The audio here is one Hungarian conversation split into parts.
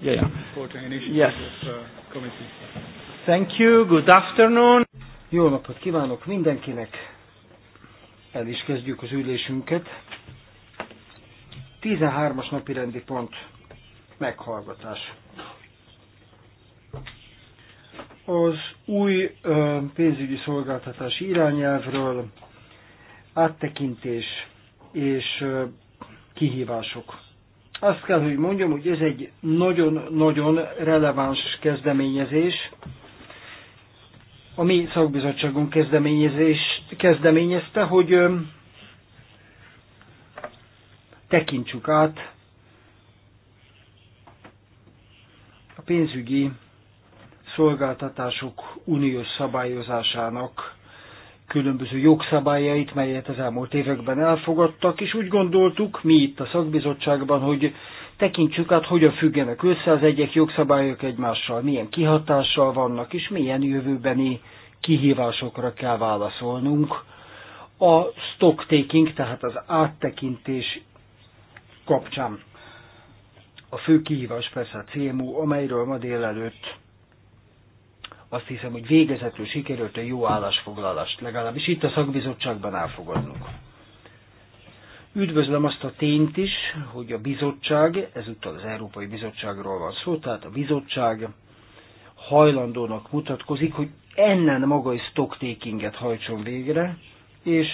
yeah, yeah, yes. Uh, Thank you. Good afternoon. Jó napot kívánok mindenkinek! El is kezdjük az ülésünket. 13-as napi rendi pont meghallgatás. Az új pénzügyi szolgáltatási irányelvről áttekintés és kihívások. Azt kell, hogy mondjam, hogy ez egy nagyon-nagyon releváns kezdeményezés. A mi szakbizottságunk kezdeményezés, kezdeményezte, hogy tekintsük át a pénzügyi szolgáltatások uniós szabályozásának különböző jogszabályait, melyet az elmúlt években elfogadtak, és úgy gondoltuk mi itt a szakbizottságban, hogy tekintsük át, hogyan függenek össze az egyek jogszabályok egymással, milyen kihatással vannak, és milyen jövőbeni kihívásokra kell válaszolnunk. A stocktaking, tehát az áttekintés kapcsán. A fő kihívás persze a CMU, amelyről ma délelőtt azt hiszem, hogy végezetül sikerült a jó állásfoglalást, legalábbis itt a szakbizottságban elfogadnunk. Üdvözlöm azt a tényt is, hogy a bizottság, ezúttal az Európai Bizottságról van szó, tehát a bizottság hajlandónak mutatkozik, hogy ennen maga is stocktakinget hajtson végre, és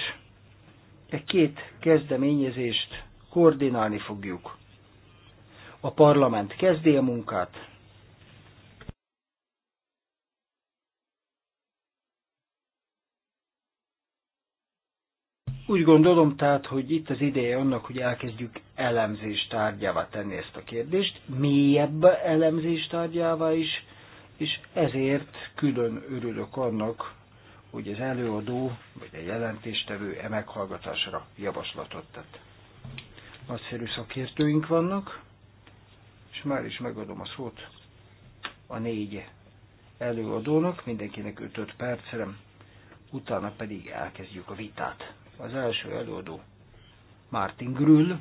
e két kezdeményezést koordinálni fogjuk. A parlament kezdi a munkát, Úgy gondolom tehát, hogy itt az ideje annak, hogy elkezdjük elemzés tárgyává tenni ezt a kérdést, mélyebb elemzés tárgyává is, és ezért külön örülök annak, hogy az előadó vagy a jelentéstevő e meghallgatásra javaslatot tett. Nagyszerű szakértőink vannak, és már is megadom a szót a négy előadónak, mindenkinek 5 percre, utána pedig elkezdjük a vitát. Az első előadó Martin Grüll,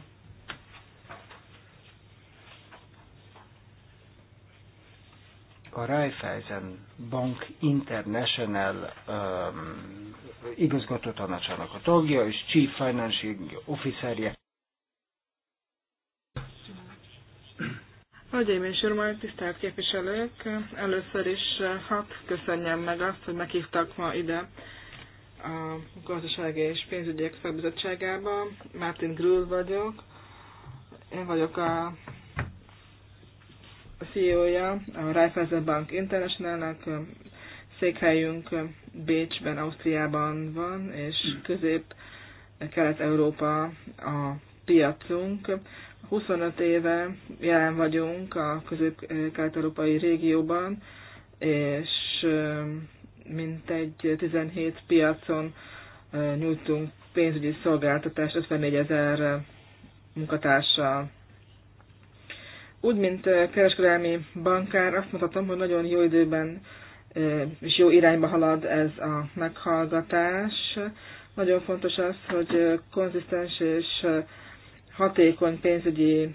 a Raiffeisen Bank International um, igazgató tanácsának a tagja és Chief Financial Officerje. Hölgyeim és Uram, tisztelt képviselők! Először is hat köszönjem meg azt, hogy meghívtak ma ide a Gazdasági és Pénzügyek Szakbizottságába. Martin Grül vagyok. Én vagyok a, a CEO-ja a Raiffeisen Bank Internationalnek. Székhelyünk Bécsben, Ausztriában van, és közép-kelet-európa a piacunk. 25 éve jelen vagyunk a közép-kelet-európai régióban, és mintegy 17 piacon nyújtunk pénzügyi szolgáltatást 54 ezer munkatársa. Úgy, mint kereskedelmi bankár, azt mondhatom, hogy nagyon jó időben és jó irányba halad ez a meghallgatás. Nagyon fontos az, hogy konzisztens és hatékony pénzügyi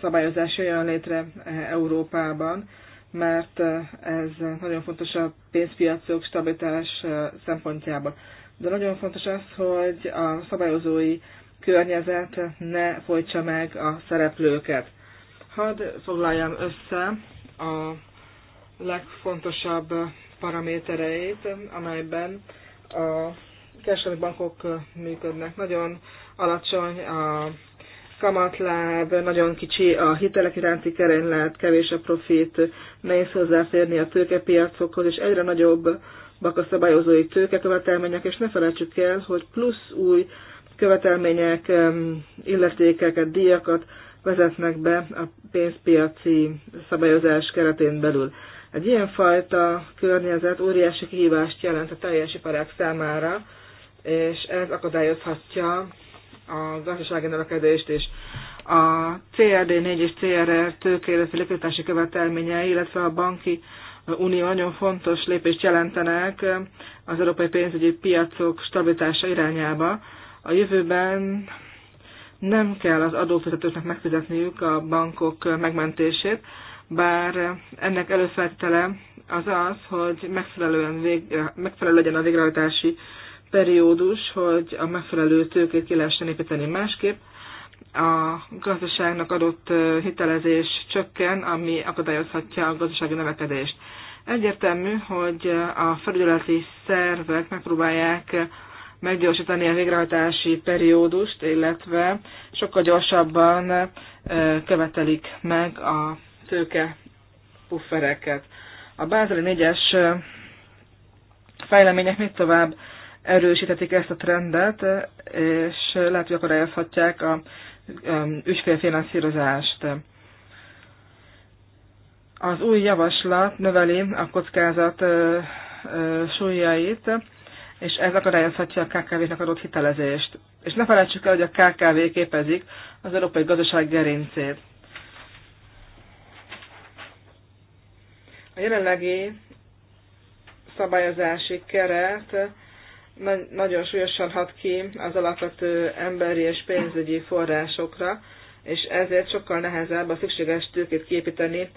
szabályozás jön létre e, Európában mert ez nagyon fontos a pénzpiacok stabilitás szempontjából. De nagyon fontos az, hogy a szabályozói környezet ne folytsa meg a szereplőket. Hadd foglaljam össze a legfontosabb paramétereit, amelyben a kereskedelmi bankok működnek. Nagyon alacsony a kamatláb, nagyon kicsi a hitelek iránti kerénylet, kevés a profit, nehéz hozzáférni a tőkepiacokhoz, és egyre nagyobb a szabályozói tőkekövetelmények, és ne felejtsük el, hogy plusz új követelmények, illetékeket, díjakat vezetnek be a pénzpiaci szabályozás keretén belül. Egy ilyenfajta környezet óriási kihívást jelent a teljes iparák számára, és ez akadályozhatja a gazdasági növekedést és A CRD4 és CRR tőkéletű likviditási követelményei, illetve a banki unió nagyon fontos lépést jelentenek az európai pénzügyi piacok stabilitása irányába. A jövőben nem kell az adófizetőknek megfizetniük a bankok megmentését, bár ennek előfeltétele az az, hogy megfelelően vég, megfelelő legyen a végrehajtási periódus, hogy a megfelelő tőkét ki lehessen építeni másképp. A gazdaságnak adott hitelezés csökken, ami akadályozhatja a gazdasági növekedést. Egyértelmű, hogy a felügyeleti szervek megpróbálják meggyorsítani a végrehajtási periódust, illetve sokkal gyorsabban követelik meg a tőke puffereket. A Bázeli 4-es fejlemények még tovább erősíthetik ezt a trendet, és lehet, hogy akadályozhatják a um, ügyfélfinanszírozást. Az új javaslat növeli a kockázat súlyait, és ez akadályozhatja a KKV-knak adott hitelezést. És ne felejtsük el, hogy a KKV képezik az európai gazdaság gerincét. A jelenlegi szabályozási keret nagyon súlyosan hat ki az alapvető emberi és pénzügyi forrásokra, és ezért sokkal nehezebb a szükséges tőkét képíteni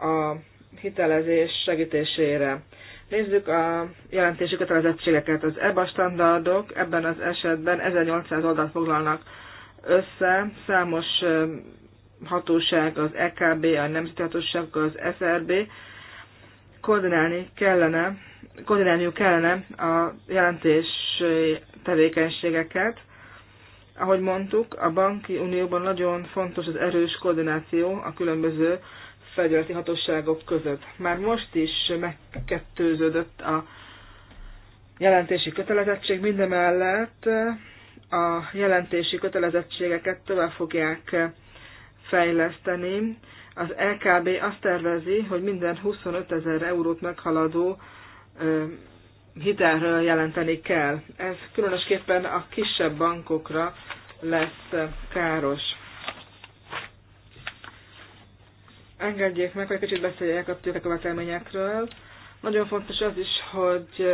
a hitelezés segítésére. Nézzük a jelentési kötelezettségeket. Az EBA standardok ebben az esetben 1800 oldalt foglalnak össze, számos hatóság, az EKB, a Nemzeti Hatóság, az SRB, koordinálni kellene, koordinálniuk kellene a jelentés tevékenységeket. Ahogy mondtuk, a banki unióban nagyon fontos az erős koordináció a különböző felügyeleti hatóságok között. Már most is megkettőződött a jelentési kötelezettség, mindemellett a jelentési kötelezettségeket tovább fogják fejleszteni, az LKB azt tervezi, hogy minden 25 ezer eurót meghaladó hitelről jelenteni kell. Ez különösképpen a kisebb bankokra lesz káros. Engedjék meg, hogy kicsit beszéljek a tőkekövetelményekről. Nagyon fontos az is, hogy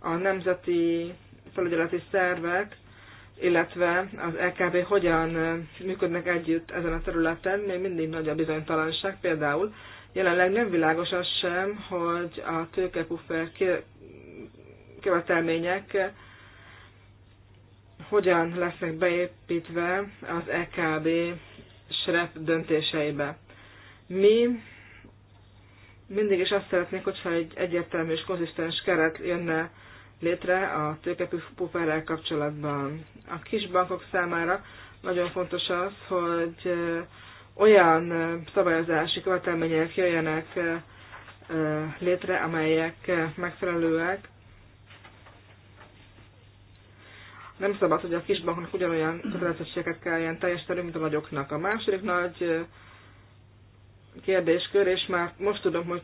a nemzeti felügyeleti szervek illetve az LKB hogyan működnek együtt ezen a területen, még mindig nagy a bizonytalanság. Például jelenleg nem világos az sem, hogy a tőkepuffer követelmények hogyan lesznek beépítve az EKB SREP döntéseibe. Mi mindig is azt szeretnék, hogyha egy egyértelmű és konzisztens keret jönne létre a tőkepufferrel kapcsolatban. A kis bankok számára nagyon fontos az, hogy olyan szabályozási követelmények jöjjenek létre, amelyek megfelelőek. Nem szabad, hogy a kisbanknak ugyanolyan kötelezettségeket kelljen teljesíteni, mint a nagyoknak. A második nagy kérdéskör, és már most tudom, hogy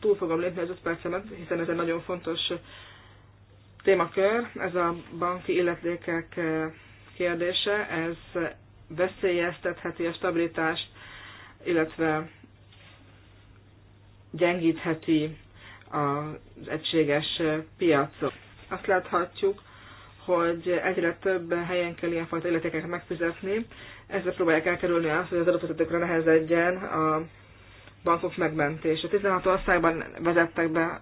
túl fogom lépni az öt percemet, hiszen ez egy nagyon fontos témakör, ez a banki illetékek eh, kérdése, ez veszélyeztetheti a stabilitást, illetve gyengítheti az egységes piacot. Azt láthatjuk, hogy egyre több helyen kell ilyenfajta illetékeket megfizetni. Ezzel próbálják elkerülni azt, hogy az adófizetőkre nehezedjen a bankok megmentése. 16 országban vezettek be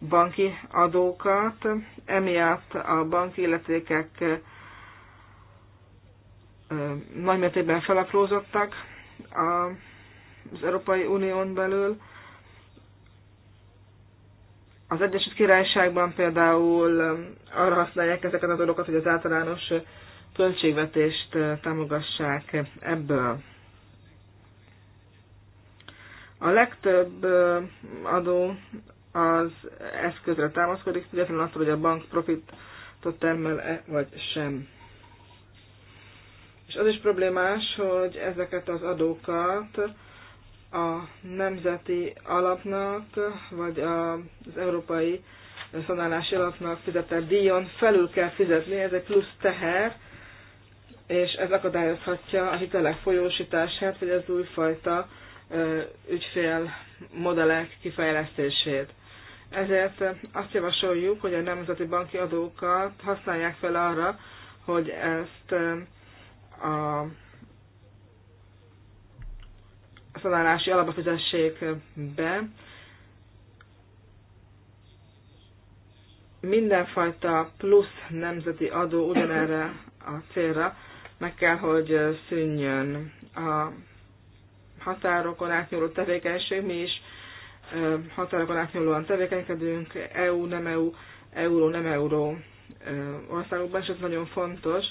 banki adókat, emiatt a banki illetékek nagymértékben felaprózottak az Európai Unión belül. Az Egyesült Királyságban például arra használják ezeket az adókat, hogy az általános költségvetést támogassák ebből. A legtöbb adó az eszközre támaszkodik, függetlenül attól, hogy a bank profitot termel-e vagy sem. És az is problémás, hogy ezeket az adókat a nemzeti alapnak, vagy az európai szanálási alapnak fizetett díjon felül kell fizetni, ez egy plusz teher, és ez akadályozhatja a hitelek folyósítását, vagy az újfajta ügyfél modellek kifejlesztését ezért azt javasoljuk, hogy a nemzeti banki adókat használják fel arra, hogy ezt um, a szanálási alapba fizessék be. Mindenfajta plusz nemzeti adó ugyanerre a célra meg kell, hogy szűnjön a határokon átnyúló tevékenység. Mi is határokon átnyúlóan tevékenykedünk, EU, nem EU, euró, nem euró országokban, és ez nagyon fontos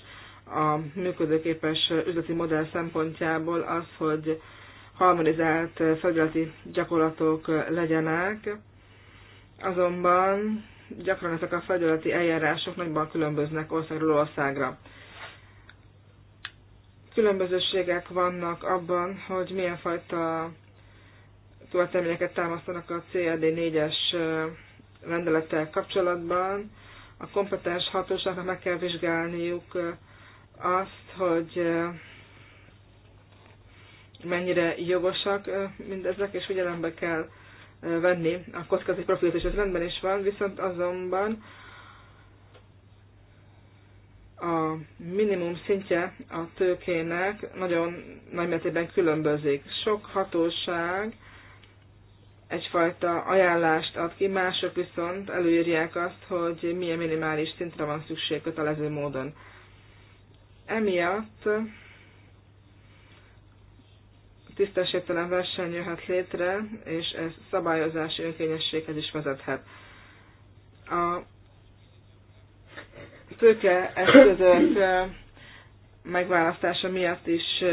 a működőképes üzleti modell szempontjából az, hogy harmonizált felületi gyakorlatok legyenek, azonban gyakran ezek a felületi eljárások nagyban különböznek országról országra. Különbözőségek vannak abban, hogy milyen fajta követelményeket támasztanak a CLD 4-es rendelettel kapcsolatban. A kompetens hatóságnak meg kell vizsgálniuk azt, hogy mennyire jogosak mindezek, és figyelembe kell venni a kockázati profilt, és ez rendben is van, viszont azonban a minimum szintje a tőkének nagyon nagy mértékben különbözik. Sok hatóság egyfajta ajánlást ad ki, mások viszont előírják azt, hogy milyen minimális szintre van szükség kötelező módon. Emiatt tisztességtelen verseny jöhet létre, és ez szabályozási önkényességhez is vezethet. A tőke eszközök megválasztása miatt is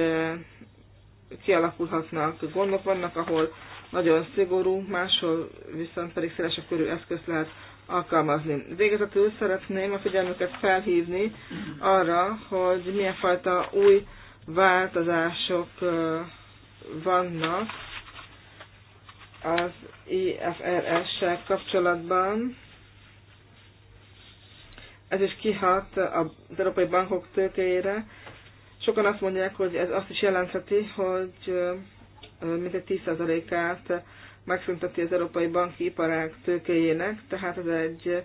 kialakulhatnak gondok, vannak, ahol nagyon szigorú, máshol viszont pedig szélesebb körű eszközt lehet alkalmazni. Végezetül szeretném a figyelmüket felhívni arra, hogy milyen fajta új változások vannak az IFRS-sel kapcsolatban. Ez is kihat az európai bankok tőkéjére. Sokan azt mondják, hogy ez azt is jelentheti, hogy mintegy 10%-át megszünteti az európai banki iparák tőkéjének, tehát ez egy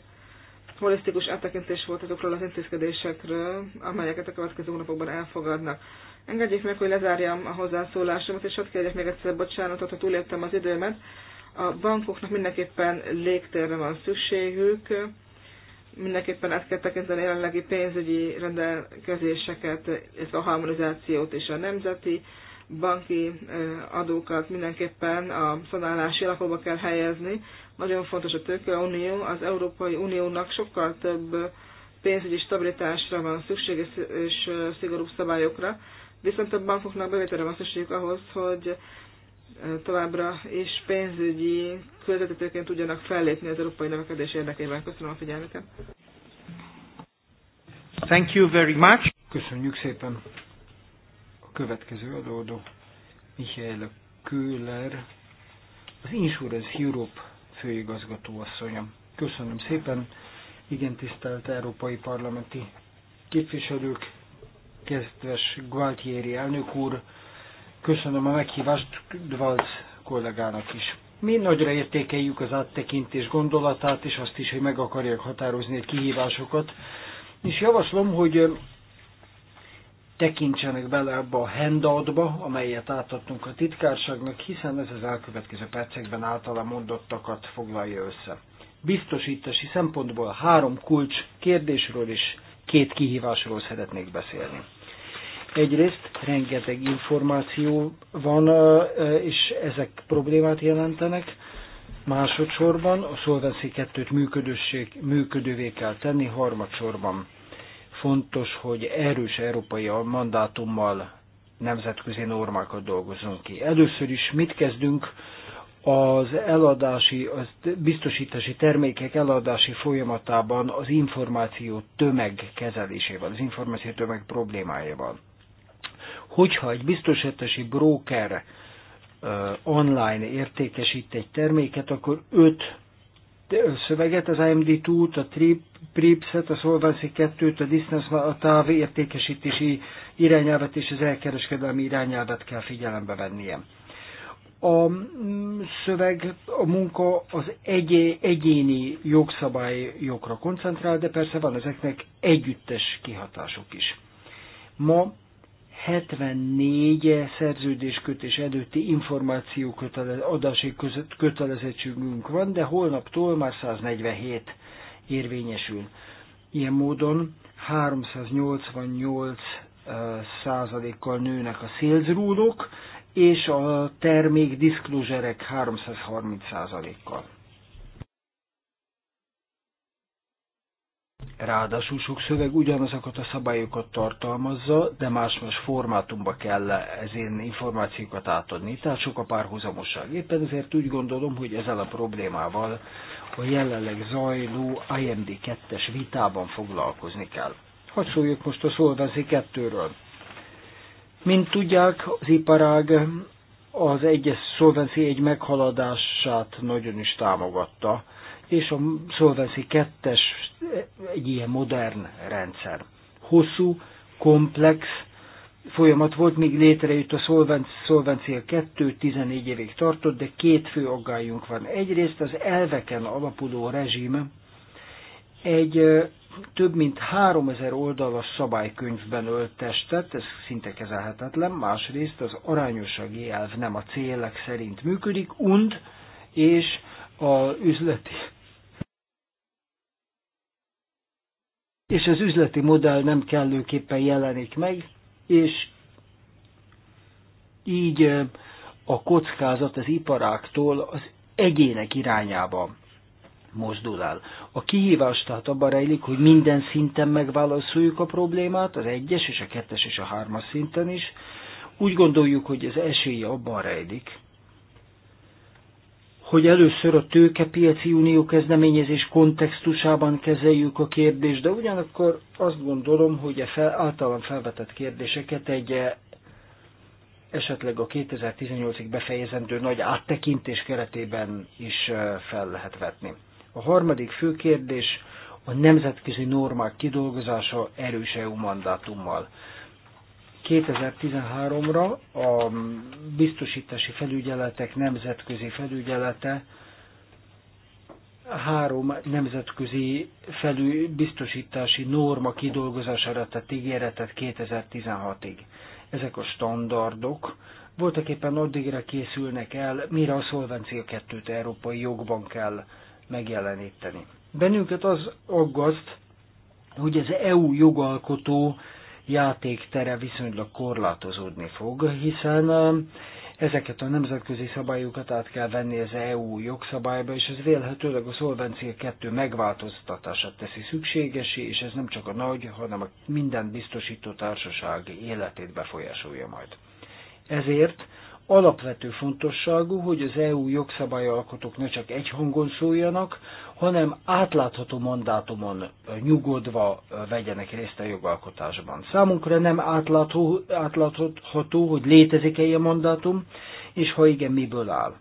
holisztikus áttekintés volt azokról az intézkedésekről, amelyeket a következő hónapokban elfogadnak. Engedjék meg, hogy lezárjam a hozzászólásomat, és ott kérjek még egyszer bocsánatot, ha túléltem az időmet. A bankoknak mindenképpen légtérre van szükségük, mindenképpen ezt kell tekinteni a jelenlegi pénzügyi rendelkezéseket, ez a harmonizációt és a nemzeti banki adókat mindenképpen a szanálási alapokba kell helyezni. Nagyon fontos a tőkeunió, az Európai Uniónak sokkal több pénzügyi stabilitásra van szükség és szigorúbb szabályokra, viszont a bankoknak bevételre van szükségük ahhoz, hogy továbbra is pénzügyi közvetítőként tudjanak fellépni az európai növekedés érdekében. Köszönöm a figyelmüket. Thank you very much. Köszönjük szépen. A következő előadó Mihály Köhler, az Insurance Europe főigazgató asszonya. Köszönöm szépen, igen tisztelt európai parlamenti képviselők, kezdves Gualtieri elnök úr, köszönöm a meghívást Dvalc kollégának is. Mi nagyra értékeljük az áttekintés gondolatát, és azt is, hogy meg akarják határozni a kihívásokat, és javaslom, hogy tekintsenek bele abba a handoutba, amelyet átadtunk a titkárságnak, hiszen ez az elkövetkező percekben általa mondottakat foglalja össze. Biztosítási szempontból három kulcs kérdésről és két kihívásról szeretnék beszélni. Egyrészt rengeteg információ van, és ezek problémát jelentenek. Másodszorban a Solvency 2-t működővé kell tenni, harmadsorban Fontos, hogy erős európai mandátummal nemzetközi normákat dolgozunk ki. Először is mit kezdünk az eladási, az biztosítási termékek eladási folyamatában az információ tömeg kezelésével, az információ tömeg problémájával. Hogyha egy biztosítási broker online értékesít egy terméket, akkor öt szöveget, az AMD2-t, a TRIP, BRIPS-et, a Solvency 2-t, a Disney, a értékesítési irányelvet és az elkereskedelmi irányelvet kell figyelembe vennie. A mm, szöveg, a munka az egyé, egyéni jogszabályokra koncentrál, de persze van ezeknek együttes kihatásuk is. Ma 74 szerződéskötés előtti információ kötelez, adási kötelezettségünk van, de holnaptól már 147 érvényesül. Ilyen módon 388 százalékkal nőnek a szélzrúdok, és a termék diszklózserek 330 százalékkal. Ráadásul sok szöveg ugyanazokat a szabályokat tartalmazza, de más-más formátumba kell ezén információkat átadni, tehát sok a párhuzamosság. Éppen ezért úgy gondolom, hogy ezzel a problémával a jelenleg zajló IMD2-es vitában foglalkozni kell. Hadd szóljuk most a Solvency 2-ről. Mint tudják, az iparág az egyes Solvency egy meghaladását nagyon is támogatta, és a Solvency 2 egy ilyen modern rendszer. Hosszú, komplex folyamat volt, míg létrejött a Solvency 2, 14 évig tartott, de két fő aggályunk van. Egyrészt az elveken alapuló rezsim egy több mint 3000 oldalas szabálykönyvben öltestet, ez szinte kezelhetetlen, másrészt az arányossági elv nem a célek szerint működik, und és a üzleti és az üzleti modell nem kellőképpen jelenik meg, és így a kockázat az iparáktól az egyének irányába mozdul el. A kihívás tehát abban rejlik, hogy minden szinten megválaszoljuk a problémát, az egyes és a kettes és a hármas szinten is. Úgy gondoljuk, hogy az esélye abban rejlik, hogy először a tőkepiaci unió kezdeményezés kontextusában kezeljük a kérdést, de ugyanakkor azt gondolom, hogy a fel, általán felvetett kérdéseket egy e, esetleg a 2018-ig befejezendő nagy áttekintés keretében is e, fel lehet vetni. A harmadik fő kérdés a nemzetközi normák kidolgozása erős EU mandátummal. 2013-ra a biztosítási felügyeletek nemzetközi felügyelete három nemzetközi felü biztosítási norma kidolgozására tett ígéretet 2016-ig. Ezek a standardok voltak éppen addigra készülnek el, mire a Szolvencia kettőt európai jogban kell megjeleníteni. Bennünket az aggaszt, hogy az EU jogalkotó játéktere viszonylag korlátozódni fog, hiszen um, ezeket a nemzetközi szabályokat át kell venni az EU jogszabályba, és ez vélhetőleg a Szolvencia 2 megváltoztatását teszi szükségesi, és ez nem csak a nagy, hanem a minden biztosító társaság életét befolyásolja majd. Ezért alapvető fontosságú, hogy az EU jogszabályalkotók ne csak egy hangon szóljanak, hanem átlátható mandátumon nyugodva vegyenek részt a jogalkotásban. Számunkra nem átlátható, átlátható hogy létezik-e ilyen mandátum, és ha igen, miből áll.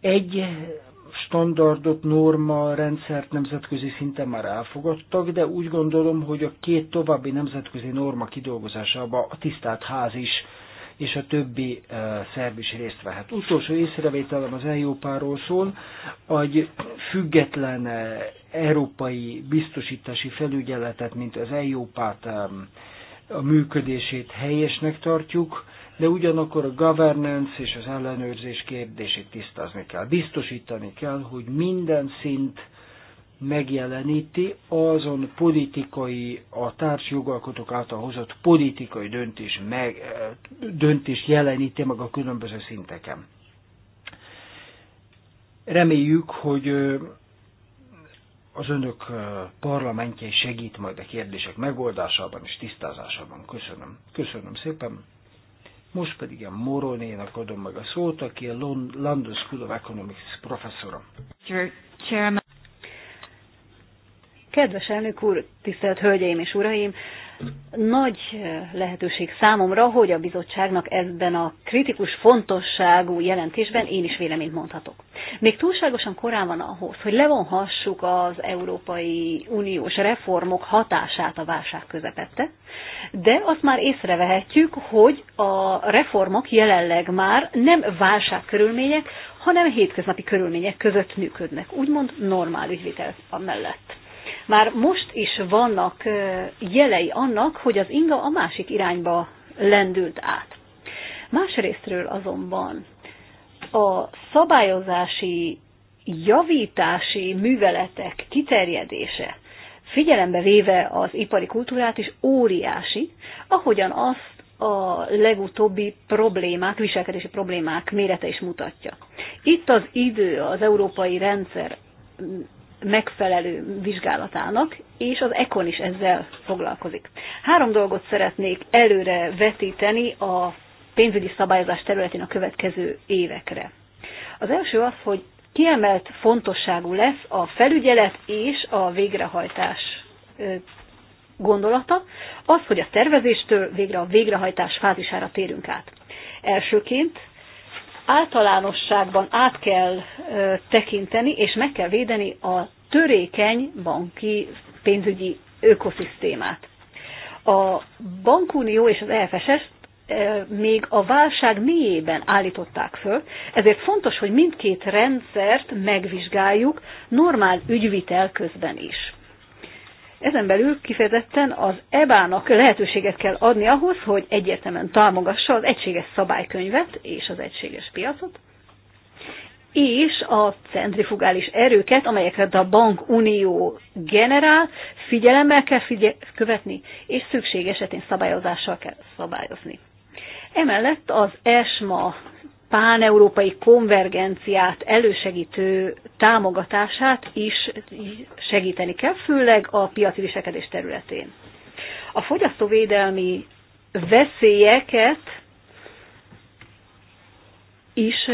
Egy standardot, norma, rendszert nemzetközi szinten már elfogadtak, de úgy gondolom, hogy a két további nemzetközi norma kidolgozásába a tisztelt ház is és a többi szerb is részt vehet. Utolsó észrevételem az EU-páról szól, hogy független európai biztosítási felügyeletet, mint az EIOPA-t a működését helyesnek tartjuk, de ugyanakkor a governance és az ellenőrzés kérdését tisztázni kell. Biztosítani kell, hogy minden szint megjeleníti azon politikai, a jogalkotók által hozott politikai döntés, meg, eh, döntés jeleníti meg a különböző szinteken. Reméljük, hogy az önök parlamentje segít majd a kérdések megoldásában és tisztázásában. Köszönöm. Köszönöm szépen. Most pedig a Moronénak adom meg a szót, aki a London School of Economics professzora. Kedves elnök úr, tisztelt hölgyeim és uraim, nagy eh, lehetőség számomra, hogy a bizottságnak ebben a kritikus fontosságú jelentésben én is véleményt mondhatok. Még túlságosan korán van ahhoz, hogy levonhassuk az Európai Uniós reformok hatását a válság közepette, de azt már észrevehetjük, hogy a reformok jelenleg már nem válság körülmények, hanem hétköznapi körülmények között működnek, úgymond normál ügyvitel mellett. Már most is vannak jelei annak, hogy az inga a másik irányba lendült át. Másrésztről azonban a szabályozási javítási műveletek kiterjedése, figyelembe véve az ipari kultúrát is óriási, ahogyan azt a legutóbbi problémák, viselkedési problémák mérete is mutatja. Itt az idő az európai rendszer megfelelő vizsgálatának, és az ECON is ezzel foglalkozik. Három dolgot szeretnék előre vetíteni a pénzügyi szabályozás területén a következő évekre. Az első az, hogy kiemelt fontosságú lesz a felügyelet és a végrehajtás gondolata, az, hogy a tervezéstől végre a végrehajtás fázisára térünk át. Elsőként általánosságban át kell tekinteni, és meg kell védeni a törékeny banki pénzügyi ökoszisztémát. A bankunió és az EFSS még a válság mélyében állították föl, ezért fontos, hogy mindkét rendszert megvizsgáljuk normál ügyvitel közben is. Ezen belül kifejezetten az EBA-nak lehetőséget kell adni ahhoz, hogy egyértelműen támogassa az egységes szabálykönyvet és az egységes piacot, és a centrifugális erőket, amelyeket a bankunió generál, figyelemmel kell figye- követni, és szükség esetén szabályozással kell szabályozni. Emellett az ESMA páneurópai konvergenciát elősegítő támogatását is segíteni kell, főleg a piaci viselkedés területén. A fogyasztóvédelmi veszélyeket is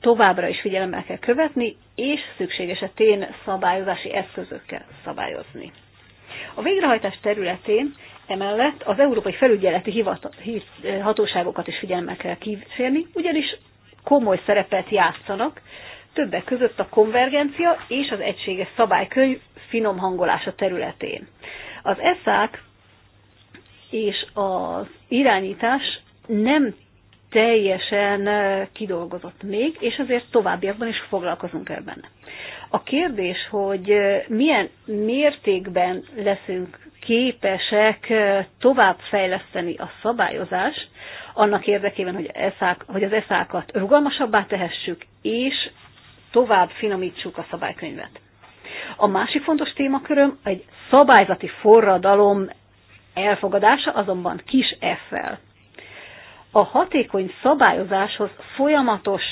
továbbra is figyelemmel kell követni, és szükség esetén szabályozási eszközökkel szabályozni. A végrehajtás területén emellett az európai felügyeleti hatóságokat is figyelemmel kell kísérni, ugyanis komoly szerepet játszanak, többek között a konvergencia és az egységes szabálykönyv finom hangolása területén. Az eszák és az irányítás nem teljesen eh, kidolgozott még, és azért továbbiakban is foglalkozunk ebben. A kérdés, hogy milyen mértékben leszünk képesek továbbfejleszteni a szabályozást, annak érdekében, hogy, eszák, hogy az eszákat rugalmasabbá tehessük, és tovább finomítsuk a szabálykönyvet. A másik fontos témaköröm egy szabályzati forradalom elfogadása, azonban kis F-fel. A hatékony szabályozáshoz folyamatos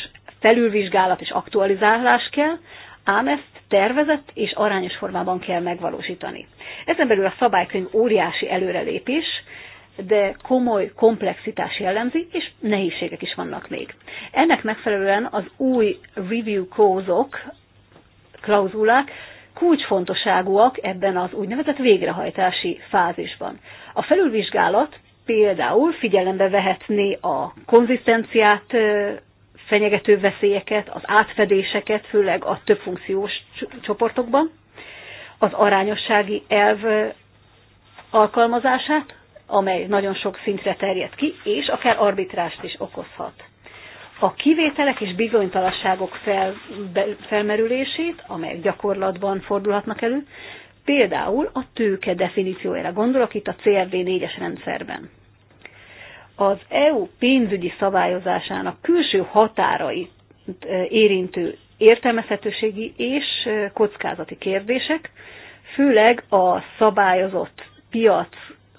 felülvizsgálat és aktualizálás kell, ám ezt tervezett és arányos formában kell megvalósítani. Ezen belül a szabálykönyv óriási előrelépés, de komoly komplexitás jellemzi, és nehézségek is vannak még. Ennek megfelelően az új review clause-ok, klauzulák kulcsfontosságúak ebben az úgynevezett végrehajtási fázisban. A felülvizsgálat például figyelembe vehetné a konzisztenciát fenyegető veszélyeket, az átfedéseket, főleg a többfunkciós csoportokban, az arányossági elv alkalmazását, amely nagyon sok szintre terjed ki, és akár arbitrást is okozhat. A kivételek és bizonytalanságok fel, be, felmerülését, amelyek gyakorlatban fordulhatnak elő, például a tőke definíciójára gondolok itt a CRV 4-es rendszerben az EU pénzügyi szabályozásának külső határait érintő értelmezhetőségi és kockázati kérdések, főleg a szabályozott piac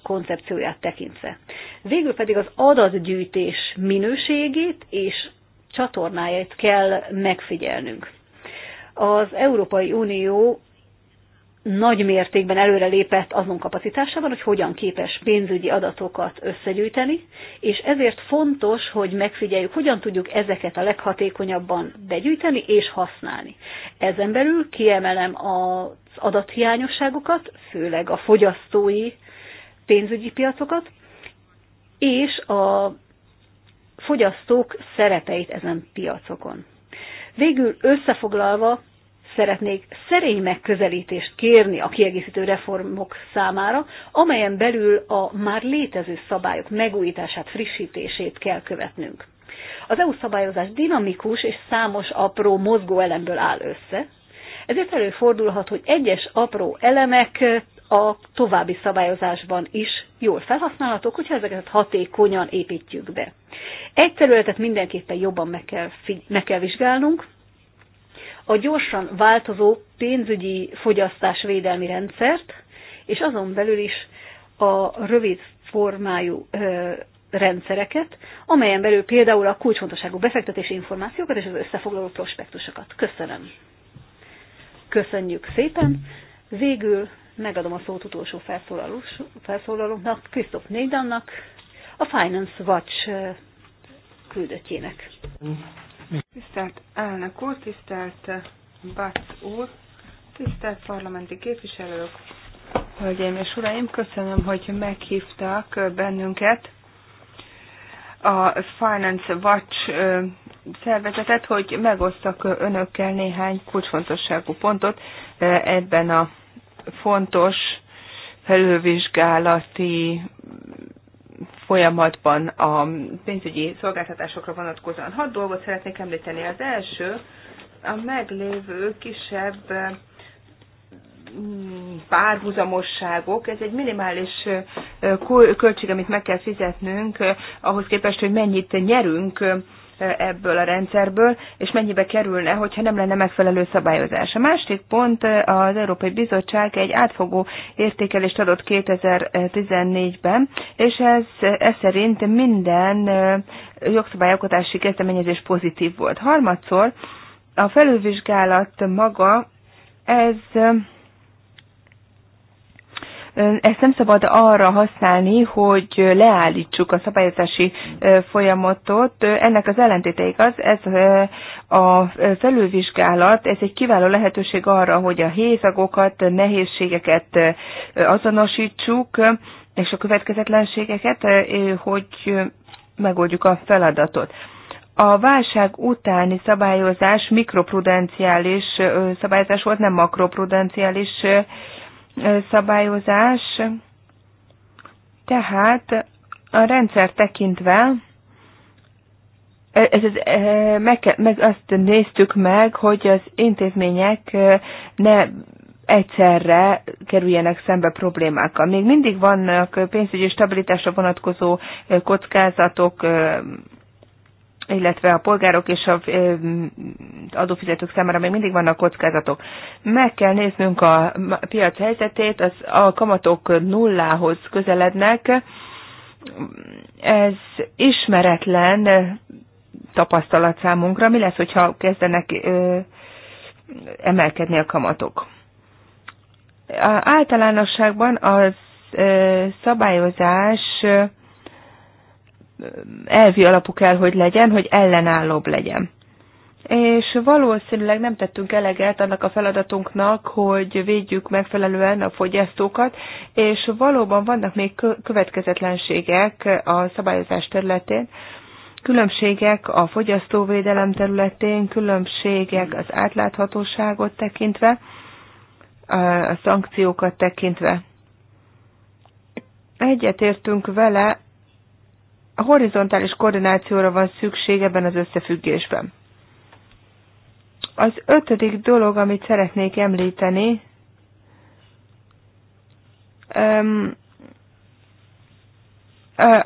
koncepcióját tekintve. Végül pedig az adatgyűjtés minőségét és csatornáját kell megfigyelnünk. Az Európai Unió nagy mértékben előre lépett azon kapacitásában, hogy hogyan képes pénzügyi adatokat összegyűjteni, és ezért fontos, hogy megfigyeljük, hogyan tudjuk ezeket a leghatékonyabban begyűjteni és használni. Ezen belül kiemelem az adathiányosságokat, főleg a fogyasztói pénzügyi piacokat, és a fogyasztók szerepeit ezen piacokon. Végül összefoglalva szeretnék szerény megközelítést kérni a kiegészítő reformok számára, amelyen belül a már létező szabályok megújítását, frissítését kell követnünk. Az EU szabályozás dinamikus és számos apró mozgó elemből áll össze, ezért előfordulhat, hogy egyes apró elemek a további szabályozásban is jól felhasználhatók, hogyha ezeket hatékonyan építjük be. Egy területet mindenképpen jobban meg kell, meg kell vizsgálnunk, a gyorsan változó pénzügyi fogyasztás védelmi rendszert, és azon belül is a rövid formájú ö, rendszereket, amelyen belül például a kulcsfontosságú befektetési információkat és az összefoglaló prospektusokat. Köszönöm. Köszönjük szépen. Végül megadom a szót utolsó felszólalónak, Krisztóf Nédannak, a Finance Watch küldöttjének. Tisztelt elnök úr, tisztelt Batz úr, tisztelt parlamenti képviselők, hölgyeim és uraim, köszönöm, hogy meghívtak bennünket a Finance Watch szervezetet, hogy megosztak önökkel néhány kulcsfontosságú pontot ebben a fontos felülvizsgálati folyamatban a pénzügyi szolgáltatásokra vonatkozóan. Hat dolgot szeretnék említeni. Az első, a meglévő kisebb mm, párhuzamosságok, ez egy minimális költség, amit meg kell fizetnünk, eh, ahhoz képest, hogy mennyit nyerünk ebből a rendszerből, és mennyibe kerülne, hogyha nem lenne megfelelő szabályozás. A másik pont az Európai Bizottság egy átfogó értékelést adott 2014-ben, és ez, ez szerint minden jogszabályalkotási kezdeményezés pozitív volt. Harmadszor a felülvizsgálat maga, ez ezt nem szabad arra használni, hogy leállítsuk a szabályozási folyamatot. Ennek az ellentéte igaz, ez a felülvizsgálat, ez egy kiváló lehetőség arra, hogy a hézagokat, nehézségeket azonosítsuk, és a következetlenségeket, hogy megoldjuk a feladatot. A válság utáni szabályozás mikroprudenciális szabályozás volt, nem makroprudenciális szabályozás, tehát a rendszer tekintve ez, ez, meg, meg azt néztük meg, hogy az intézmények ne egyszerre kerüljenek szembe problémákkal. Még mindig vannak pénzügyi stabilitásra vonatkozó kockázatok, illetve a polgárok és a adófizetők számára még mindig vannak kockázatok. Meg kell néznünk a piac helyzetét, az, a kamatok nullához közelednek. Ez ismeretlen tapasztalat számunkra. Mi lesz, hogyha kezdenek emelkedni a kamatok? Általánosságban az szabályozás elvi alapú kell, hogy legyen, hogy ellenállóbb legyen. És valószínűleg nem tettünk eleget annak a feladatunknak, hogy védjük megfelelően a fogyasztókat, és valóban vannak még következetlenségek a szabályozás területén, különbségek a fogyasztóvédelem területén, különbségek az átláthatóságot tekintve, a szankciókat tekintve. Egyetértünk vele horizontális koordinációra van szükség ebben az összefüggésben. Az ötödik dolog, amit szeretnék említeni,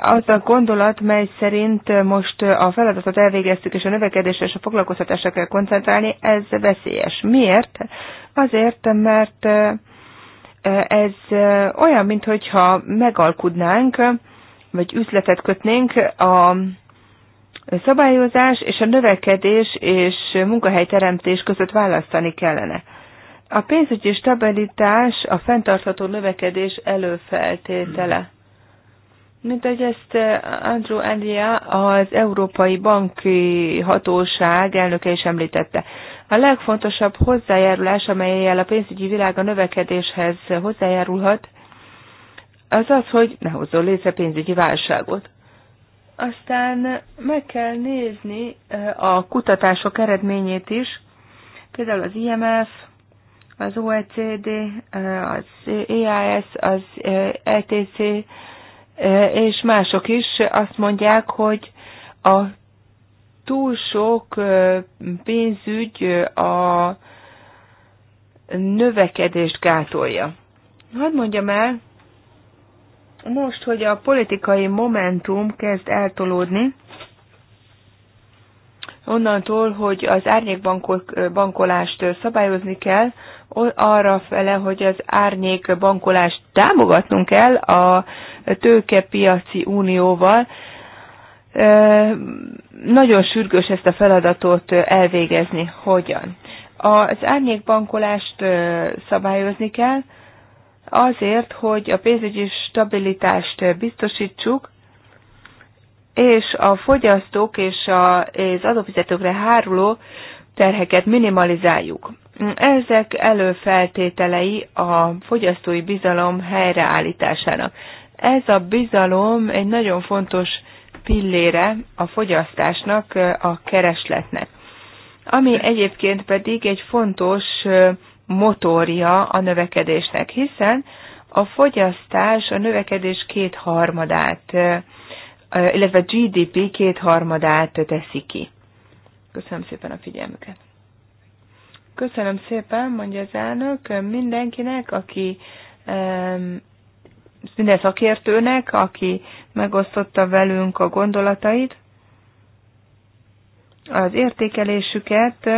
az a gondolat, mely szerint most a feladatot elvégeztük, és a növekedésre és a foglalkoztatásra kell koncentrálni, ez veszélyes. Miért? Azért, mert ez olyan, mintha megalkudnánk, vagy üzletet kötnénk a szabályozás és a növekedés és munkahelyteremtés között választani kellene. A pénzügyi stabilitás a fenntartható növekedés előfeltétele. Mint ahogy ezt Andrew Andrea, az Európai Banki Hatóság elnöke is említette. A legfontosabb hozzájárulás, amelyel a pénzügyi világ a növekedéshez hozzájárulhat, az az, hogy ne hozzon létre pénzügyi válságot. Aztán meg kell nézni a kutatások eredményét is, például az IMF, az OECD, az EAS, az ETC és mások is azt mondják, hogy a túl sok pénzügy a növekedést gátolja. Hadd mondjam el, most, hogy a politikai momentum kezd eltolódni, onnantól, hogy az árnyékbankolást szabályozni kell, arra fele, hogy az árnyékbankolást támogatnunk kell a tőkepiaci unióval, nagyon sürgős ezt a feladatot elvégezni. Hogyan? Az árnyékbankolást szabályozni kell, azért, hogy a pénzügyi stabilitást biztosítsuk, és a fogyasztók és az adófizetőkre háruló terheket minimalizáljuk. Ezek előfeltételei a fogyasztói bizalom helyreállításának. Ez a bizalom egy nagyon fontos pillére a fogyasztásnak, a keresletnek, ami egyébként pedig egy fontos motorja a növekedésnek, hiszen a fogyasztás a növekedés kétharmadát, illetve a GDP kétharmadát teszi ki. Köszönöm szépen a figyelmüket. Köszönöm szépen, mondja az elnök, mindenkinek, aki minden szakértőnek, aki megosztotta velünk a gondolatait, az értékelésüket.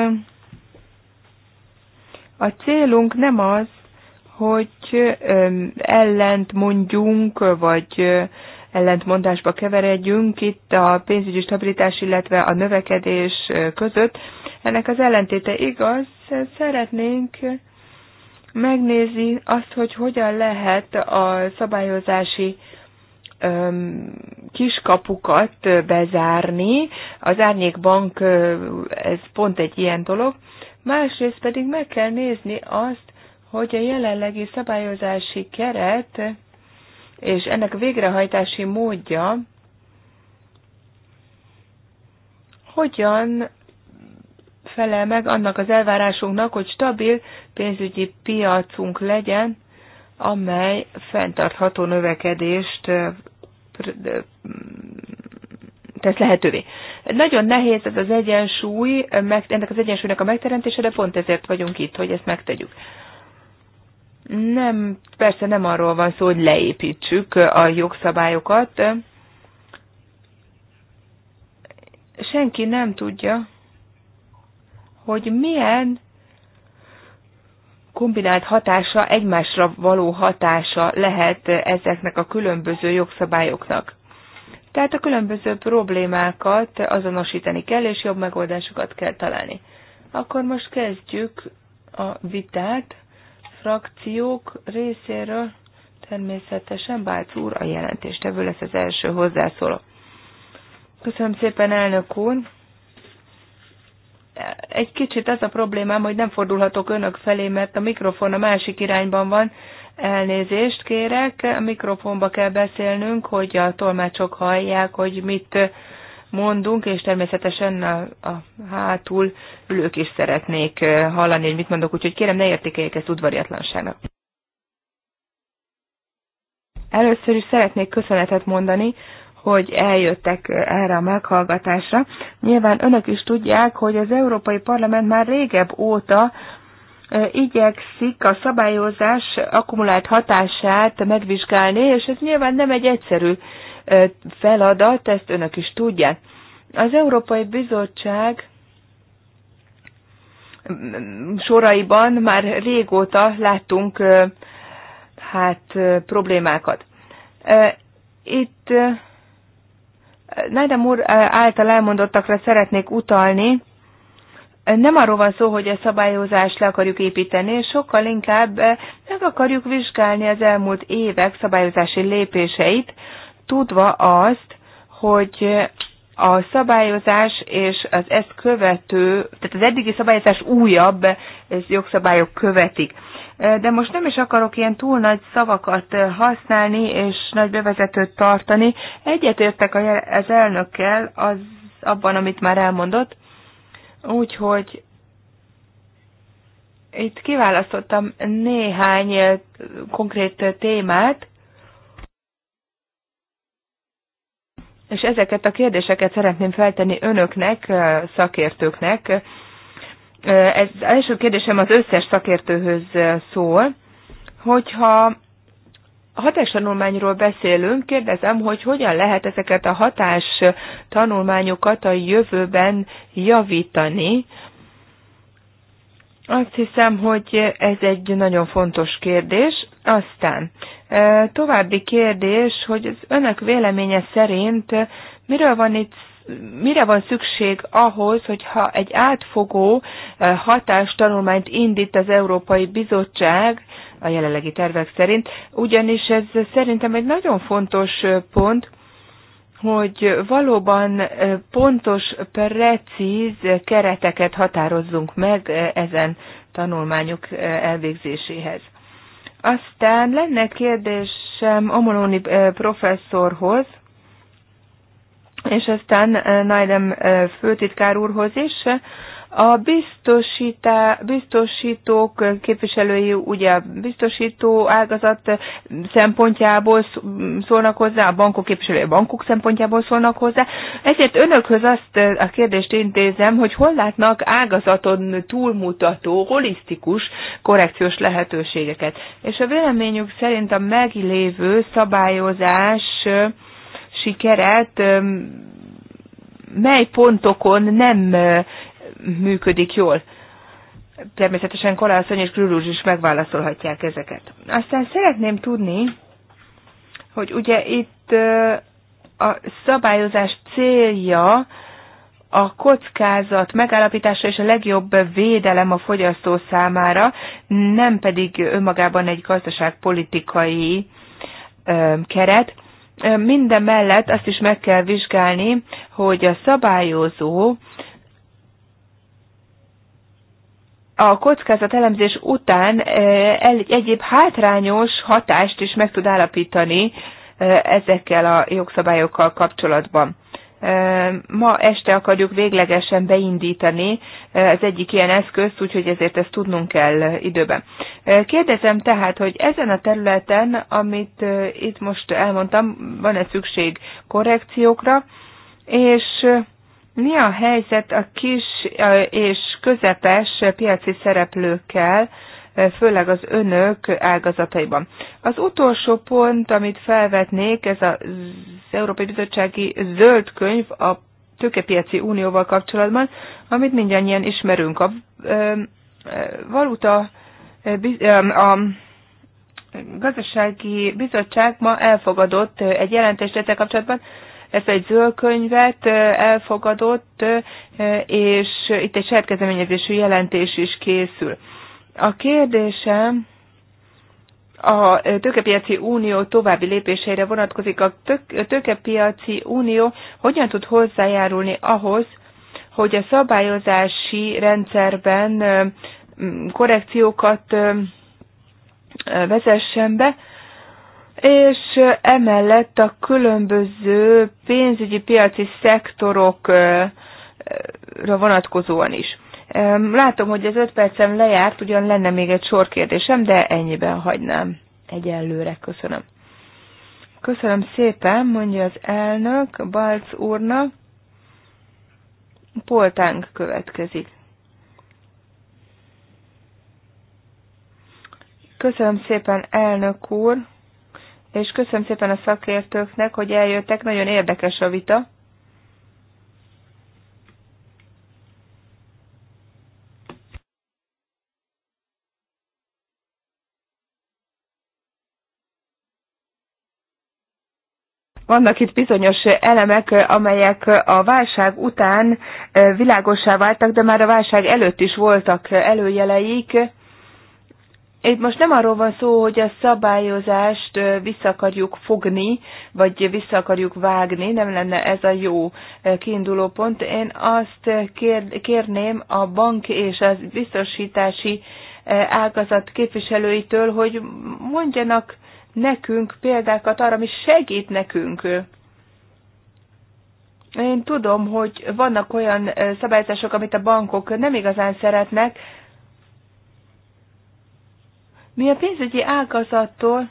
A célunk nem az, hogy ellent mondjunk, vagy ellentmondásba keveredjünk itt a pénzügyi stabilitás, illetve a növekedés között. Ennek az ellentéte igaz, szeretnénk megnézni azt, hogy hogyan lehet a szabályozási kiskapukat bezárni. Az Árnyékbank ez pont egy ilyen dolog. Másrészt pedig meg kell nézni azt, hogy a jelenlegi szabályozási keret és ennek a végrehajtási módja hogyan felel meg annak az elvárásunknak, hogy stabil pénzügyi piacunk legyen, amely fenntartható növekedést tesz lehetővé. Nagyon nehéz ez az egyensúly, ennek az egyensúlynak a megteremtése, de pont ezért vagyunk itt, hogy ezt megtegyük. Nem, persze nem arról van szó, hogy leépítsük a jogszabályokat. Senki nem tudja, hogy milyen kombinált hatása, egymásra való hatása lehet ezeknek a különböző jogszabályoknak. Tehát a különböző problémákat azonosítani kell, és jobb megoldásokat kell találni. Akkor most kezdjük a vitát frakciók részéről természetesen Bálc úr a jelentéstevő lesz az első hozzászóló. Köszönöm szépen, elnök úr! Egy kicsit az a problémám, hogy nem fordulhatok önök felé, mert a mikrofon a másik irányban van. Elnézést kérek, a mikrofonba kell beszélnünk, hogy a tolmácsok hallják, hogy mit mondunk, és természetesen a, a hátul ülők is szeretnék hallani, hogy mit mondok, úgyhogy kérem ne értékeljék ezt udvariatlanságnak. Először is szeretnék köszönetet mondani, hogy eljöttek erre a meghallgatásra. Nyilván önök is tudják, hogy az Európai Parlament már régebb óta igyekszik a szabályozás akkumulált hatását megvizsgálni, és ez nyilván nem egy egyszerű feladat, ezt önök is tudják. Az Európai Bizottság soraiban már régóta láttunk hát problémákat. Itt Najdem úr által elmondottakra szeretnék utalni. Nem arról van szó, hogy a szabályozást le akarjuk építeni, sokkal inkább meg akarjuk vizsgálni az elmúlt évek szabályozási lépéseit, tudva azt, hogy a szabályozás és az ezt követő, tehát az eddigi szabályozás újabb jogszabályok követik. De most nem is akarok ilyen túl nagy szavakat használni és nagy bevezetőt tartani. Egyetértek az elnökkel az abban, amit már elmondott, úgyhogy itt kiválasztottam néhány eh, konkrét témát, és ezeket a kérdéseket szeretném feltenni önöknek, szakértőknek. Ez az első kérdésem az összes szakértőhöz szól, hogyha hatástanulmányról beszélünk, kérdezem, hogy hogyan lehet ezeket a hatás tanulmányokat a jövőben javítani. Azt hiszem, hogy ez egy nagyon fontos kérdés. Aztán további kérdés, hogy az önök véleménye szerint miről van itt mire van szükség ahhoz, hogyha egy átfogó hatástanulmányt indít az Európai Bizottság, a jelenlegi tervek szerint, ugyanis ez szerintem egy nagyon fontos pont, hogy valóban pontos, precíz kereteket határozzunk meg ezen tanulmányok elvégzéséhez. Aztán lenne kérdésem Omolóni eh, professzorhoz, és aztán eh, Nájdem eh, főtitkár úrhoz is. A biztosítá, biztosítók képviselői, ugye a biztosító ágazat szempontjából szólnak hozzá, a bankok képviselői a bankok szempontjából szólnak hozzá. Ezért önökhöz azt a kérdést intézem, hogy hol látnak ágazaton túlmutató, holisztikus korrekciós lehetőségeket. És a véleményük szerint a meglévő szabályozás sikeret mely pontokon nem működik jól. Természetesen Kolászony és Krülúz is megválaszolhatják ezeket. Aztán szeretném tudni, hogy ugye itt a szabályozás célja a kockázat megállapítása és a legjobb védelem a fogyasztó számára, nem pedig önmagában egy gazdaságpolitikai keret. Minden mellett azt is meg kell vizsgálni, hogy a szabályozó a kockázat elemzés után e, egyéb hátrányos hatást is meg tud állapítani e, ezekkel a jogszabályokkal kapcsolatban. E, ma este akarjuk véglegesen beindítani az egyik ilyen eszközt, úgyhogy ezért ezt tudnunk kell időben. Kérdezem tehát, hogy ezen a területen, amit itt most elmondtam, van-e szükség korrekciókra, és mi a helyzet a kis és közepes piaci szereplőkkel, főleg az önök ágazataiban? Az utolsó pont, amit felvetnék, ez az Európai Bizottsági Zöld Könyv a tőkepiaci unióval kapcsolatban, amit mindannyian ismerünk. A valuta, a gazdasági bizottság ma elfogadott egy jelentést ezzel kapcsolatban, ez egy zöld könyvet elfogadott, és itt egy saját kezdeményezésű jelentés is készül. A kérdésem a tőkepiaci unió további lépéseire vonatkozik. A tőkepiaci unió hogyan tud hozzájárulni ahhoz, hogy a szabályozási rendszerben korrekciókat vezessen be, és emellett a különböző pénzügyi piaci szektorokra vonatkozóan is. Látom, hogy az öt percem lejárt, ugyan lenne még egy sor kérdésem, de ennyiben hagynám egyelőre. Köszönöm. Köszönöm szépen, mondja az elnök Balc úrnak. Poltánk következik. Köszönöm szépen, elnök úr és köszönöm szépen a szakértőknek, hogy eljöttek, nagyon érdekes a vita. vannak itt bizonyos elemek, amelyek a válság után világosá váltak, de már a válság előtt is voltak előjeleik itt most nem arról van szó, hogy a szabályozást vissza akarjuk fogni, vagy vissza akarjuk vágni, nem lenne ez a jó kiinduló pont. Én azt kér, kérném a bank és az biztosítási ágazat képviselőitől, hogy mondjanak nekünk példákat arra, ami segít nekünk. Én tudom, hogy vannak olyan szabályozások, amit a bankok nem igazán szeretnek, mi a pénzügyi ágazattól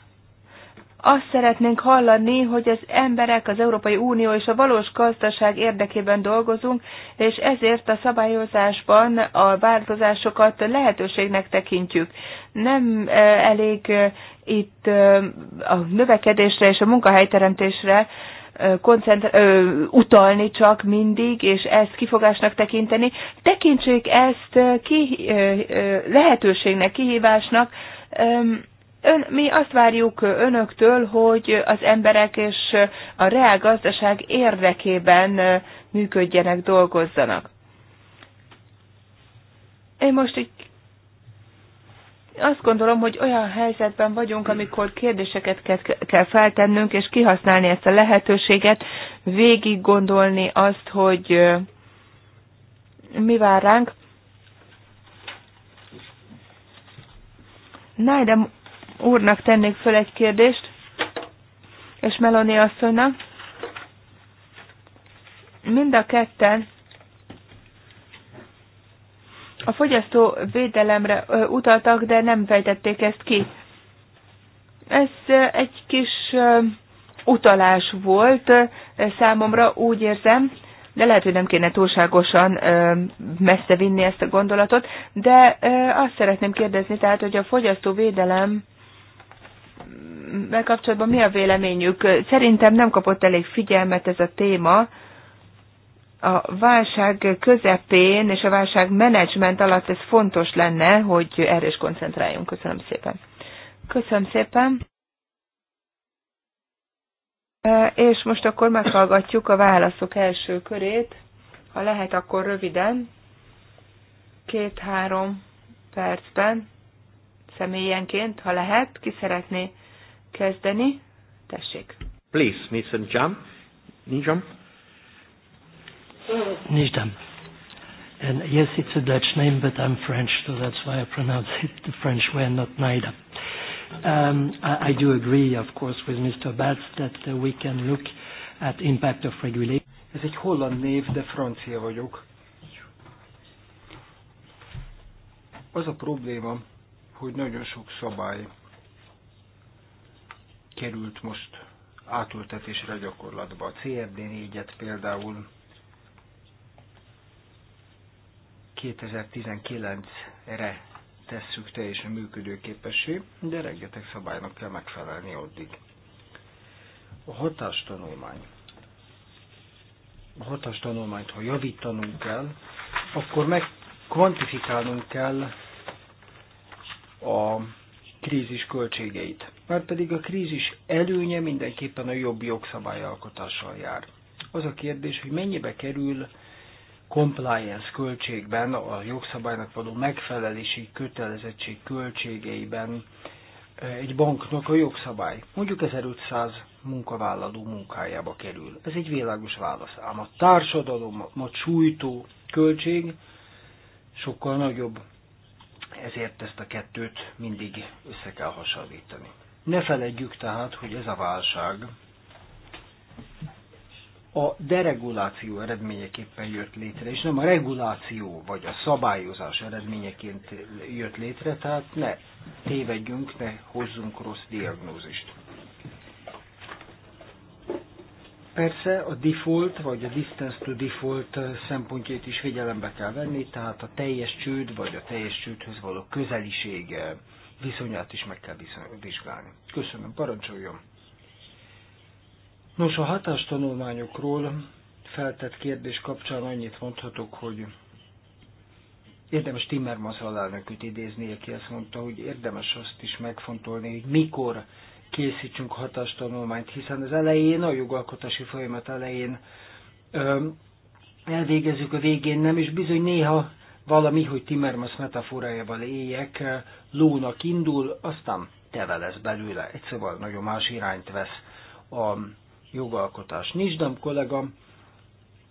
azt szeretnénk hallani, hogy az emberek, az Európai Unió és a valós gazdaság érdekében dolgozunk, és ezért a szabályozásban a változásokat lehetőségnek tekintjük. Nem eh, elég eh, itt eh, a növekedésre és a munkahelyteremtésre koncentr- ö, utalni csak mindig, és ezt kifogásnak tekinteni. Tekintsék ezt ki, ö, ö, lehetőségnek, kihívásnak, Ön, mi azt várjuk önöktől, hogy az emberek és a reál gazdaság érdekében működjenek, dolgozzanak. Én most egy azt gondolom, hogy olyan helyzetben vagyunk, amikor kérdéseket kell feltennünk, és kihasználni ezt a lehetőséget, végig gondolni azt, hogy mi vár ránk. Nájdem úrnak tennék föl egy kérdést, és Meloni asszonynak. Mind a ketten a fogyasztó védelemre utaltak, de nem fejtették ezt ki. Ez egy kis utalás volt számomra, úgy érzem, de lehet, hogy nem kéne túlságosan messze vinni ezt a gondolatot, de azt szeretném kérdezni, tehát, hogy a fogyasztóvédelem mm, kapcsolatban mi a véleményük? Szerintem nem kapott elég figyelmet ez a téma, a válság közepén és a válság menedzsment alatt ez fontos lenne, hogy erre is koncentráljunk. Köszönöm szépen. Köszönöm szépen. És most akkor meghallgatjuk a válaszok első körét. Ha lehet, akkor röviden, két-három percben, személyenként, ha lehet, ki szeretné kezdeni. Tessék. Please, Mr. Jam. Nijam. Nijam. And yes, it's a Dutch name, but I'm French, so that's why I pronounce it the French way and not Nijam. Um, I, I do agree, of course, with Mr. Batz that uh, we can look at impact of regulation. Ez egy holland név, de francia vagyok. Az a probléma, hogy nagyon sok szabály került most átültetésre gyakorlatba. A CRD 4-et például 2019-re tesszük teljesen működőképessé, de rengeteg szabálynak kell megfelelni addig. A hatástanulmány. A hatástanulmányt, ha javítanunk kell, akkor meg kvantifikálnunk kell a krízis költségeit. Mert pedig a krízis előnye mindenképpen a jobb jogszabályalkotással jár. Az a kérdés, hogy mennyibe kerül compliance költségben, a jogszabálynak való megfelelési kötelezettség költségeiben eh, egy banknak a jogszabály mondjuk 1500 munkavállaló munkájába kerül. Ez egy világos válasz. Ám a a sújtó költség sokkal nagyobb, ezért ezt a kettőt mindig össze kell hasonlítani. Ne feledjük tehát, hogy ez a válság a dereguláció eredményeképpen jött létre, és nem a reguláció vagy a szabályozás eredményeként jött létre, tehát ne tévedjünk, ne hozzunk rossz diagnózist. Persze a default vagy a distance to default szempontjait is figyelembe kell venni, tehát a teljes csőd vagy a teljes csődhöz való közeliség viszonyát is meg kell vizsgálni. Köszönöm, parancsoljon! Nos, a hatástanulmányokról feltett kérdés kapcsán annyit mondhatok, hogy érdemes Timmermans alelnököt idézni, aki azt mondta, hogy érdemes azt is megfontolni, hogy mikor készítsünk hatástanulmányt, hiszen az elején, a jogalkotási folyamat elején öm, elvégezzük a végén, nem, és bizony néha valami, hogy Timmermans metaforájával éljek, lónak indul, aztán tevelez belőle, egy szóval nagyon más irányt vesz a jogalkotás. Nisdam kollega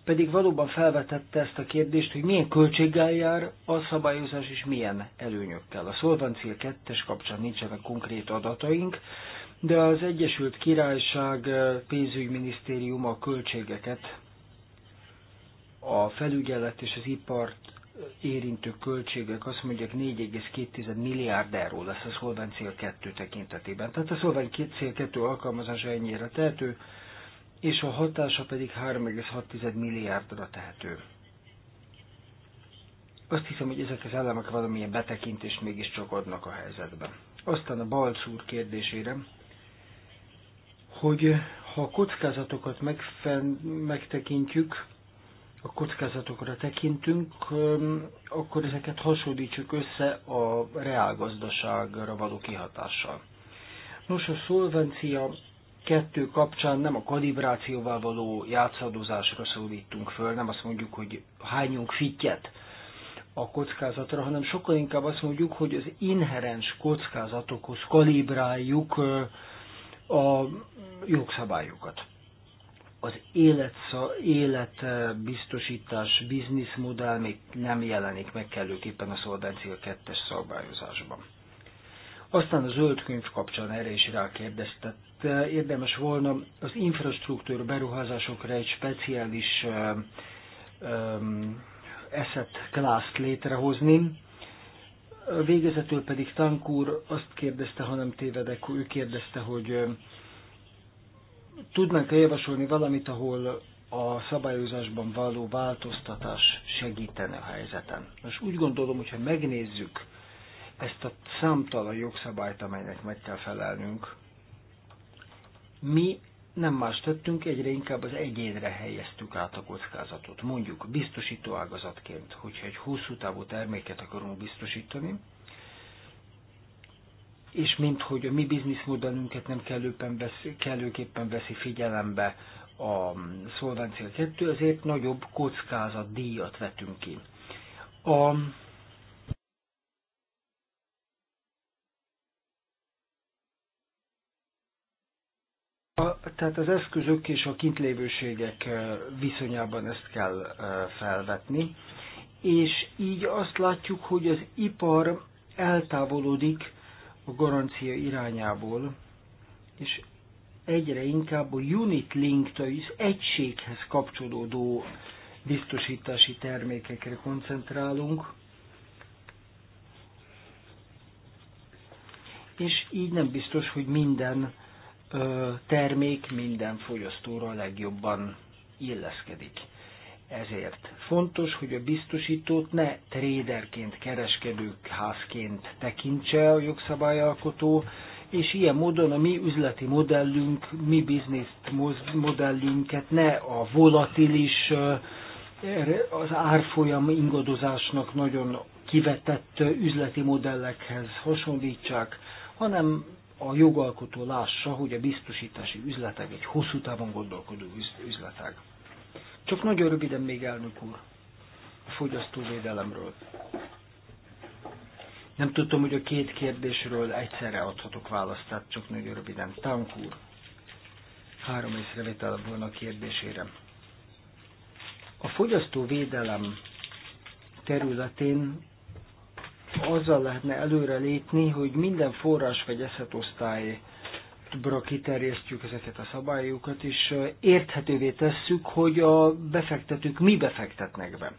pedig valóban felvetette ezt a kérdést, hogy milyen költséggel jár a szabályozás és milyen előnyökkel. A Szolvencia 2-es kapcsán nincsenek konkrét adataink, de az Egyesült Királyság pénzügyminisztériuma a költségeket, a felügyelet és az ipart érintő költségek azt mondják 4,2 milliárd euró lesz a Szolvencia 2 tekintetében. Tehát a Szolvencia 2 alkalmazása ennyire tehető, és a hatása pedig 3,6 milliárdra tehető. Azt hiszem, hogy ezek az elemek valamilyen betekintést mégiscsak adnak a helyzetben. Aztán a Balcúr kérdésére, hogy ha a kockázatokat megfen, megtekintjük, a kockázatokra tekintünk, akkor ezeket hasonlítsuk össze a reálgazdaságra való kihatással. Nos, a szolvencia kettő kapcsán nem a kalibrációval való játszadozásra szólítunk föl, nem azt mondjuk, hogy hányunk fittyet a kockázatra, hanem sokkal inkább azt mondjuk, hogy az inherens kockázatokhoz kalibráljuk a jogszabályokat. Az élet, életbiztosítás bizniszmodell még nem jelenik meg kellőképpen a szolvencia 2-es szabályozásban. Aztán a zöld könyv kapcsán erre is rákérdeztet. Eh, érdemes volna az infrastruktúra beruházásokra egy speciális um, asset class létrehozni. Végezetül pedig Tank úr azt kérdezte, ha nem tévedek, ő kérdezte, hogy tudnánk-e javasolni valamit, ahol a szabályozásban való változtatás segítene a helyzeten. Most úgy gondolom, hogyha megnézzük ezt a számtalan jogszabályt, amelynek meg kell felelnünk, mi nem más tettünk, egyre inkább az egyénre helyeztük át a kockázatot. Mondjuk biztosító ágazatként, hogyha egy hosszú távú terméket akarunk biztosítani, és mint hogy a mi bizniszmodellünket nem kellőképpen veszi, kellőképpen veszi figyelembe a Szolvencia 2, azért nagyobb kockázat díjat vetünk ki. A A, tehát az eszközök és a kintlévőségek viszonyában ezt kell felvetni, és így azt látjuk, hogy az ipar eltávolodik a garancia irányából, és egyre inkább a unit link, az egységhez kapcsolódó biztosítási termékekre koncentrálunk, és így nem biztos, hogy minden termék minden fogyasztóra legjobban illeszkedik. Ezért fontos, hogy a biztosítót ne tréderként, házként tekintse a jogszabályalkotó, és ilyen módon a mi üzleti modellünk, mi biznisz modellünket ne a volatilis, az árfolyam ingadozásnak nagyon kivetett üzleti modellekhez hasonlítsák, hanem a jogalkotó lássa, hogy a biztosítási üzletek egy hosszú távon gondolkodó üzletek. Csak nagyon röviden még elnök úr a fogyasztóvédelemről. Nem tudtam, hogy a két kérdésről egyszerre adhatok választ, tehát csak nagyon röviden. Tank úr, három észrevétel volna a kérdésére. A fogyasztóvédelem területén azzal lehetne előrelépni, hogy minden forrás vagy eszetosztály bra kiterjesztjük ezeket a szabályokat, és érthetővé tesszük, hogy a befektetők mi befektetnek be.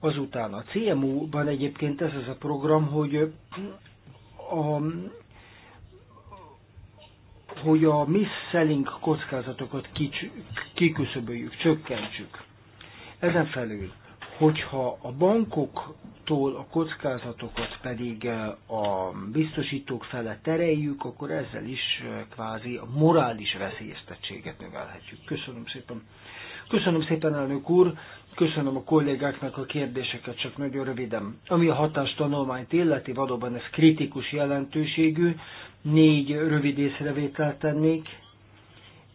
Azután a CMU-ban egyébként ez az a program, hogy a, hogy a mis-selling kockázatokat kics, kiküszöböljük, csökkentsük. Ezen felül Hogyha a bankoktól a kockázatokat pedig eh, a biztosítók fele tereljük, akkor ezzel is eh, kvázi a morális veszélyeztettséget növelhetjük. Köszönöm szépen. Köszönöm szépen, elnök úr, köszönöm a kollégáknak a kérdéseket, csak nagyon röviden. Ami a hatástanulmányt illeti, valóban ez kritikus jelentőségű, négy rövid észrevételt tennék.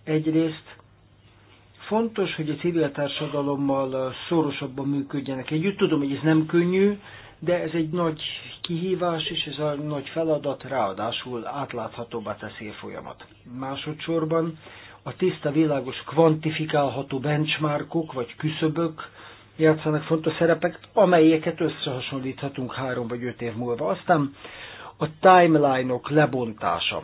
Egyrészt Fontos, hogy a civil társadalommal uh, szorosabban működjenek együtt. Tudom, hogy ez nem könnyű, de ez egy nagy kihívás, és ez a nagy feladat ráadásul átláthatóbbá teszi a folyamat. Másodszorban a tiszta, világos, kvantifikálható benchmarkok vagy küszöbök játszanak fontos szerepeket, amelyeket összehasonlíthatunk három vagy öt év múlva. Aztán a timeline-ok -ok lebontása.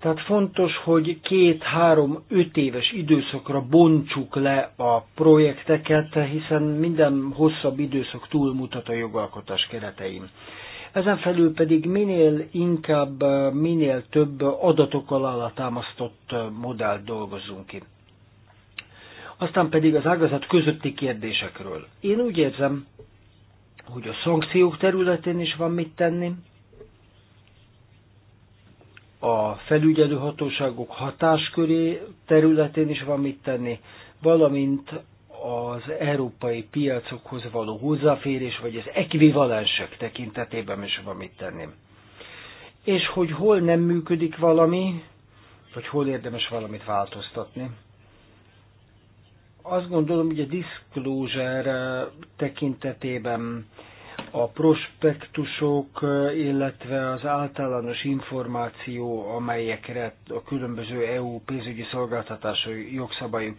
Tehát fontos, hogy két-három-öt éves időszakra bontsuk le a projekteket, hiszen minden hosszabb időszak túlmutat a jogalkotás keretein. Ezen felül pedig minél inkább, minél több adatok alá támasztott modellt dolgozunk ki. Aztán pedig az ágazat közötti kérdésekről. Én úgy érzem, hogy a szankciók területén is van mit tenni, a felügyelőhatóságok hatásköré területén is van mit tenni, valamint az európai piacokhoz való hozzáférés, vagy az ekvivalensek tekintetében is van mit tenni. És hogy hol nem működik valami, vagy hol érdemes valamit változtatni. Azt gondolom, hogy a disclosure tekintetében a prospektusok, illetve az általános információ, amelyekre a különböző EU pénzügyi szolgáltatásai jogszabályok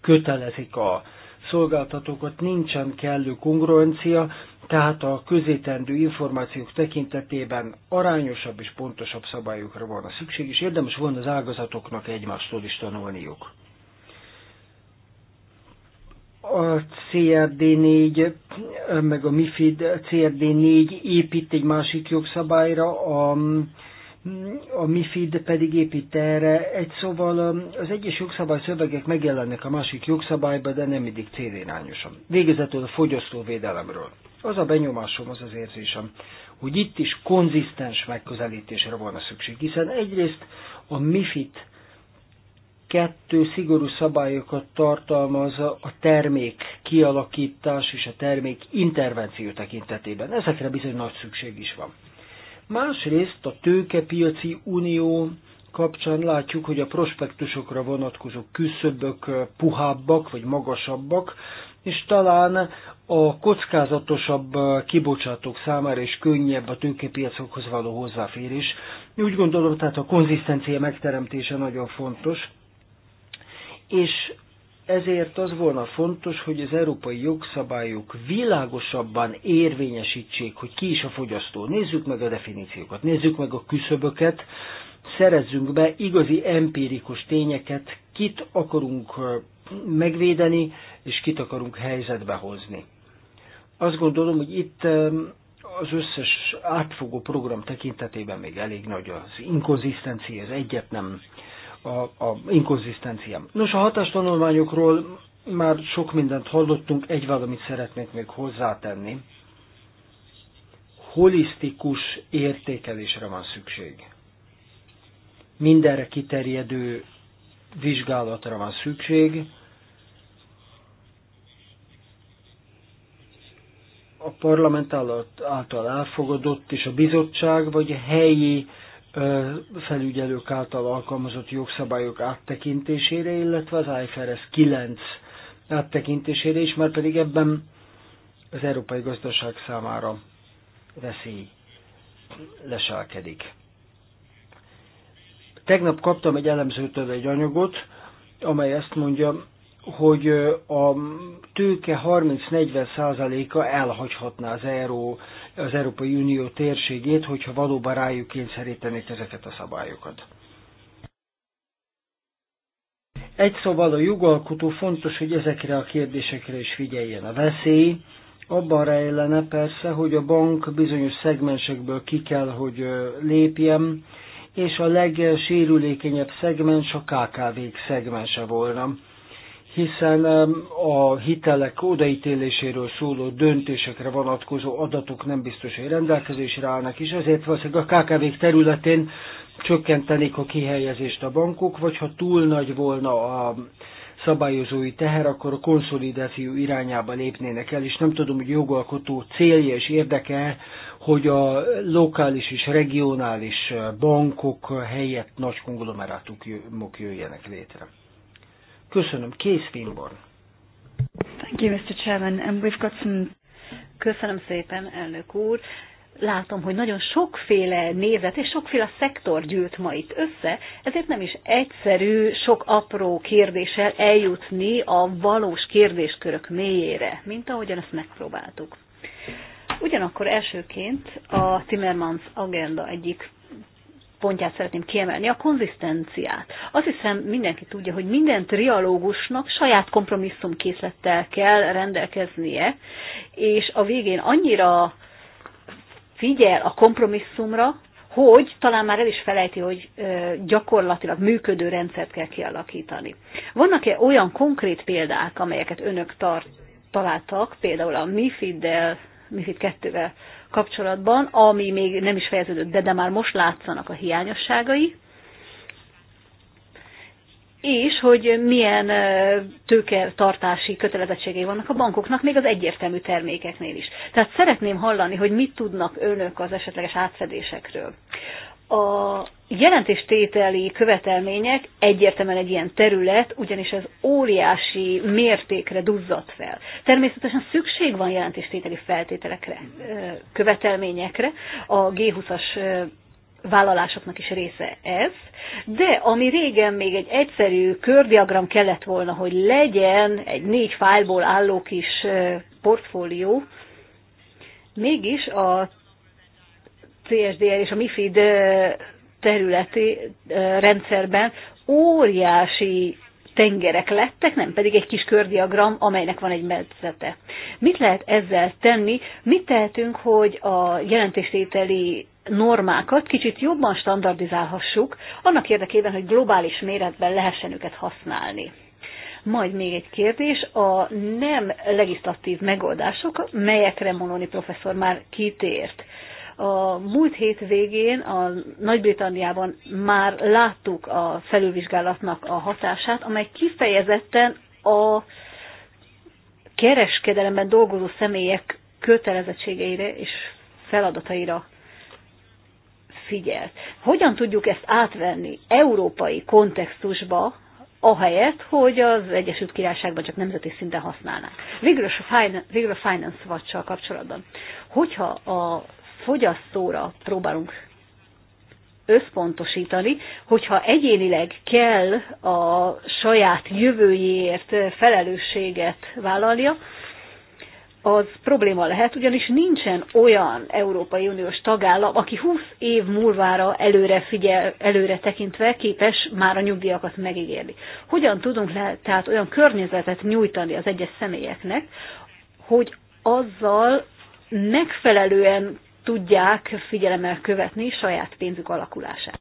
kötelezik a szolgáltatókat, nincsen kellő kongruencia, tehát a közétendő információk tekintetében arányosabb és pontosabb szabályokra van a szükség, és érdemes volna az ágazatoknak egymástól is tanulniuk a CRD4, meg a MIFID CRD4 épít egy másik jogszabályra, a, a MIFID pedig épít erre. Egy szóval um, az egyes jogszabály szövegek megjelennek a másik jogszabályba, de nem mindig célirányosan. Végezetül a fogyasztóvédelemről. Az a benyomásom, az az érzésem, hogy itt is konzisztens megközelítésre van a szükség, hiszen egyrészt a MIFID kettő szigorú szabályokat tartalmaz a termék kialakítás és a termék intervenció tekintetében. Ezekre bizony nagy szükség is van. Másrészt a tőkepiaci unió kapcsán látjuk, hogy a prospektusokra vonatkozó küszöbök puhábbak vagy magasabbak, és talán a kockázatosabb kibocsátók számára is könnyebb a tőkepiacokhoz való hozzáférés. Úgy gondolom, tehát a konzisztencia megteremtése nagyon fontos és ezért az volna fontos, hogy az európai jogszabályok világosabban érvényesítsék, hogy ki is a fogyasztó. Nézzük meg a definíciókat, nézzük meg a küszöböket, szerezzünk be igazi empirikus tényeket, kit akarunk megvédeni, és kit akarunk helyzetbe hozni. Azt gondolom, hogy itt az összes átfogó program tekintetében még elég nagy az inkonzisztencia, az egyet nem a, a inkonzisztencia. Nos, a hatástanulmányokról már sok mindent hallottunk, egy valamit szeretnék még hozzátenni. Holisztikus értékelésre van szükség. Mindenre kiterjedő vizsgálatra van szükség. A parlament által elfogadott és a bizottság vagy a helyi felügyelők által alkalmazott jogszabályok áttekintésére, illetve az IFRS 9 áttekintésére is, mert pedig ebben az európai gazdaság számára veszély leselkedik. Tegnap kaptam egy elemzőtől egy anyagot, amely ezt mondja, hogy a tőke 30-40%-a elhagyhatná az, Euró, az Európai Unió térségét, hogyha valóban rájuk kényszerítenék ezeket a szabályokat. Egy szóval a jogalkotó fontos, hogy ezekre a kérdésekre is figyeljen. A veszély abban rejlene persze, hogy a bank bizonyos szegmensekből ki kell, hogy lépjem, és a legsérülékenyebb szegmens a KKV-k szegmense volna hiszen a hitelek odaítéléséről szóló döntésekre vonatkozó adatok nem biztos, hogy rendelkezésre állnak, és ezért valószínűleg a kkv területén csökkentenék a kihelyezést a bankok, vagy ha túl nagy volna a szabályozói teher, akkor a konszolidáció irányába lépnének el, és nem tudom, hogy jogalkotó célja és érdeke, hogy a lokális és regionális bankok helyett nagy konglomerátumok jöjjenek létre. Köszönöm. Kész Winborn. Thank you, Mr. Chairman. And we've got some... Köszönöm szépen, elnök úr. Látom, hogy nagyon sokféle nézet és sokféle szektor gyűlt ma itt össze, ezért nem is egyszerű sok apró kérdéssel eljutni a valós kérdéskörök mélyére, mint ahogyan ezt megpróbáltuk. Ugyanakkor elsőként a Timmermans agenda egyik pontját szeretném kiemelni, a konzisztenciát. Azt hiszem mindenki tudja, hogy minden trialógusnak saját kompromisszumkészlettel kell rendelkeznie, és a végén annyira figyel a kompromisszumra, hogy talán már el is felejti, hogy gyakorlatilag működő rendszert kell kialakítani. Vannak-e olyan konkrét példák, amelyeket önök tart, találtak, például a MIFID-del, MIFID 2-vel kapcsolatban, ami még nem is fejeződött, de, de már most látszanak a hiányosságai, és hogy milyen tartási kötelezettségei vannak a bankoknak, még az egyértelmű termékeknél is. Tehát szeretném hallani, hogy mit tudnak önök az esetleges átfedésekről. A jelentéstételi követelmények egyértelműen egy ilyen terület, ugyanis ez óriási mértékre duzzadt fel. Természetesen szükség van jelentéstételi feltételekre, követelményekre. A G20-as vállalásoknak is része ez, de ami régen még egy egyszerű kördiagram kellett volna, hogy legyen egy négy fájlból álló kis portfólió, mégis a CSDR és a MIFID területi rendszerben óriási tengerek lettek, nem pedig egy kis kördiagram, amelynek van egy medzete. Mit lehet ezzel tenni? Mit tehetünk, hogy a jelentéstételi normákat kicsit jobban standardizálhassuk, annak érdekében, hogy globális méretben lehessen őket használni? Majd még egy kérdés, a nem legislatív megoldások, melyekre Mononi professzor már kitért. A múlt hét végén a Nagy-Britanniában már láttuk a felülvizsgálatnak a hatását, amely kifejezetten a kereskedelemben dolgozó személyek kötelezettségeire és feladataira figyel. Hogyan tudjuk ezt átvenni európai kontextusba, ahelyett, hogy az Egyesült Királyságban csak nemzeti szinten használnák. Végül a Finance, végül finance watch kapcsolatban. Hogyha a fogyasztóra próbálunk összpontosítani, hogyha egyénileg kell a saját jövőjéért felelősséget vállalja, az probléma lehet, ugyanis nincsen olyan Európai Uniós tagállam, aki 20 év múlvára előre, figyel, előre tekintve képes már a nyugdíjakat megígérni. Hogyan tudunk le, tehát olyan környezetet nyújtani az egyes személyeknek, hogy azzal megfelelően tudják figyelemmel követni saját pénzük alakulását.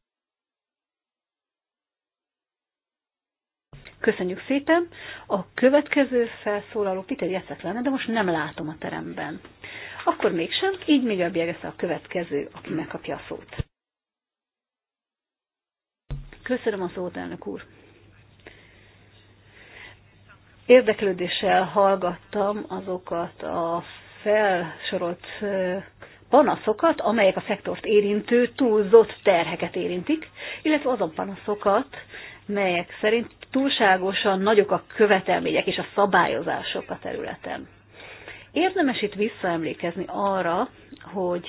Köszönjük szépen. A következő felszólaló Peter Jeszek lenne, de most nem látom a teremben. Akkor mégsem, így jobb Biegesze a következő, aki megkapja a szót. Köszönöm a szót, elnök úr. Érdeklődéssel hallgattam azokat a felsorolt panaszokat, amelyek a szektort érintő túlzott terheket érintik, illetve azon panaszokat, melyek szerint túlságosan nagyok a követelmények és a szabályozások a területen. Érdemes itt visszaemlékezni arra, hogy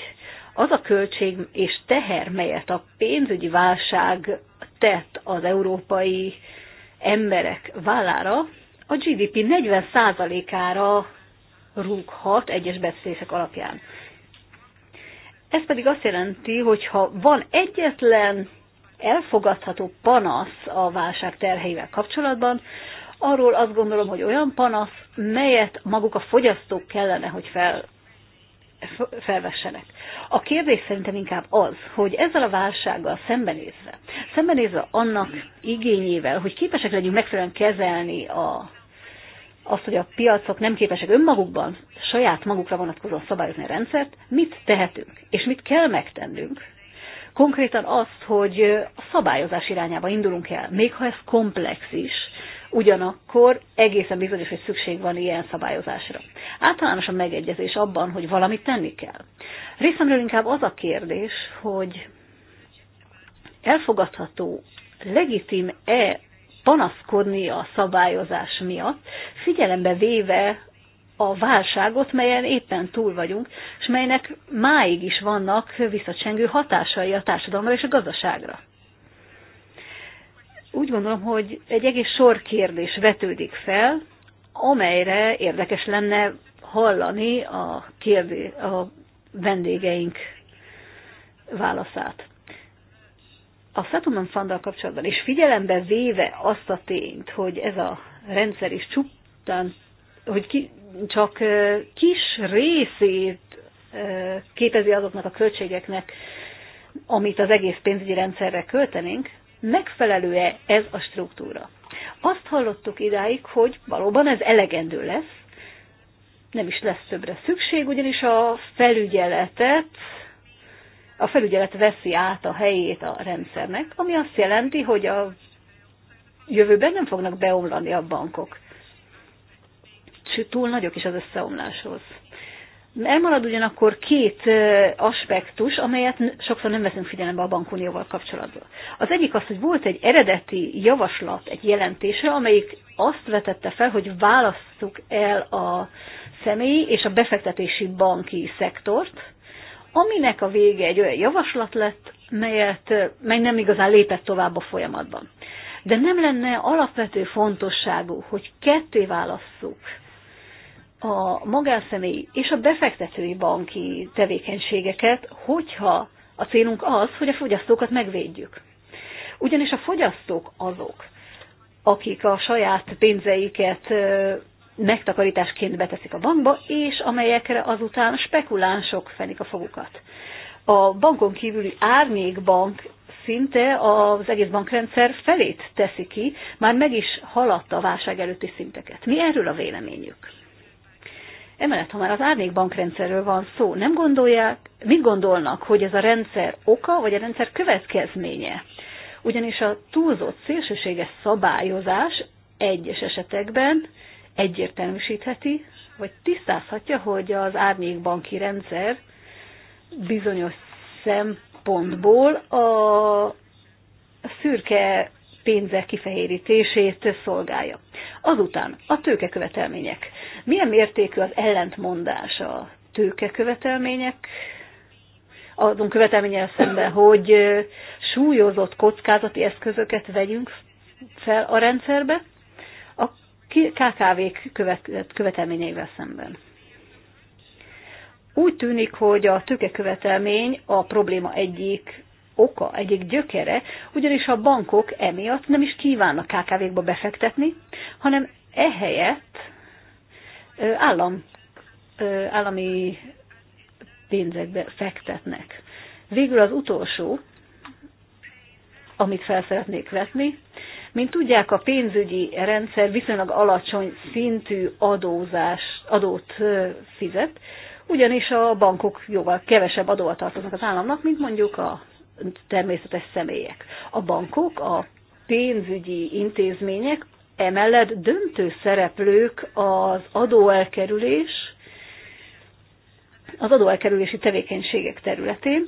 az a költség és teher, melyet a pénzügyi válság tett az európai emberek vállára, a GDP 40%-ára rúghat egyes beszélések alapján. Ez pedig azt jelenti, hogy ha van egyetlen elfogadható panasz a válság terheivel kapcsolatban, arról azt gondolom, hogy olyan panasz, melyet maguk a fogyasztók kellene, hogy fel, felvessenek. A kérdés szerintem inkább az, hogy ezzel a válsággal szembenézve, szembenézve annak igényével, hogy képesek legyünk megfelelően kezelni a azt, hogy a piacok nem képesek önmagukban saját magukra vonatkozóan szabályozni a rendszert, mit tehetünk, és mit kell megtennünk. Konkrétan azt, hogy a szabályozás irányába indulunk el, még ha ez komplex is, ugyanakkor egészen bizonyos, hogy szükség van ilyen szabályozásra. Általános a megegyezés abban, hogy valamit tenni kell. Részemről inkább az a kérdés, hogy elfogadható, legitim-e panaszkodni a szabályozás miatt, figyelembe véve a válságot, melyen éppen túl vagyunk, és melynek máig is vannak visszacsengő hatásai a társadalomra és a gazdaságra. Úgy gondolom, hogy egy egész sor kérdés vetődik fel, amelyre érdekes lenne hallani a, kérdé, a vendégeink válaszát a settlement funddal kapcsolatban, és figyelembe véve azt a tényt, hogy ez a rendszer is csupán, hogy ki, csak kis részét képezi azoknak a költségeknek, amit az egész pénzügyi rendszerre költenénk, megfelelő-e ez a struktúra? Azt hallottuk idáig, hogy valóban ez elegendő lesz, nem is lesz többre szükség, ugyanis a felügyeletet a felügyelet veszi át a helyét a rendszernek, ami azt jelenti, hogy a jövőben nem fognak beomlani a bankok. Sőt, túl nagyok is az összeomláshoz. Elmarad ugyanakkor két aspektus, amelyet sokszor nem veszünk figyelembe a bankunióval kapcsolatban. Az egyik az, hogy volt egy eredeti javaslat, egy jelentése, amelyik azt vetette fel, hogy választjuk el a személyi és a befektetési banki szektort, aminek a vége egy olyan javaslat lett, melyet mely nem igazán lépett tovább a folyamatban. De nem lenne alapvető fontosságú, hogy ketté válasszuk a magánszemély és a befektetői banki tevékenységeket, hogyha a célunk az, hogy a fogyasztókat megvédjük. Ugyanis a fogyasztók azok, akik a saját pénzeiket megtakarításként beteszik a bankba, és amelyekre azután spekulánsok fenik a fogukat. A bankon kívüli árnyékbank szinte az egész bankrendszer felét teszi ki, már meg is haladta a válság előtti szinteket. Mi erről a véleményük? Emellett, ha már az árnyékbankrendszerről van szó, nem gondolják, mit gondolnak, hogy ez a rendszer oka, vagy a rendszer következménye? Ugyanis a túlzott szélsőséges szabályozás egyes esetekben egyértelműsítheti, vagy tisztázhatja, hogy az árnyékbanki rendszer bizonyos szempontból a szürke pénzek kifehérítését szolgálja. Azután a tőkekövetelmények. Milyen mértékű az ellentmondás a tőkekövetelmények azon követelménye szemben, hogy súlyozott kockázati eszközöket vegyünk fel a rendszerbe, kkv követ, követelményeivel szemben. Úgy tűnik, hogy a tőkekövetelmény a probléma egyik oka, egyik gyökere, ugyanis a bankok emiatt nem is kívánnak KKV-kba befektetni, hanem ehelyett állam, állami pénzekbe fektetnek. Végül az utolsó, amit fel szeretnék vetni, mint tudják, a pénzügyi rendszer viszonylag alacsony szintű adózás, adót fizet, ugyanis a bankok jóval kevesebb adóval tartoznak az államnak, mint mondjuk a természetes személyek. A bankok, a pénzügyi intézmények emellett döntő szereplők az adóelkerülés, az adóelkerülési tevékenységek területén,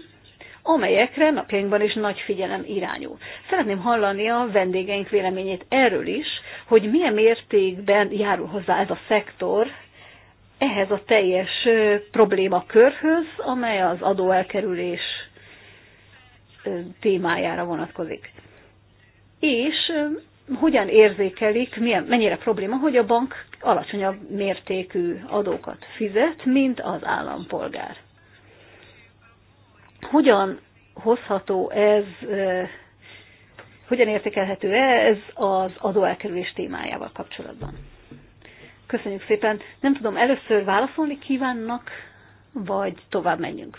amelyekre napjainkban is nagy figyelem irányul. Szeretném hallani a vendégeink véleményét erről is, hogy milyen mértékben járul hozzá ez a szektor ehhez a teljes problémakörhöz, amely az adóelkerülés témájára vonatkozik. És hogyan érzékelik, milyen, mennyire probléma, hogy a bank alacsonyabb mértékű adókat fizet, mint az állampolgár. Hogyan hozható ez, hogyan értékelhető ez az adóelkerülés témájával kapcsolatban? Köszönjük szépen. Nem tudom, először válaszolni kívánnak, vagy tovább menjünk.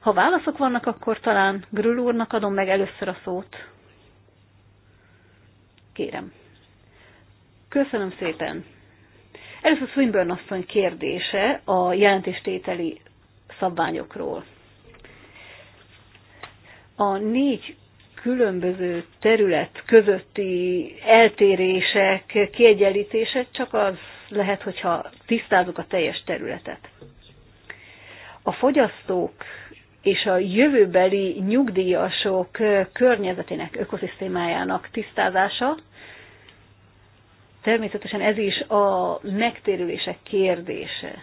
Ha válaszok vannak, akkor talán Grül úrnak adom meg először a szót. Kérem. Köszönöm szépen. Először Swinburne asszony kérdése a jelentéstételi szabványokról a négy különböző terület közötti eltérések, kiegyenlítések csak az lehet, hogyha tisztázunk a teljes területet. A fogyasztók és a jövőbeli nyugdíjasok környezetének, ökoszisztémájának tisztázása, természetesen ez is a megtérülések kérdése.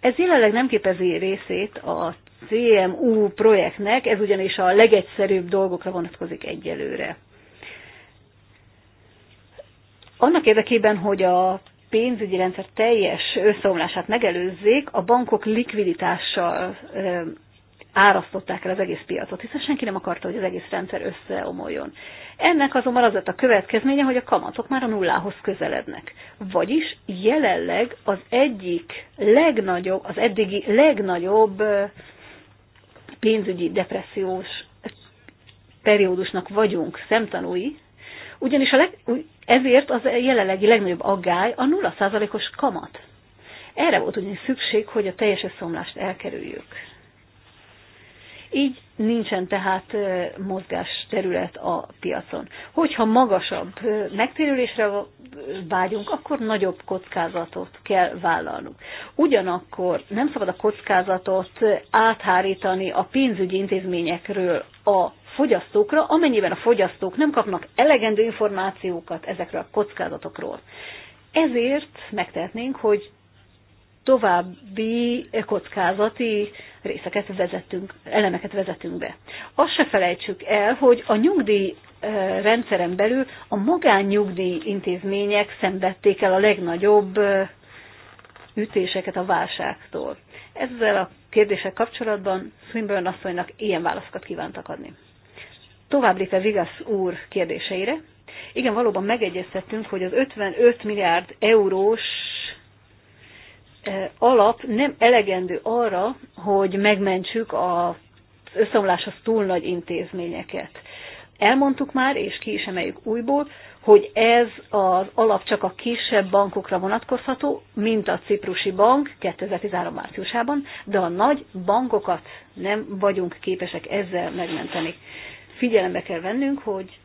Ez jelenleg nem képezi részét a CMU projektnek, ez ugyanis a legegyszerűbb dolgokra vonatkozik egyelőre. Annak érdekében, hogy a pénzügyi rendszer teljes összeomlását megelőzzék, a bankok likviditással árasztották el az egész piacot, hiszen senki nem akarta, hogy az egész rendszer összeomoljon. Ennek azonban az lett a következménye, hogy a kamatok már a nullához közelednek. Vagyis jelenleg az egyik legnagyobb, az eddigi legnagyobb pénzügyi depressziós periódusnak vagyunk szemtanúi, ugyanis a leg, ezért az jelenlegi legnagyobb aggály a 0%-os kamat. Erre volt ugyanis szükség, hogy a teljes összeomlást elkerüljük. Így nincsen tehát mozgás terület a piacon. Hogyha magasabb megtérülésre vágyunk, akkor nagyobb kockázatot kell vállalnunk. Ugyanakkor nem szabad a kockázatot áthárítani a pénzügyi intézményekről a fogyasztókra, amennyiben a fogyasztók nem kapnak elegendő információkat ezekről a kockázatokról. Ezért megtehetnénk, hogy további eh, kockázati részeket vezetünk, elemeket vezetünk be. Azt se felejtsük el, hogy a nyugdíj eh, rendszeren belül a magánnyugdíj intézmények szenvedték el a legnagyobb eh, ütéseket a válságtól. Ezzel a kérdések kapcsolatban Swinburne asszonynak ilyen válaszokat kívántak adni. Tovább lépve Vigasz úr kérdéseire, igen, valóban megegyeztettünk, hogy az 55 milliárd eurós alap nem elegendő arra, hogy megmentsük az összeomláshoz túl nagy intézményeket. Elmondtuk már, és ki is emeljük újból, hogy ez az alap csak a kisebb bankokra vonatkozható, mint a Ciprusi Bank 2013 márciusában, de a nagy bankokat nem vagyunk képesek ezzel megmenteni. Figyelembe kell vennünk, hogy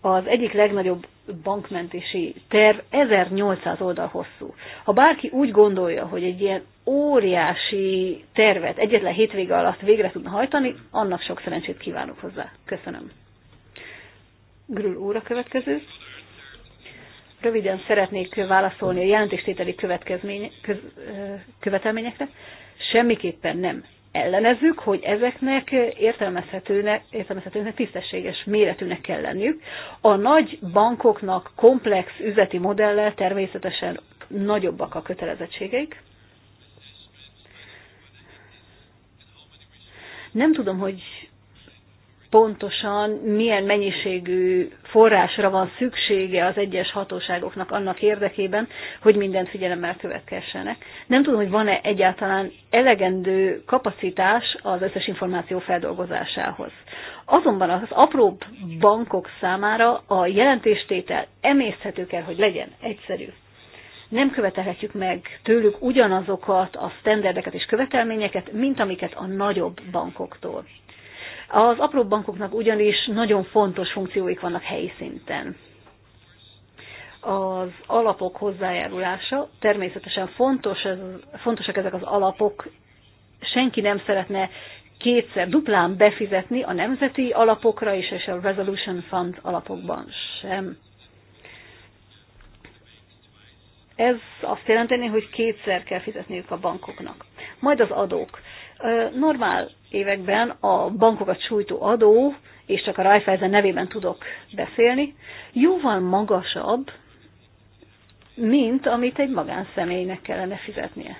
az egyik legnagyobb bankmentési terv 1800 oldal hosszú. Ha bárki úgy gondolja, hogy egy ilyen óriási tervet egyetlen hétvége alatt végre tudna hajtani, annak sok szerencsét kívánok hozzá. Köszönöm. Grül úr a következő. Röviden szeretnék válaszolni a jelentéstételi következmény, köz, követelményekre. Semmiképpen nem ellenezzük, hogy ezeknek értelmezhetőnek, értelmezhetőnek tisztességes méretűnek kell lenniük. A nagy bankoknak komplex üzleti modellel természetesen nagyobbak a kötelezettségeik. Nem tudom, hogy pontosan milyen mennyiségű forrásra van szüksége az egyes hatóságoknak annak érdekében, hogy mindent figyelemmel következsenek. Nem tudom, hogy van-e egyáltalán elegendő kapacitás az összes információ feldolgozásához. Azonban az apróbb bankok számára a jelentéstétel emészhető kell, hogy legyen egyszerű nem követelhetjük meg tőlük ugyanazokat a sztenderdeket és követelményeket, mint amiket a nagyobb bankoktól az apró bankoknak ugyanis nagyon fontos funkcióik vannak helyi szinten. Az alapok hozzájárulása, természetesen fontos, ez, fontosak ezek az alapok, senki nem szeretne kétszer duplán befizetni a nemzeti alapokra is, és a Resolution Fund alapokban sem. Ez azt jelenteni, hogy kétszer kell fizetniük a bankoknak. Majd az adók. Normál években a bankokat sújtó adó, és csak a Raiffeisen nevében tudok beszélni, jóval magasabb, mint amit egy magánszemélynek kellene fizetnie.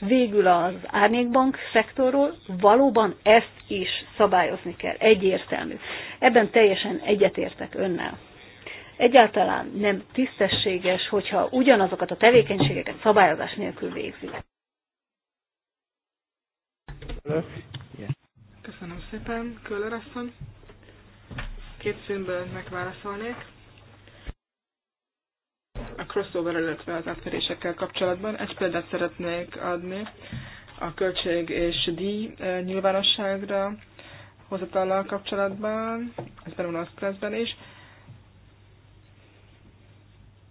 Végül az árnyékbank szektorról valóban ezt is szabályozni kell, egyértelmű. Ebben teljesen egyetértek önnel. Egyáltalán nem tisztességes, hogyha ugyanazokat a tevékenységeket szabályozás nélkül végzik. Köszönöm szépen, Köller asszony. Két színből megválaszolnék. A crossover, illetve az átfedésekkel kapcsolatban egy példát szeretnék adni a költség és díj eh, nyilvánosságra hozatallal kapcsolatban, ez benne a stressben is.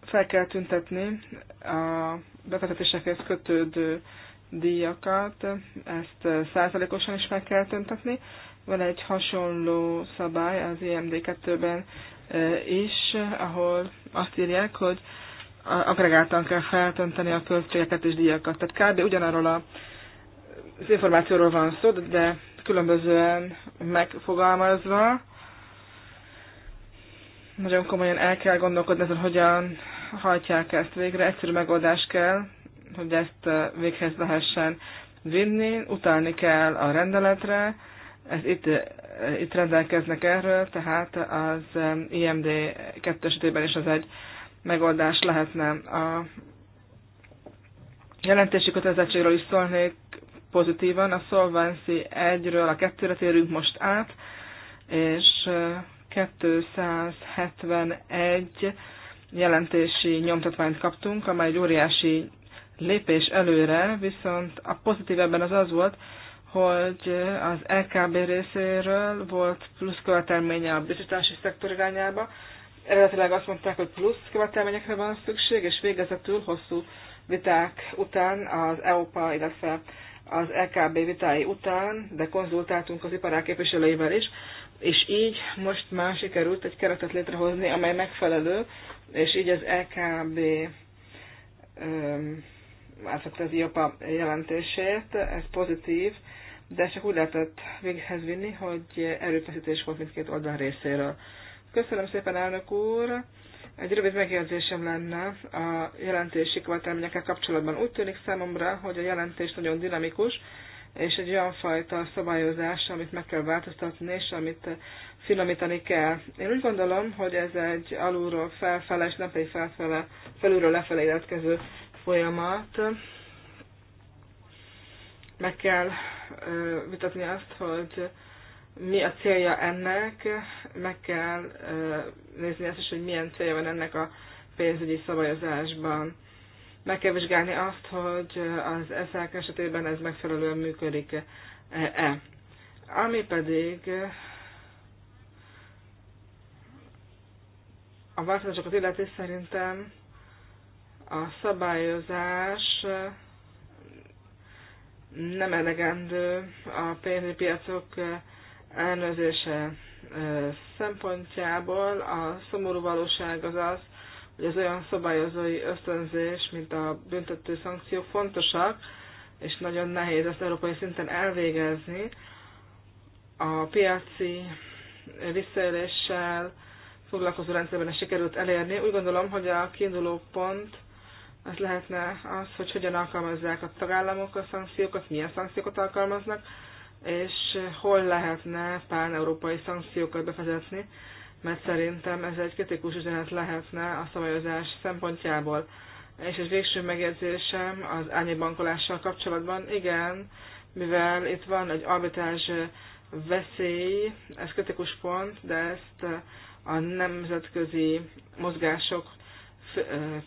Fel kell tüntetni a befektetésekhez kötődő díjakat, ezt százalékosan is meg kell tüntetni. Van egy hasonló szabály az IMD2-ben is, ahol azt írják, hogy agregáltan kell feltönteni a költségeket és díjakat. Tehát kb. ugyanarról a, az információról van szó, de különbözően megfogalmazva. Nagyon komolyan el kell gondolkodni ezen, hogyan hajtják ezt végre. Egyszerű megoldás kell, hogy ezt véghez lehessen vinni, utalni kell a rendeletre, ez itt, itt rendelkeznek erről, tehát az IMD kettősítében esetében is az egy megoldás lehetne. A jelentési kötelezettségről is szólnék pozitívan, a Solvency 1-ről a 2-re térünk most át, és 271 jelentési nyomtatványt kaptunk, amely egy óriási lépés előre, viszont a pozitív ebben az az volt, hogy az LKB részéről volt plusz követelménye a biztosítási szektor irányába. Eredetileg azt mondták, hogy plusz követelményekre van szükség, és végezetül hosszú viták után az EOPA, illetve az LKB vitái után, de konzultáltunk az iparák képviselőivel is, és így most már sikerült egy keretet létrehozni, amely megfelelő, és így az LKB öm, elfette IOPA jelentését, ez pozitív, de csak úgy lehetett véghez vinni, hogy erőfeszítés volt mindkét oldal részéről. Köszönöm szépen, elnök úr! Egy rövid megjegyzésem lenne a jelentési követelményekkel kapcsolatban. Úgy tűnik számomra, hogy a jelentés nagyon dinamikus, és egy olyan fajta szabályozás, amit meg kell változtatni, és amit finomítani kell. Én úgy gondolom, hogy ez egy alulról felfele, és nem pedig felfele, felülről lefele életkező folyamat. Meg kell vitatni azt, hogy mi a célja ennek, meg kell nézni azt is, hogy milyen célja van ennek a pénzügyi szabályozásban. Meg kell vizsgálni azt, hogy az ESZÁK esetében ez megfelelően működik-e. Ami pedig a változásokat illeti szerintem a szabályozás nem elegendő a pénzügyi piacok elnőzése szempontjából. A szomorú valóság az az, hogy az olyan szabályozói ösztönzés, mint a büntető szankciók fontosak, és nagyon nehéz ezt európai szinten elvégezni. A piaci visszaéléssel foglalkozó rendszerben sikerült elérni. Úgy gondolom, hogy a kiinduló pont az hát lehetne az, hogy hogyan alkalmazzák a tagállamok a szankciókat, milyen szankciókat alkalmaznak, és hol lehetne pán-európai szankciókat bevezetni, mert szerintem ez egy kritikus üzenet lehetne a szabályozás szempontjából. És egy végső megjegyzésem az árnyékbankolással kapcsolatban, igen, mivel itt van egy arbitrás veszély, ez kritikus pont, de ezt a nemzetközi mozgások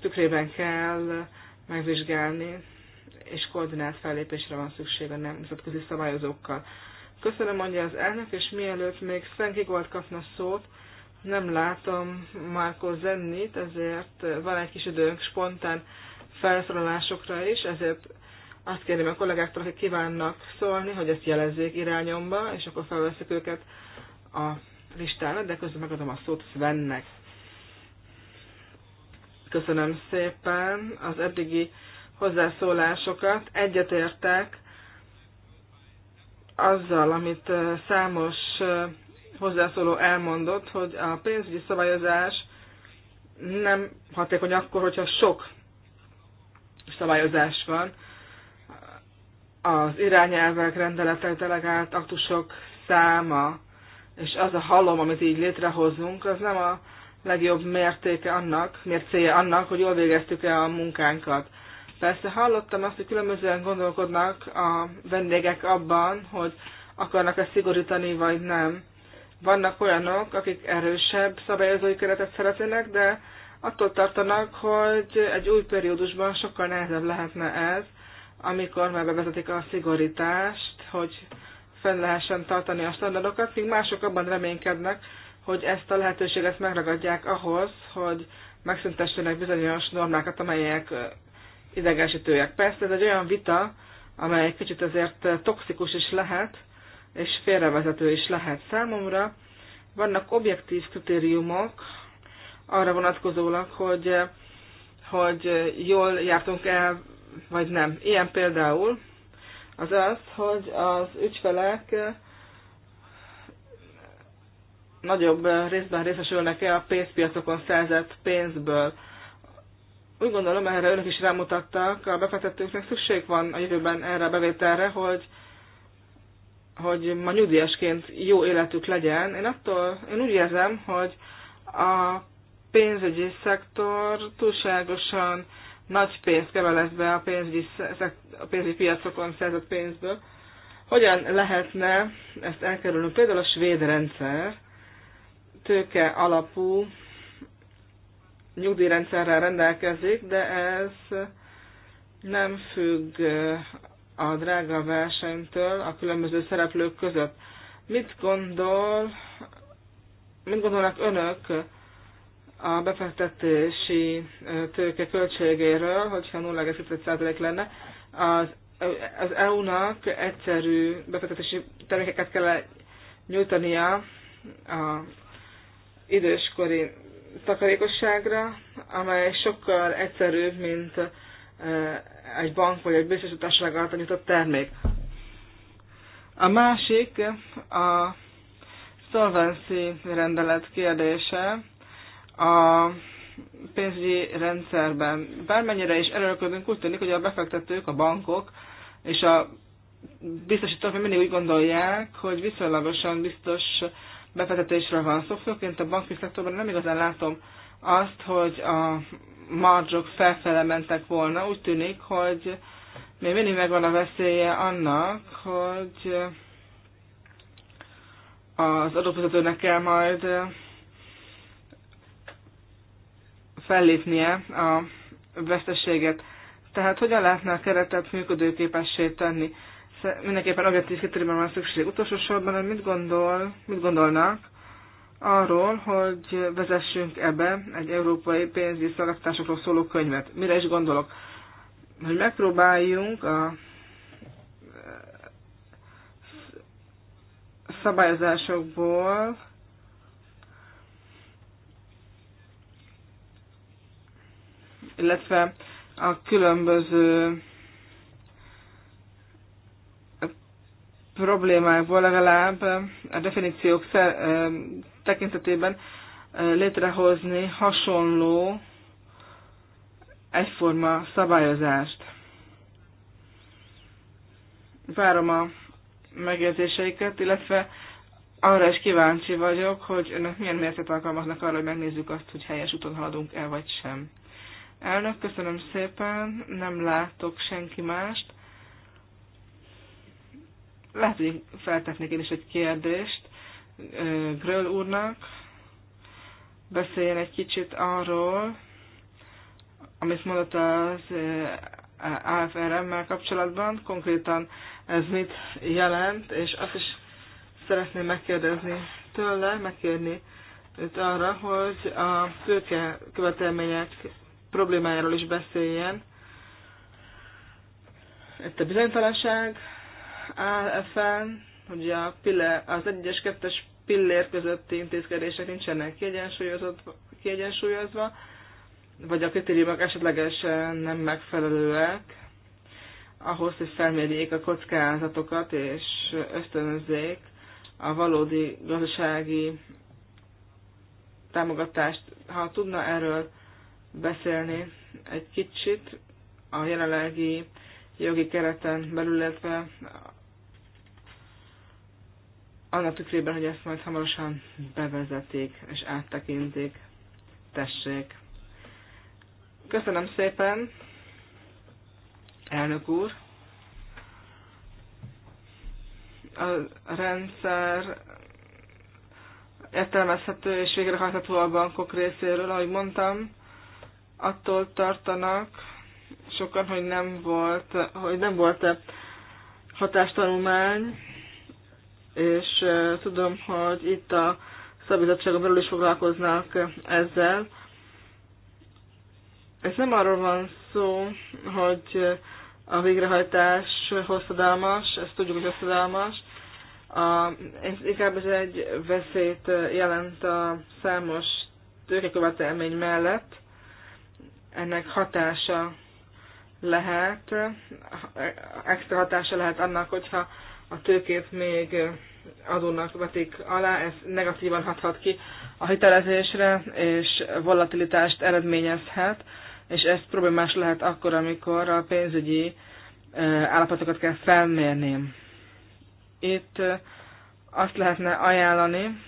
tükrében kell megvizsgálni, és koordinált fellépésre van szükség a nemzetközi szabályozókkal. Köszönöm, mondja az elnök, és mielőtt még Szenki Gold kapna szót, nem látom Márko Zennit, ezért van egy kis időnk spontán felszólalásokra is, ezért azt kérném a kollégáktól, akik kívánnak szólni, hogy ezt jelezzék irányomba, és akkor felveszik őket a listára, de közben megadom a szót Svennek. Köszönöm szépen az eddigi hozzászólásokat. Egyetértek azzal, amit számos hozzászóló elmondott, hogy a pénzügyi szabályozás nem hatékony akkor, hogyha sok szabályozás van. Az irányelvek, rendeletek, delegált aktusok száma, és az a halom, amit így létrehozunk, az nem a legjobb mértéke annak, mércéje annak, hogy jól végeztük el a munkánkat. Persze hallottam azt, hogy különbözően gondolkodnak a vendégek abban, hogy akarnak-e szigorítani, vagy nem. Vannak olyanok, akik erősebb szabályozói keretet szeretnének, de attól tartanak, hogy egy új periódusban sokkal nehezebb lehetne ez, amikor már bevezetik a szigorítást, hogy fenn lehessen tartani a standardokat, míg mások abban reménykednek, hogy ezt a lehetőséget megragadják ahhoz, hogy megszüntessenek bizonyos normákat, amelyek idegesítőek. Persze ez egy olyan vita, amely egy kicsit azért toxikus is lehet, és félrevezető is lehet számomra. Vannak objektív kritériumok arra vonatkozólag, hogy, hogy jól jártunk el, vagy nem. Ilyen például az az, hogy az ügyfelek nagyobb eh, részben részesülnek-e a pénzpiacokon szerzett pénzből. Úgy gondolom, erre önök is rámutattak, a befektetőknek szükség van a jövőben erre a bevételre, hogy, hogy ma nyugdíjasként jó életük legyen. Én, attól, én úgy érzem, hogy a pénzügyi szektor túlságosan nagy pénzt kevelez be a pénzügyi, a pénzügyi piacokon szerzett pénzből. Hogyan lehetne ezt elkerülni? Például a svéd rendszer, tőke alapú nyugdíjrendszerrel rendelkezik, de ez nem függ eh, a drága versenytől a különböző szereplők között. Mit gondol, mit gondolnak önök a befektetési eh, tőke költségéről, hogyha 0,5% lenne, az, eh, az EU-nak egyszerű befektetési termékeket kell nyújtania a időskori takarékosságra, amely sokkal egyszerűbb, mint egy bank vagy egy biztosítással által nyitott termék. A másik a szolvenci rendelet kérdése a pénzügyi rendszerben. Bármennyire is erőlködünk, úgy tűnik, hogy a befektetők, a bankok és a biztosítók mindig úgy gondolják, hogy viszonylagosan biztos befektetésről van szó, főként a banki szektorban nem igazán látom azt, hogy a marzsok felfele mentek volna. Úgy tűnik, hogy még mindig megvan a veszélye annak, hogy az adófizetőnek kell majd fellépnie a veszteséget. Tehát hogyan lehetne a keretet működőképessé tenni? mindenképpen objektív kritériumra van szükség. Utolsó sorban, hogy mit, gondol, mit gondolnak arról, hogy vezessünk ebbe egy európai pénzügyi szolgáltatásokról szóló könyvet. Mire is gondolok? Hogy megpróbáljunk a eh, szabályozásokból illetve a különböző problémákból legalább eh, a definíciók eh, tekintetében eh, létrehozni hasonló egyforma szabályozást. Várom a megjegyzéseiket, illetve arra is kíváncsi vagyok, hogy önök milyen mértet alkalmaznak arra, hogy megnézzük azt, hogy helyes úton haladunk-e vagy sem. Elnök, köszönöm szépen, nem látok senki mást, lehet, hogy feltetnék én is egy kérdést Gröl úrnak. Beszéljen egy kicsit arról, amit mondott az AFRM-mel kapcsolatban, konkrétan ez mit jelent, és azt is szeretném megkérdezni tőle, megkérni őt arra, hogy a tőke követelmények problémájáról is beszéljen. Itt a bizonytalanság, áll e fenn, hogy a pille, az egyes kettes pillér közötti intézkedések nincsenek kiegyensúlyozva, vagy a kritériumok esetlegesen nem megfelelőek ahhoz, hogy felmérjék a kockázatokat és ösztönözzék a valódi gazdasági támogatást. Ha tudna erről beszélni egy kicsit a jelenlegi jogi kereten belül, illetve annak tükrében, hogy ezt majd hamarosan bevezetik és áttekintik. Tessék. Köszönöm szépen, elnök úr. A rendszer értelmezhető és végrehajtható a bankok részéről, ahogy mondtam, attól tartanak sokan, hogy nem volt, hogy nem volt -e hatástanulmány, és tudom, hogy itt a szabizottságon belül is foglalkoznak ezzel. Ez nem arról van szó, hogy a végrehajtás hosszadalmas, ezt tudjuk, hogy hosszadalmas. A, ez inkább ez egy veszélyt jelent a számos tőkekövetelmény mellett. Ennek hatása lehet, extra hatása lehet annak, hogyha a tőkét még adónak vetik alá, ez negatívan hathat ki a hitelezésre, és volatilitást eredményezhet, és ez problémás lehet akkor, amikor a pénzügyi eh, állapotokat kell felmérni. Itt eh, azt lehetne ajánlani,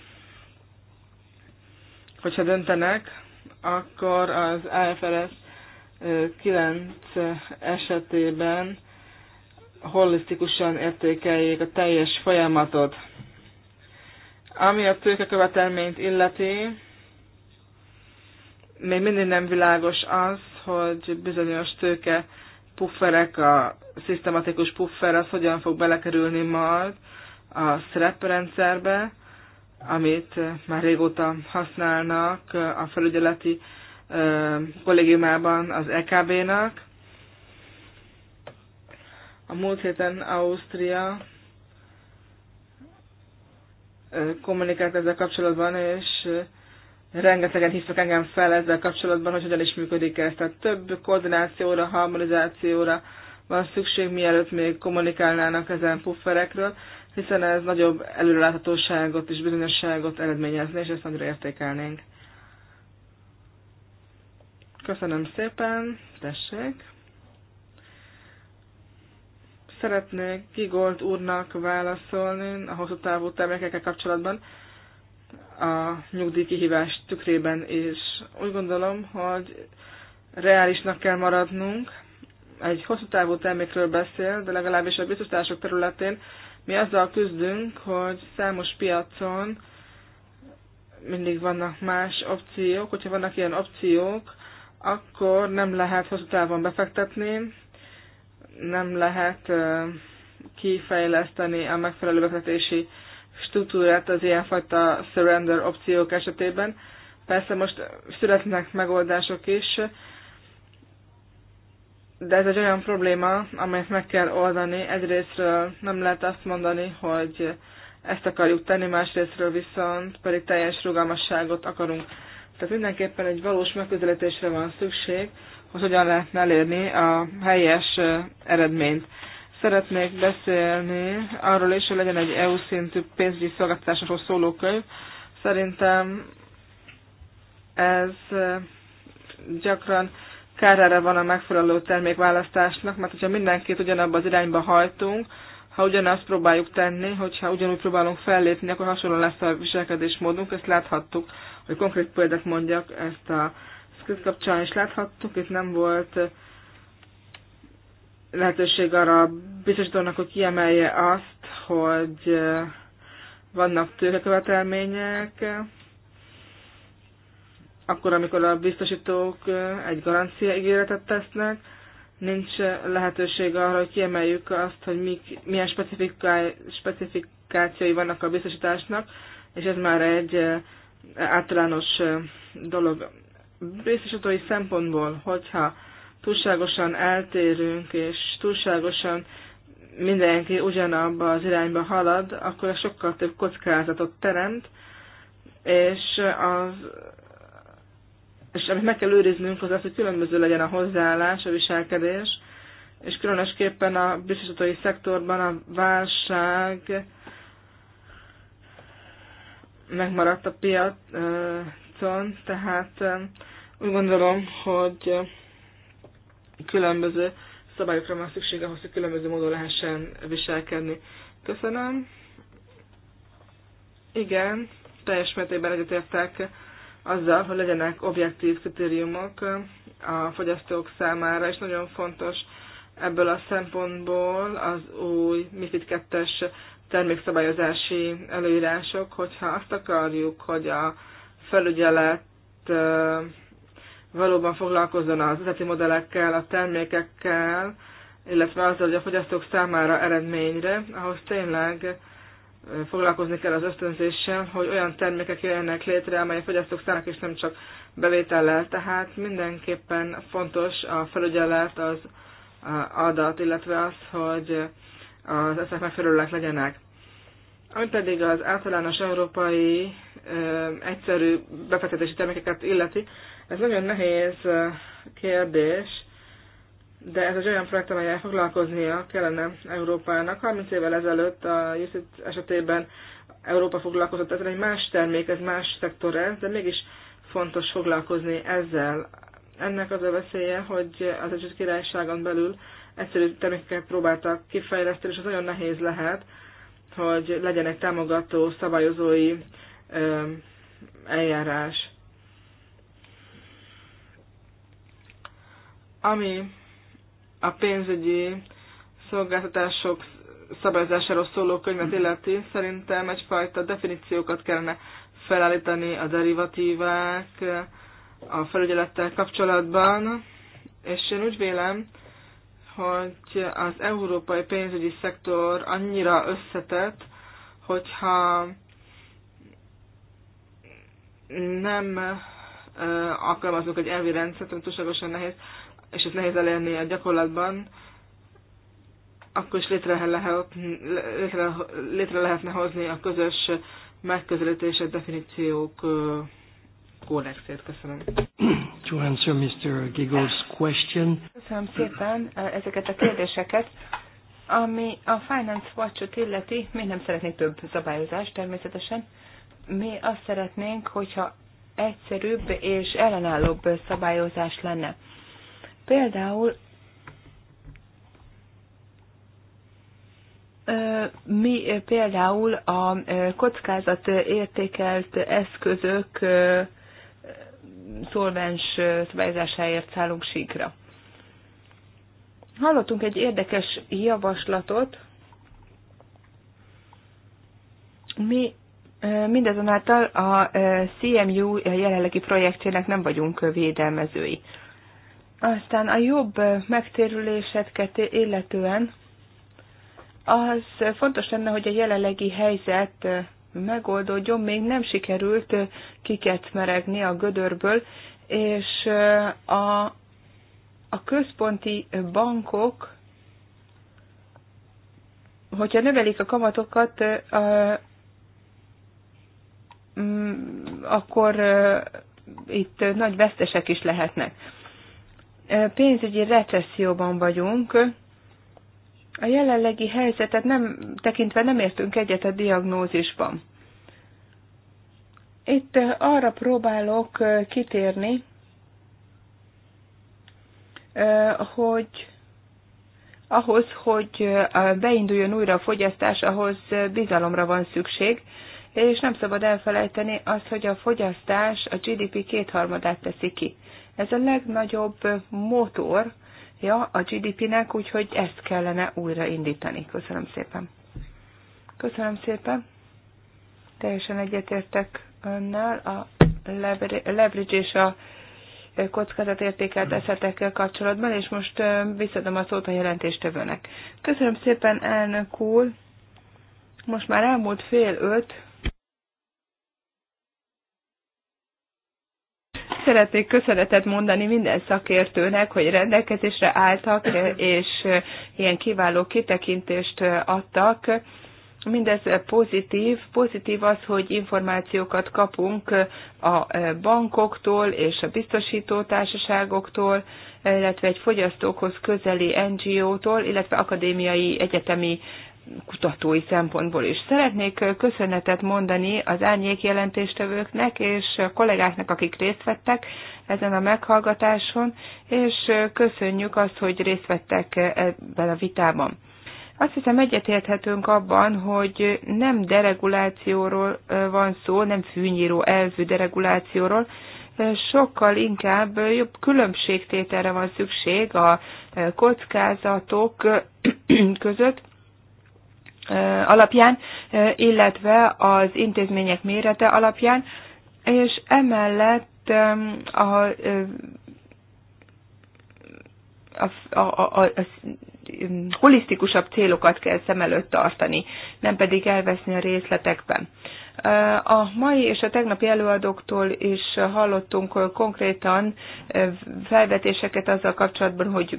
hogyha döntenek, akkor az IFRS 9 eh, esetében holisztikusan értékeljék a teljes folyamatot. Ami a tőkekövetelményt illeti, még mindig nem világos az, hogy bizonyos tőke pufferek, a szisztematikus puffer az hogyan fog belekerülni majd a SREP rendszerbe, amit már régóta használnak a felügyeleti kollégiumában az EKB-nak. A múlt héten Ausztria kommunikált ezzel kapcsolatban, és rengetegen hívtak engem fel ezzel kapcsolatban, hogy hogyan is működik ez. Tehát több koordinációra, harmonizációra van szükség, mielőtt még kommunikálnának ezen pufferekről, hiszen ez nagyobb előreláthatóságot és bizonyosságot eredményezni, és ezt nagyra értékelnénk. Köszönöm szépen, tessék! Szeretnék Gigolt úrnak válaszolni a hosszú távú termékekkel kapcsolatban a nyugdíj kihívás tükrében, és úgy gondolom, hogy reálisnak kell maradnunk. Egy hosszú távú termékről beszél, de legalábbis a biztosítások területén mi azzal küzdünk, hogy számos piacon mindig vannak más opciók, hogyha vannak ilyen opciók, akkor nem lehet hosszú távon befektetni, nem lehet kifejleszteni a megfelelő befektetési struktúrát az ilyenfajta surrender opciók esetében. Persze most születnek megoldások is, de ez egy olyan probléma, amelyet meg kell oldani. Egyrésztről nem lehet azt mondani, hogy ezt akarjuk tenni, másrésztről viszont pedig teljes rugalmasságot akarunk. Tehát mindenképpen egy valós megközelítésre van szükség, hogy hogyan lehetne elérni a helyes eredményt. Szeretnék beszélni arról is, hogy legyen egy EU szintű pénzügyi szolgáltatásról szóló könyv. Szerintem ez gyakran kárára van a megfelelő termékválasztásnak, mert hogyha mindenkit ugyanabba az irányba hajtunk, ha ugyanazt próbáljuk tenni, hogyha ugyanúgy próbálunk fellépni, akkor hasonló lesz a viselkedésmódunk, ezt láthattuk, hogy konkrét példát mondjak, ezt a kapcsán is láthattuk, itt nem volt eh, lehetőség arra biztosítónak, hogy kiemelje azt, hogy eh, vannak tőkekövetelmények, akkor, amikor a biztosítók eh, egy garancia ígéretet tesznek, nincs lehetőség arra, hogy kiemeljük azt, hogy mik, milyen specifikációi vannak a biztosításnak, és ez már egy általános dolog biztosítói szempontból, hogyha túlságosan eltérünk, és túlságosan mindenki ugyanabba az irányba halad, akkor ez sokkal több kockázatot teremt, és az és amit meg kell őriznünk az az, hogy különböző legyen a hozzáállás, a viselkedés, és különösképpen a biztosítói szektorban a válság megmaradt a piacon, tehát úgy gondolom, hogy különböző szabályokra van szüksége, ahhoz, hogy különböző módon lehessen viselkedni. Köszönöm. Igen, teljes mértékben egyetértek azzal, hogy legyenek objektív kritériumok a fogyasztók számára, és nagyon fontos ebből a szempontból az új MIFID 2-es termékszabályozási előírások, hogyha azt akarjuk, hogy a felügyelet valóban foglalkozzon az üzleti modellekkel, a termékekkel, illetve azzal, hogy a fogyasztók számára eredményre, ahhoz tényleg foglalkozni kell az ösztönzéssel, hogy olyan termékek jöjjenek létre, amely a fogyasztók számára is nem csak bevétellel. Tehát mindenképpen fontos a felügyelet, az adat, illetve az, hogy az eszek megfelelőek legyenek. Ami pedig az általános európai egyszerű befektetési termékeket illeti, ez nagyon nehéz kérdés, de ez egy olyan projekt, amelyel foglalkoznia kellene Európának. 30 évvel ezelőtt a UCIT esetében Európa foglalkozott ezzel, egy más termék, ez más szektor ez, de mégis fontos foglalkozni ezzel. Ennek az a veszélye, hogy az Egyesült Királyságon belül egyszerű termékeket próbáltak kifejleszteni, és az nagyon nehéz lehet, hogy legyen egy támogató, szabályozói eljárás. Ami a pénzügyi szolgáltatások szabályzásáról szóló könyvet illeti, szerintem egyfajta definíciókat kellene felállítani a derivatívák, a felügyelettel kapcsolatban, és én úgy vélem, hogy az európai pénzügyi szektor annyira összetett, hogyha nem alkalmazunk egy elvi rendszert, ami túlságosan nehéz, és ez nehéz elérni a gyakorlatban, akkor is létre, lehet, létre, létre lehetne hozni a közös megközelítése definíciók kódexét. Köszönöm. To answer Mr. Giggles question. Köszönöm szépen ezeket a kérdéseket. Ami a Finance Watch-ot illeti, mi nem szeretnénk több szabályozást természetesen. Mi azt szeretnénk, hogyha egyszerűbb és ellenállóbb szabályozás lenne. Például mi például a kockázat értékelt eszközök szolvens szabályzásáért szállunk síkra. Hallottunk egy érdekes javaslatot. Mi mindazonáltal a CMU jelenlegi projektjének nem vagyunk védelmezői. Aztán a jobb megtérüléseket illetően az fontos lenne, hogy a jelenlegi helyzet megoldódjon, még nem sikerült kikecmeregni a gödörből, és a, a központi bankok, hogyha növelik a kamatokat, a, akkor itt nagy vesztesek is lehetnek pénzügyi recesszióban vagyunk. A jelenlegi helyzetet nem tekintve nem értünk egyet a diagnózisban. Itt arra próbálok kitérni, hogy ahhoz, hogy beinduljon újra a fogyasztás, ahhoz bizalomra van szükség, és nem szabad elfelejteni azt, hogy a fogyasztás a GDP kétharmadát teszi ki. Ez a legnagyobb motor, ja, a GDP-nek, úgyhogy ezt kellene újraindítani. Köszönöm szépen. Köszönöm szépen. Teljesen egyetértek önnel a leverage és a kockázatértékelt eszetekkel kapcsolatban, és most visszadom a szót a jelentéstevőnek. Köszönöm szépen, elnök úr! Most már elmúlt fél öt, szeretnék köszönetet mondani minden szakértőnek, hogy rendelkezésre álltak, és ilyen kiváló kitekintést adtak. Mindez pozitív. Pozitív az, hogy információkat kapunk a bankoktól és a biztosítótársaságoktól, illetve egy fogyasztókhoz közeli NGO-tól, illetve akadémiai egyetemi kutatói szempontból is. Szeretnék köszönetet mondani az árnyék jelentéstevőknek és a kollégáknak, akik részt vettek ezen a meghallgatáson, és köszönjük azt, hogy részt vettek ebben a vitában. Azt hiszem egyetérthetünk abban, hogy nem deregulációról van szó, nem fűnyíró elvű deregulációról, sokkal inkább jobb különbségtételre van szükség a kockázatok között, alapján, illetve az intézmények mérete alapján, és emellett a, a, a, a, a holisztikusabb célokat kell szem előtt tartani, nem pedig elveszni a részletekben. A mai és a tegnapi előadóktól is hallottunk konkrétan felvetéseket azzal kapcsolatban, hogy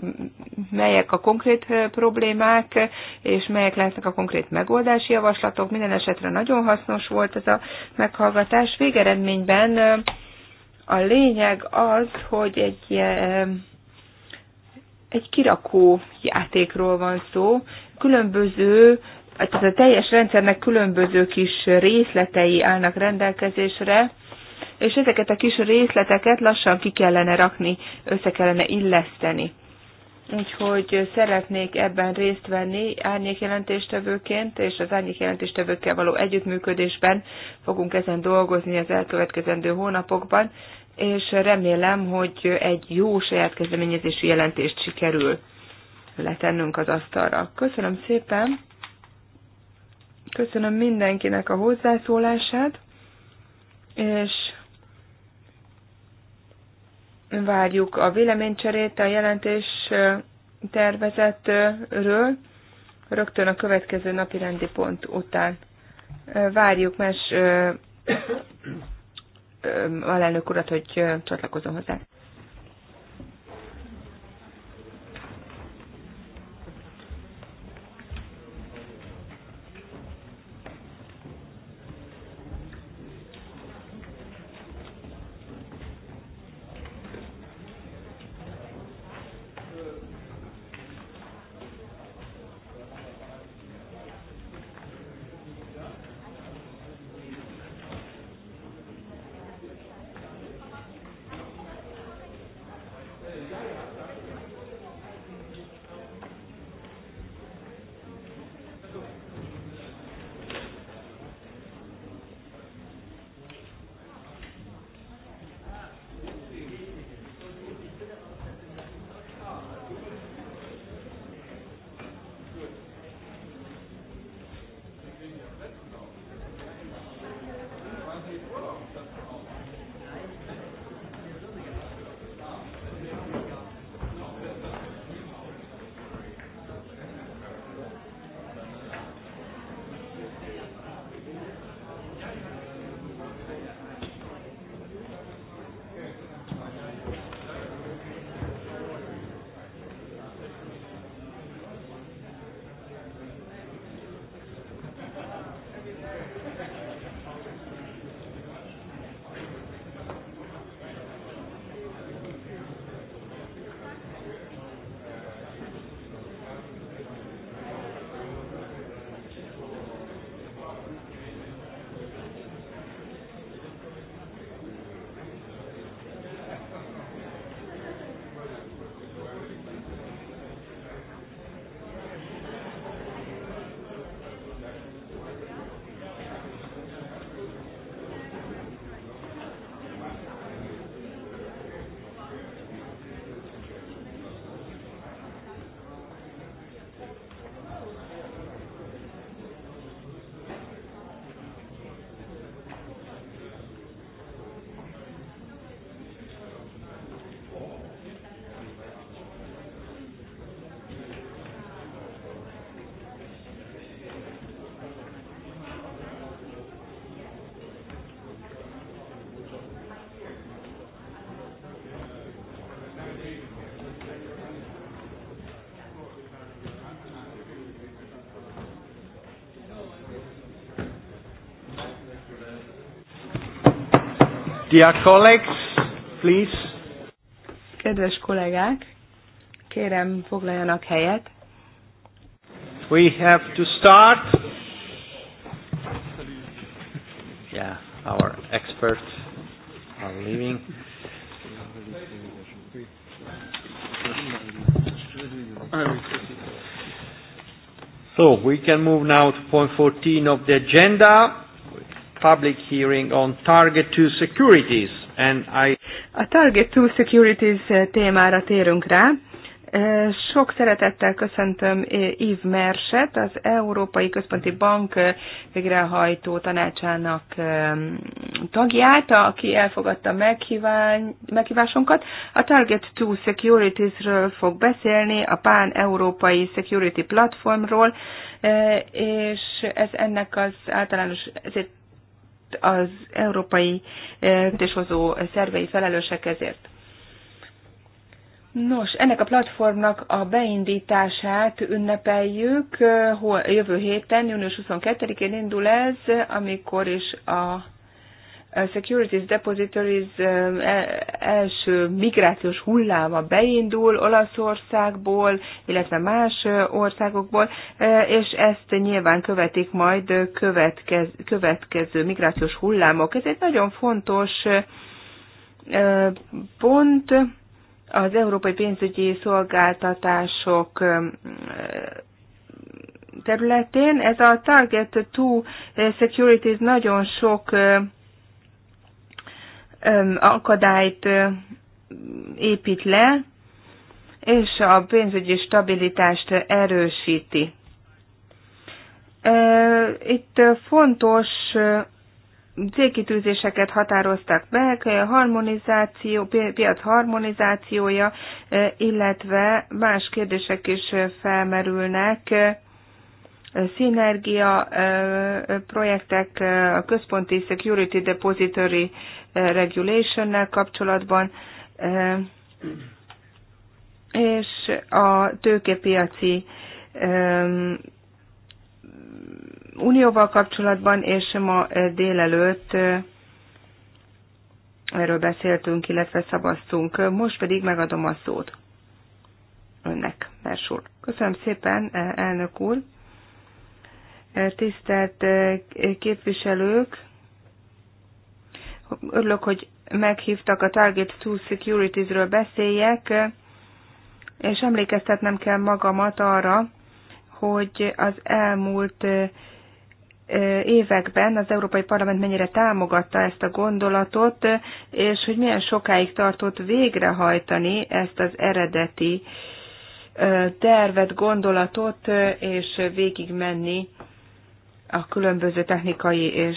melyek a konkrét problémák, és melyek lehetnek a konkrét megoldási javaslatok. Minden esetre nagyon hasznos volt ez a meghallgatás. Végeredményben a lényeg az, hogy egy, egy kirakó játékról van szó, különböző tehát a teljes rendszernek különböző kis részletei állnak rendelkezésre, és ezeket a kis részleteket lassan ki kellene rakni, össze kellene illeszteni. Úgyhogy szeretnék ebben részt venni árnyékjelentéstevőként, és az árnyékjelentéstevőkkel való együttműködésben fogunk ezen dolgozni az elkövetkezendő hónapokban, és remélem, hogy egy jó saját kezdeményezési jelentést sikerül letennünk az asztalra. Köszönöm szépen! Köszönöm mindenkinek a hozzászólását, és várjuk a véleménycserét a jelentés tervezetről rögtön a következő napi rendi pont után. Várjuk más alelnök urat, hogy csatlakozom hozzá. Dear colleagues, please. Kedves kollégák, kérem foglaljanak helyet. We have to start. Yeah, our experts are leaving. So we can move now to point 14 of the agenda public hearing on Target 2 Securities. And I... A Target 2 Securities eh, témára térünk rá. Eh, sok szeretettel köszöntöm eh, Yves Merset, az Európai Központi Bank végrehajtó tanácsának tagját, aki elfogadta meghívásunkat. A Target 2 Securities-ről fog beszélni, a Pán-Európai Security Platformról, és ez ennek az általános, ezért az európai eh, döntéshozó szervei felelősek ezért. Nos, ennek a platformnak a beindítását ünnepeljük. Eh, hol, jövő héten, június 22-én indul ez, amikor is a a Securities Depositories e, első migrációs hulláma beindul Olaszországból, illetve más országokból, és ezt nyilván követik majd következ, következő migrációs hullámok. Ez egy nagyon fontos pont az európai pénzügyi szolgáltatások területén. Ez a Target 2 Securities nagyon sok akadályt épít le, és a pénzügyi stabilitást erősíti. Itt fontos célkitűzéseket határoztak meg, harmonizáció, piac harmonizációja, illetve más kérdések is felmerülnek szinergia projektek, a központi Security Depository Regulation-nel kapcsolatban, és a tőkepiaci unióval kapcsolatban, és ma délelőtt erről beszéltünk, illetve szavaztunk. Most pedig megadom a szót önnek, Mersúr. Köszönöm szépen, elnök úr. Tisztelt eh, képviselők, örülök, hogy meghívtak a Target 2 Securities-ről beszéljek, és emlékeztetnem kell magamat arra, hogy az elmúlt eh, eh, években az Európai Parlament mennyire támogatta ezt a gondolatot, és hogy milyen sokáig tartott végrehajtani ezt az eredeti tervet, gondolatot, és végigmenni a különböző technikai és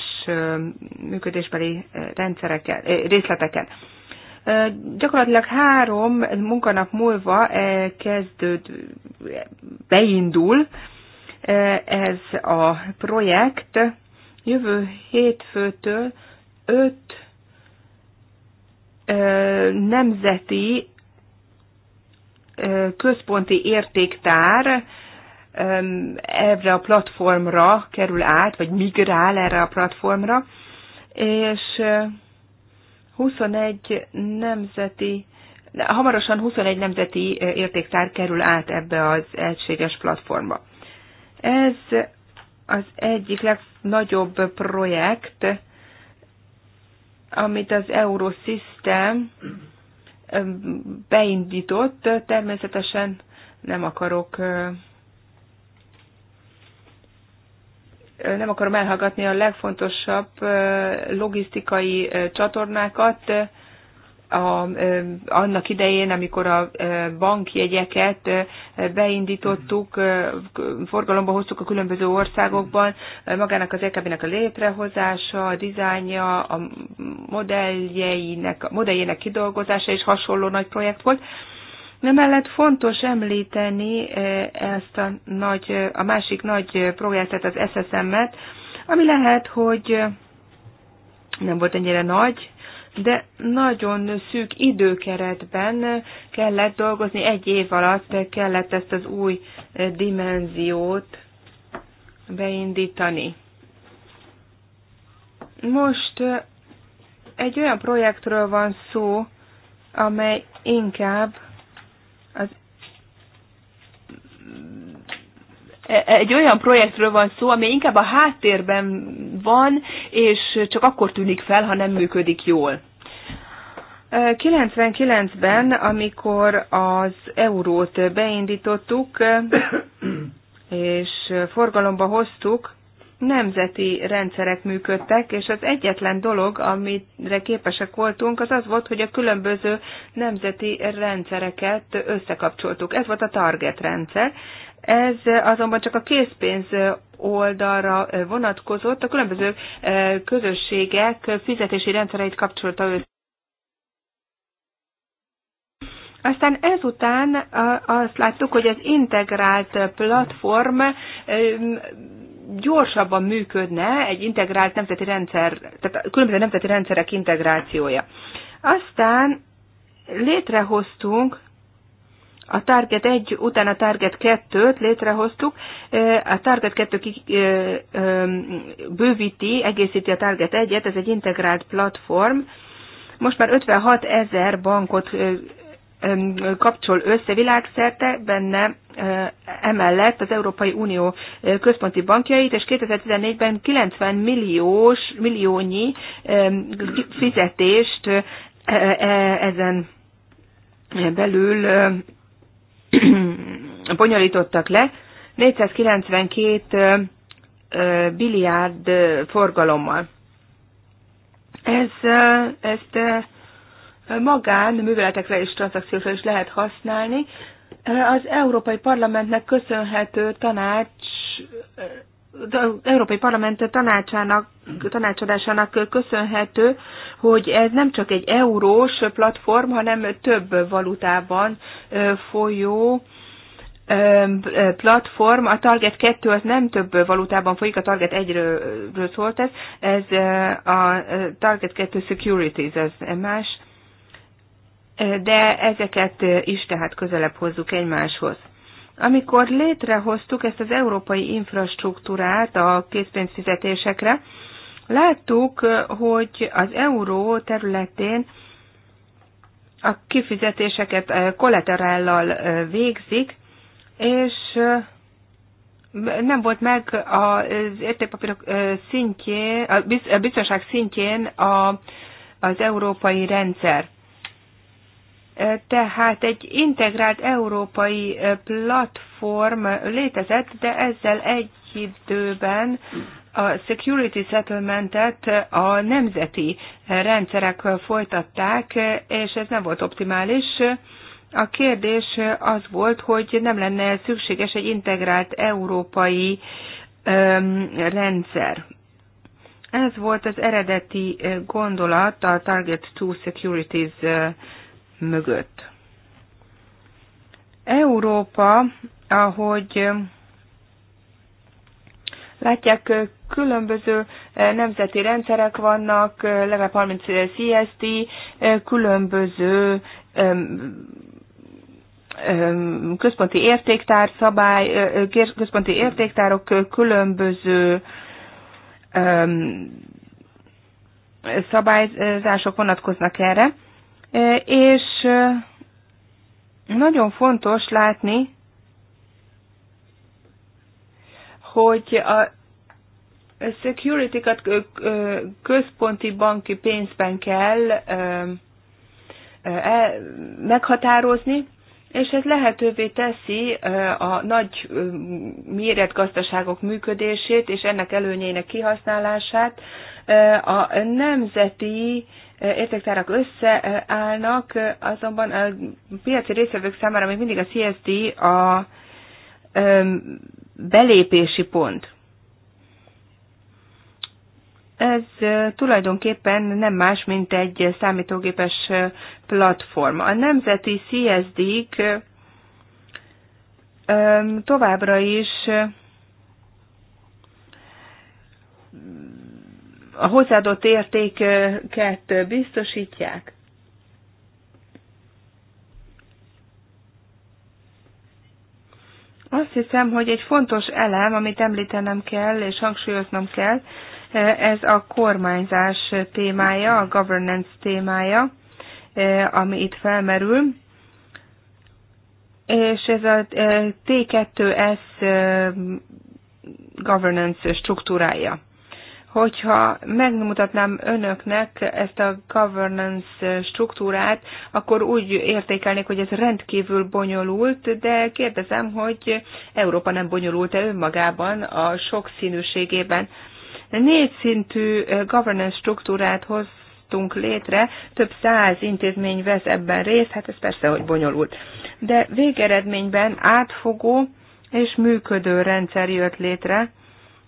működésbeli rendszereken, részleteken. Gyakorlatilag három munkanap múlva kezdőd, beindul ez a projekt. Jövő hétfőtől öt nemzeti központi értéktár erre a platformra kerül át, vagy migrál erre a platformra, és 21 nemzeti hamarosan 21 nemzeti értéktár kerül át ebbe az egységes platformba. Ez az egyik legnagyobb projekt, amit az Eurosystem beindított. Természetesen nem akarok nem akarom elhallgatni a legfontosabb logisztikai csatornákat, a, annak idején, amikor a bankjegyeket beindítottuk, forgalomba hoztuk a különböző országokban, magának az EKB-nek a létrehozása, a dizájnja, a modelljeinek, modelljének kidolgozása is hasonló nagy projekt volt. Nem mellett fontos említeni eh, ezt a, nagy, a másik nagy projektet, az SSM-et, ami lehet, hogy nem volt ennyire nagy, de nagyon szűk időkeretben kellett dolgozni, egy év alatt kellett ezt az új eh, dimenziót beindítani. Most eh, egy olyan projektről van szó, amely inkább az e-, egy olyan projektről van szó, ami inkább a háttérben van, és csak akkor tűnik fel, ha nem működik jól. 99-ben, e, amikor az eurót beindítottuk, és forgalomba hoztuk, nemzeti rendszerek működtek, és az egyetlen dolog, amire képesek voltunk, az az volt, hogy a különböző nemzeti rendszereket összekapcsoltuk. Ez volt a target rendszer. Ez azonban csak a készpénz oldalra vonatkozott, a különböző eh, közösségek fizetési rendszereit kapcsolta össze. Aztán ezután eh, azt láttuk, hogy az integrált platform eh, gyorsabban működne egy integrált nemzeti rendszer, tehát a különböző nemzeti rendszerek integrációja. Aztán létrehoztunk a Target 1 után a Target 2-t létrehoztuk, a Target 2 bővíti, egészíti a Target 1-et, ez egy integrált platform, most már 56 ezer bankot kapcsol össze világszerte, benne emellett az Európai Unió központi bankjait, és 2014-ben 90 milliós, milliónyi fizetést e, ezen belül bonyolítottak le, 492 biliárd forgalommal. Ez, ezt magán műveletekre és tranzakciókra is lehet használni. Az Európai Parlamentnek köszönhető tanács az Európai Parlament tanácsának, tanácsadásának köszönhető, hogy ez nem csak egy eurós platform, hanem több valutában folyó platform. A Target 2 az nem több valutában folyik, a Target 1-ről szólt ez, ez a Target 2 Securities, ez más de ezeket is tehát közelebb hozzuk egymáshoz. Amikor létrehoztuk ezt az európai infrastruktúrát a készpénzfizetésekre, láttuk, hogy az euró területén a kifizetéseket kollaterállal végzik, és nem volt meg az értékpapírok szintjén, a biztonság szintjén a, az európai rendszer. Tehát egy integrált európai platform létezett, de ezzel egy időben a security settlementet a nemzeti rendszerek folytatták, és ez nem volt optimális. A kérdés az volt, hogy nem lenne szükséges egy integrált európai öm, rendszer. Ez volt az eredeti gondolat a Target 2 Securities mögött. Európa, ahogy látják, különböző nemzeti rendszerek vannak, legalább 30 CST, különböző központi értéktár szabály, központi értéktárok különböző szabályzások vonatkoznak erre és nagyon fontos látni, hogy a security központi banki pénzben kell meghatározni, és ez lehetővé teszi a nagy méretgazdaságok működését és ennek előnyének kihasználását. A nemzeti értéktárak összeállnak, azonban a piaci részvevők számára még mindig a CSD a belépési pont. Ez tulajdonképpen nem más, mint egy számítógépes platform. A nemzeti CSD-k továbbra is a hozzáadott értéket biztosítják? Azt hiszem, hogy egy fontos elem, amit említenem kell és hangsúlyoznom kell, ez a kormányzás témája, a governance témája, ami itt felmerül. És ez a T2S eh, governance struktúrája hogyha megmutatnám önöknek ezt a governance struktúrát, akkor úgy értékelnék, hogy ez rendkívül bonyolult, de kérdezem, hogy Európa nem bonyolult-e önmagában a sokszínűségében. Négy szintű governance struktúrát hoz hoztunk létre, több száz intézmény vesz ebben részt, hát ez persze, hogy bonyolult. De végeredményben átfogó és működő rendszer jött létre,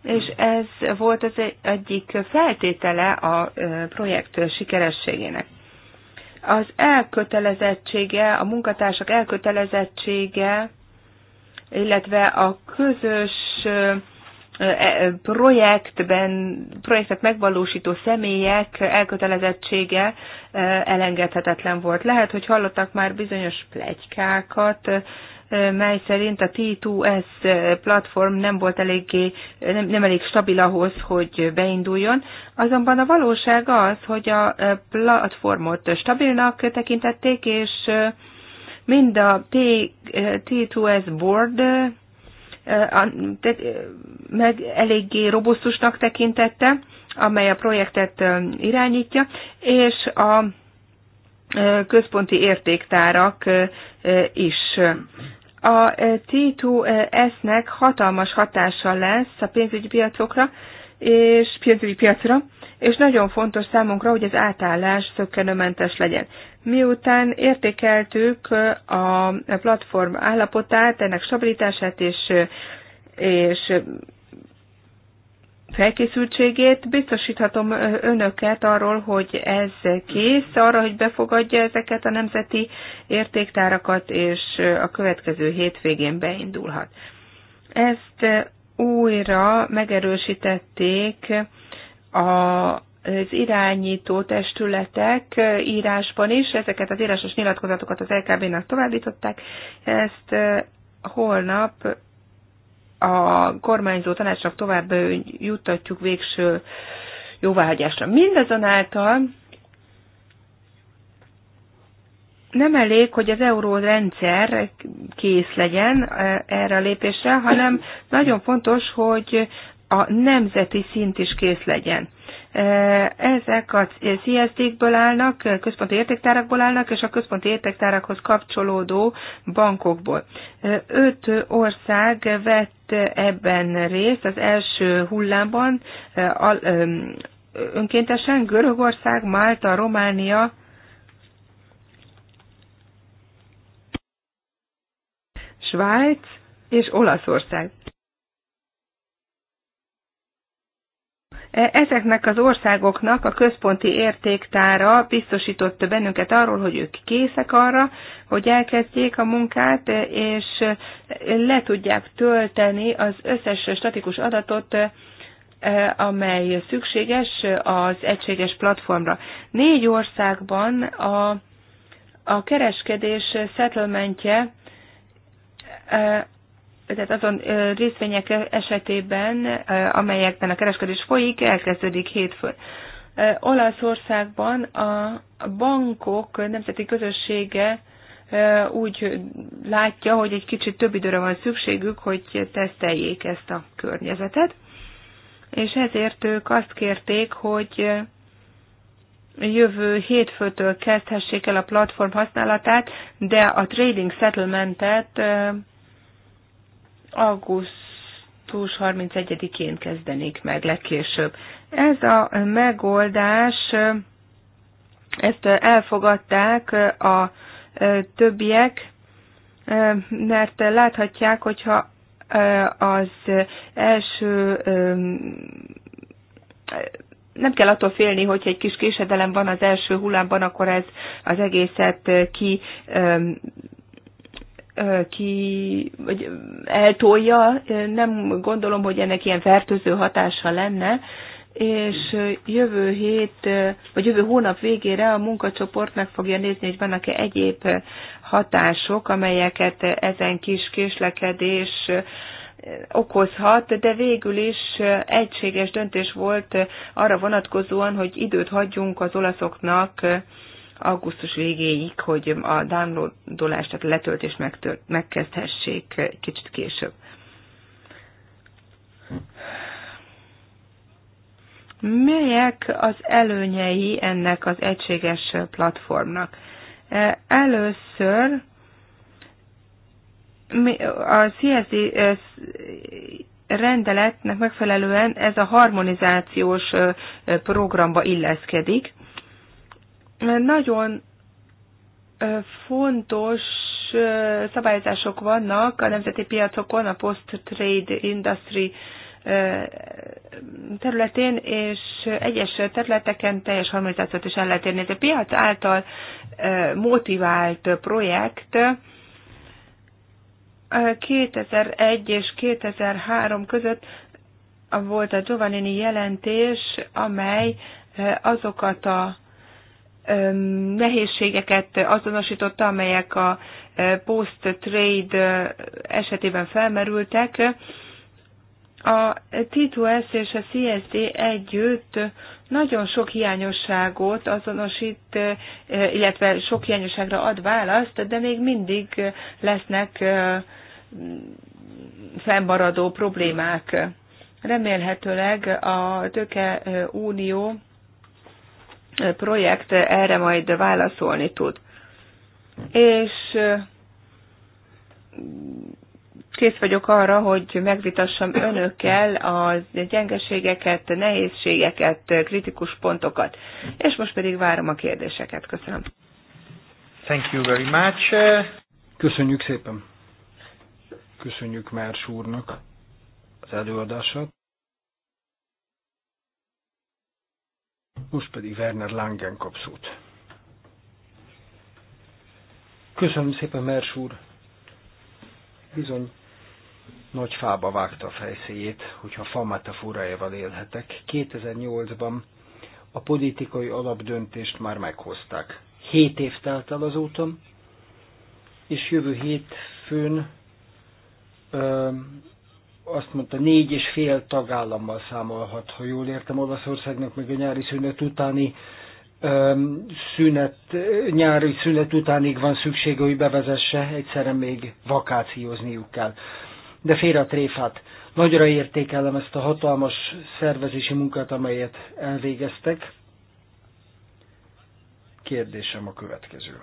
és ez volt az egyik feltétele a projekt sikerességének. Az elkötelezettsége, a munkatársak elkötelezettsége, illetve a közös E, projektben, projektet megvalósító személyek elkötelezettsége elengedhetetlen volt. Lehet, hogy hallottak már bizonyos plegykákat, mely szerint a T2S platform nem volt eléggé, nem, nem elég stabil ahhoz, hogy beinduljon. Azonban a valóság az, hogy a platformot stabilnak tekintették, és mind a T2S board meg eléggé robosztusnak tekintette, amely a projektet irányítja, és a központi értéktárak is. A T2S-nek hatalmas hatása lesz a pénzügyi piacokra, és pénzügyi piacra, és nagyon fontos számunkra, hogy az átállás szökkenőmentes legyen. Miután értékeltük a platform állapotát, ennek stabilitását és, és felkészültségét, biztosíthatom önöket arról, hogy ez kész arra, hogy befogadja ezeket a nemzeti értéktárakat, és a következő hétvégén beindulhat. Ezt újra megerősítették a az irányító testületek írásban is, ezeket az írásos nyilatkozatokat az LKB-nak továbbították, ezt holnap a kormányzó tanácsnak tovább juttatjuk végső jóváhagyásra. Mindazonáltal nem elég, hogy az eurórendszer kész legyen erre a lépésre, hanem nagyon fontos, hogy a nemzeti szint is kész legyen. E, ezek a CSD-kből állnak, központi értéktárakból állnak, és a központi értéktárakhoz kapcsolódó bankokból. E, öt ország vett ebben részt az első hullámban, e, önkéntesen Görögország, Málta, Románia, Svájc és Olaszország. E, ezeknek az országoknak a központi értéktára biztosította bennünket arról, hogy ők készek arra, hogy elkezdjék a munkát, és le tudják tölteni az összes statikus adatot, e, amely szükséges az egységes platformra. Négy országban a, a kereskedés settlementje e, tehát azon részvények esetében, amelyekben a kereskedés folyik, elkezdődik hétfőn. Olaszországban a bankok nemzeti közössége úgy látja, hogy egy kicsit több időre van szükségük, hogy teszteljék ezt a környezetet, és ezért ők azt kérték, hogy jövő hétfőtől kezdhessék el a platform használatát, de a trading settlementet augusztus 31-én kezdenék meg legkésőbb. Ez a megoldás, ezt elfogadták a többiek, mert láthatják, hogyha az első nem kell attól félni, hogy egy kis késedelem van az első hullámban, akkor ez az egészet ki ki vagy eltolja, nem gondolom, hogy ennek ilyen fertőző hatása lenne, és jövő hét, vagy jövő hónap végére a munkacsoport meg fogja nézni, hogy vannak-e egyéb hatások, amelyeket ezen kis késlekedés okozhat, de végül is egységes döntés volt arra vonatkozóan, hogy időt hagyjunk az olaszoknak augusztus végéig, hogy a downloadolást, tehát letöltést megtört, megkezdhessék kicsit később. Melyek az előnyei ennek az egységes platformnak? E, először a CSD e, rendeletnek megfelelően ez a harmonizációs e, programba illeszkedik, nagyon fontos szabályozások vannak a nemzeti piacokon, a post-trade industry területén, és egyes területeken teljes harmonizációt is el lehet érni. Ez a piac által motivált projekt 2001 és 2003 között volt a Giovannini jelentés, amely azokat a nehézségeket azonosította, amelyek a post-trade esetében felmerültek. A T2S és a CSD együtt nagyon sok hiányosságot azonosít, illetve sok hiányosságra ad választ, de még mindig lesznek fennmaradó problémák. Remélhetőleg a Töke Unió projekt erre majd válaszolni tud. És kész vagyok arra, hogy megvitassam önökkel a gyengeségeket, nehézségeket, kritikus pontokat. És most pedig várom a kérdéseket. Köszönöm. Thank you very much. Köszönjük szépen. Köszönjük Márs úrnak az előadását. Most pedig Werner Langen kap szót. Köszönöm szépen, Mers úr. Bizony, nagy fába vágta a fejszéjét, hogyha fa metaforájával élhetek. 2008-ban a politikai alapdöntést már meghozták. Hét év telt el azóta, és jövő hétfőn azt mondta, négy és fél tagállammal számolhat, ha jól értem, Olaszországnak meg a nyári szünet utáni öm, szünet, nyári szünet utánig van szüksége, hogy bevezesse, egyszerre még vakációzniuk kell. De fél a tréfát. Nagyra értékelem ezt a hatalmas szervezési munkát, amelyet elvégeztek. Kérdésem a következő.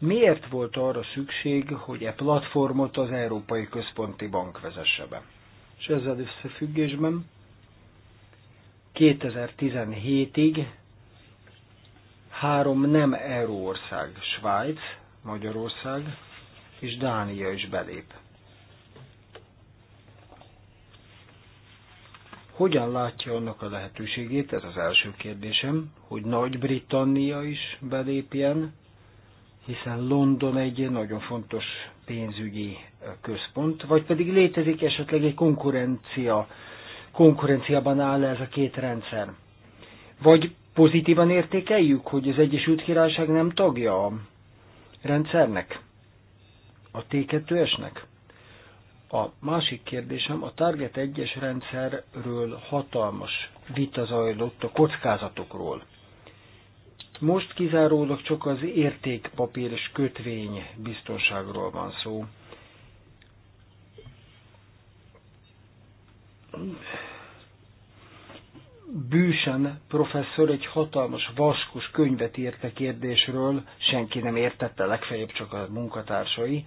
Miért volt arra szükség, hogy e platformot az Európai Központi Bank vezesse be? És ezzel összefüggésben 2017-ig három nem euróország, Svájc, Magyarország és Dánia is belép. Hogyan látja annak a lehetőségét, ez az első kérdésem, hogy Nagy-Britannia is belépjen, hiszen London egy nagyon fontos pénzügyi központ, vagy pedig létezik esetleg egy konkurencia, konkurenciában áll ez a két rendszer. Vagy pozitívan értékeljük, hogy az Egyesült Királyság nem tagja a rendszernek, a T2-esnek? A másik kérdésem, a Target 1-es rendszerről hatalmas vita zajlott a kockázatokról most kizárólag csak az értékpapír és kötvény biztonságról van szó. Bűsen professzor egy hatalmas vaskos könyvet írt a kérdésről, senki nem értette, legfeljebb csak a munkatársai.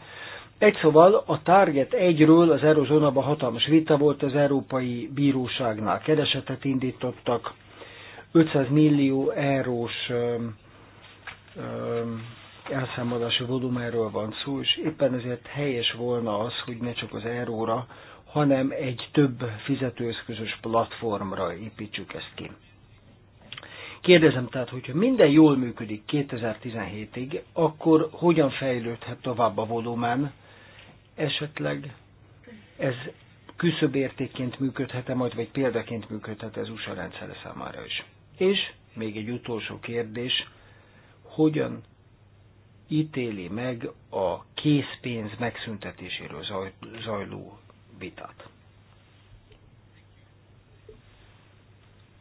Egy szóval a Target 1-ről az Eurozónában hatalmas vita volt, az Európai Bíróságnál keresetet indítottak, 500 millió eurós elszámolási volumenről van szó, és éppen ezért helyes volna az, hogy ne csak az euróra, hanem egy több fizetőeszközös platformra építsük ezt ki. Kérdezem tehát, hogyha minden jól működik 2017-ig, akkor hogyan fejlődhet tovább a volumen? Esetleg ez küszöbértékként működhet-e majd, vagy példaként működhet ez USA rendszere számára is? És még egy utolsó kérdés, hogyan ítéli meg a készpénz megszüntetéséről zajló vitát?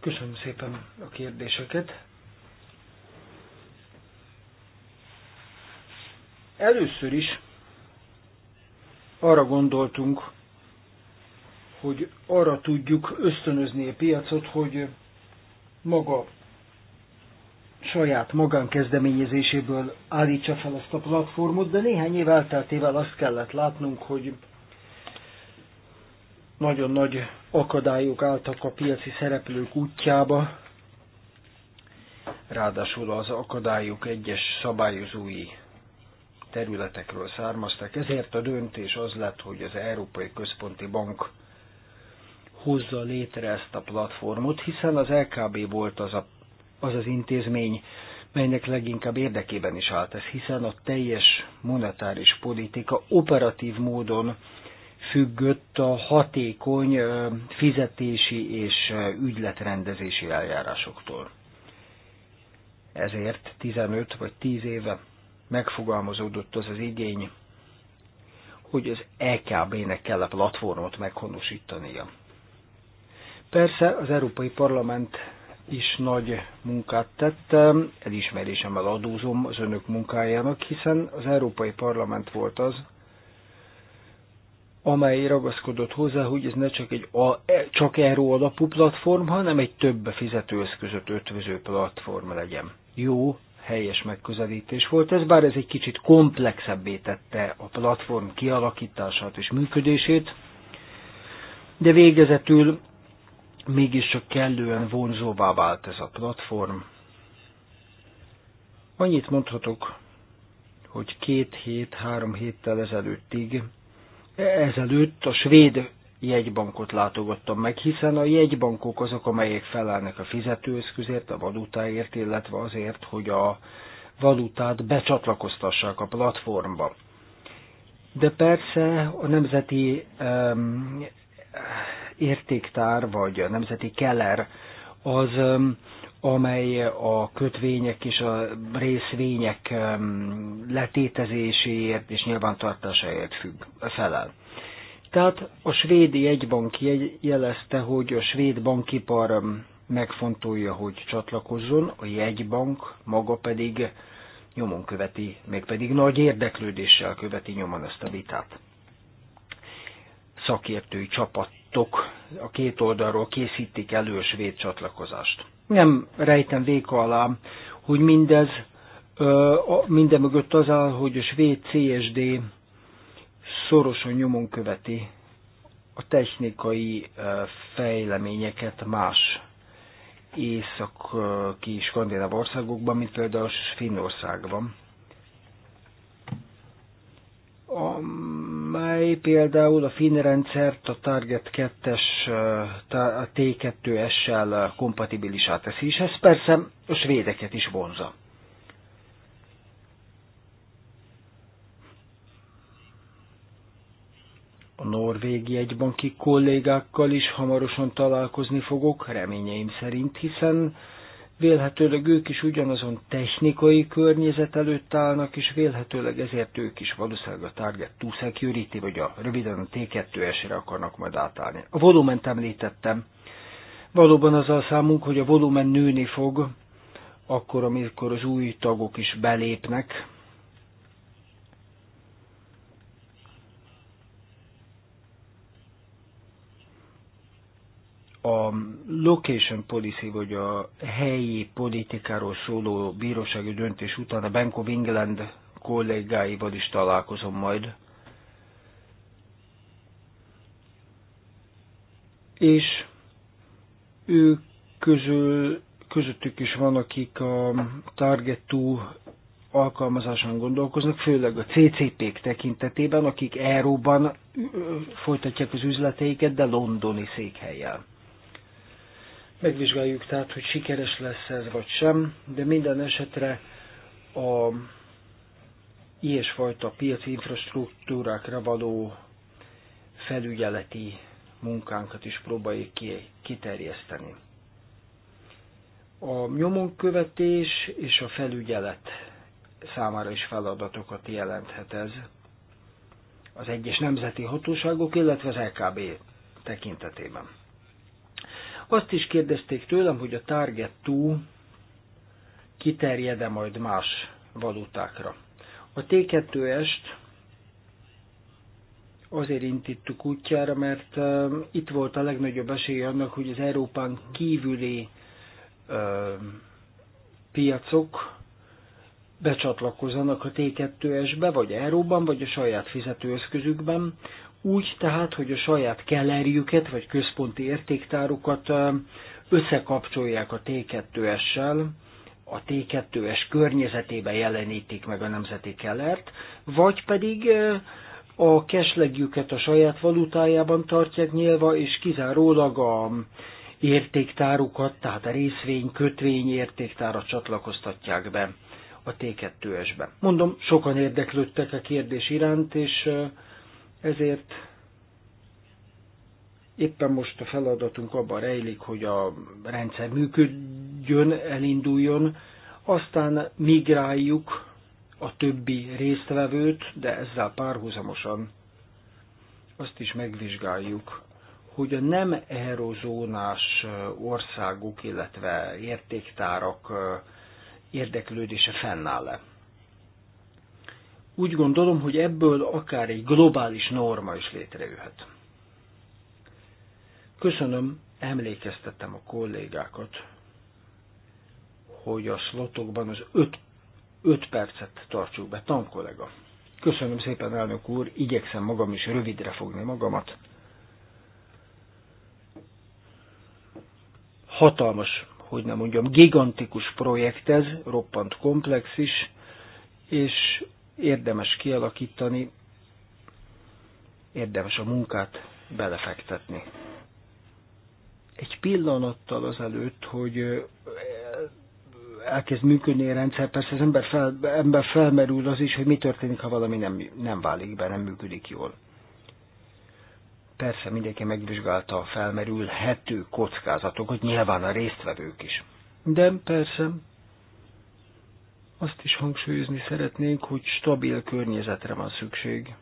Köszönöm szépen a kérdéseket. Először is arra gondoltunk, hogy arra tudjuk ösztönözni a piacot, hogy maga saját magánkezdeményezéséből állítsa fel ezt a platformot, de néhány év elteltével azt kellett látnunk, hogy nagyon nagy akadályok álltak a piaci szereplők útjába, ráadásul az akadályok egyes szabályozói területekről származtak, ezért a döntés az lett, hogy az Európai Központi Bank hozza létre ezt a platformot, hiszen az LKB volt az a, az, az intézmény, melynek leginkább érdekében is állt ez, hiszen a teljes monetáris politika operatív módon függött a hatékony fizetési és ügyletrendezési eljárásoktól. Ezért 15 vagy 10 éve megfogalmazódott az az igény, hogy az EKB-nek kell a platformot meghonosítania. Persze az Európai Parlament is nagy munkát tett, elismerésemmel adózom az önök munkájának, hiszen az Európai Parlament volt az, amely ragaszkodott hozzá, hogy ez ne csak egy a, e, csak erő alapú platform, hanem egy több fizetőeszközöt ötvöző platform legyen. Jó, helyes megközelítés volt ez, bár ez egy kicsit komplexebbé tette a platform kialakítását és működését, de végezetül mégiscsak kellően vonzóvá vált ez a platform. Annyit mondhatok, hogy két hét, három héttel ezelőttig, ezelőtt a svéd jegybankot látogattam meg, hiszen a jegybankok azok, amelyek felelnek a fizetőeszközért, a valutáért, illetve azért, hogy a valutát becsatlakoztassák a platformba. De persze a nemzeti um, értéktár, vagy a nemzeti keller az, um, amely a kötvények és a részvények um, letétezéséért és nyilvántartásáért függ, felel. Tehát a svéd jegybank jelezte, hogy a svéd bankipar um, megfontolja, hogy csatlakozzon, a jegybank maga pedig nyomon követi, pedig nagy érdeklődéssel követi nyomon ezt a vitát. Szakértői csapat pártok a két oldalról készítik elő a svéd csatlakozást. Nem rejtem véka alá, hogy mindez minden mögött az áll, hogy a svéd CSD szorosan nyomon követi a technikai fejleményeket más északi skandináv országokban, mint például Finnországban. A mely például a fin rendszert a Target 2-es, a T2S-sel kompatibilisá teszi, és ez persze a svédeket is vonza. A norvégi egybanki kollégákkal is hamarosan találkozni fogok, reményeim szerint, hiszen Vélhetőleg ők is ugyanazon technikai környezet előtt állnak, és vélhetőleg ezért ők is valószínűleg a Target 2 Security, vagy a röviden a T2S-re akarnak majd átállni. A volument említettem. Valóban az a számunk, hogy a volumen nőni fog, akkor, amikor az új tagok is belépnek, a location policy, vagy a helyi politikáról szóló bírósági döntés után a Bank of England kollégáival is találkozom majd. És ők közül, közöttük is van, akik a Target 2 alkalmazáson gondolkoznak, főleg a CCP-k tekintetében, akik Euróban folytatják az üzleteiket, de londoni székhelyen. Megvizsgáljuk tehát, hogy sikeres lesz ez vagy sem, de minden esetre a ilyesfajta piaci infrastruktúrákra való felügyeleti munkánkat is próbáljuk kiterjeszteni. A nyomonkövetés és a felügyelet számára is feladatokat jelenthet ez. Az egyes nemzeti hatóságok, illetve az LKB tekintetében. Azt is kérdezték tőlem, hogy a Target 2 kiterjed-e majd más valutákra. A T2-est azért intittük útjára, mert itt volt a legnagyobb esély annak, hogy az Európán kívüli piacok becsatlakozzanak a T2-esbe, vagy euróban, vagy a saját fizetőeszközükben, úgy tehát, hogy a saját kellerjüket vagy központi értéktárukat összekapcsolják a T2S-sel, a T2S környezetében jelenítik meg a nemzeti kellert, vagy pedig a keslegjüket a saját valutájában tartják nyilva, és kizárólag a értéktárukat, tehát a részvény, kötvény értéktárat csatlakoztatják be a T2S-be. Mondom, sokan érdeklődtek a kérdés iránt, és ezért éppen most a feladatunk abban rejlik, hogy a rendszer működjön, elinduljon, aztán migráljuk a többi résztvevőt, de ezzel párhuzamosan azt is megvizsgáljuk, hogy a nem eurozónás országok, illetve értéktárak érdeklődése fennáll-e. Úgy gondolom, hogy ebből akár egy globális norma is létrejöhet. Köszönöm, emlékeztettem a kollégákat, hogy a slotokban az öt 5 percet tartsuk be, tankollega. Köszönöm szépen, elnök úr, igyekszem magam is rövidre fogni magamat. Hatalmas, hogy nem mondjam, gigantikus projekt ez, roppant komplex is, és érdemes kialakítani, érdemes a munkát belefektetni. Egy pillanattal azelőtt, hogy elkezd működni a rendszer, persze az ember, fel, ember felmerül az is, hogy mi történik, ha valami nem, nem válik be, nem működik jól. Persze mindenki megvizsgálta a felmerülhető kockázatokat, nyilván a résztvevők is. De persze azt is hangsúlyozni szeretnénk, hogy stabil környezetre van szükség.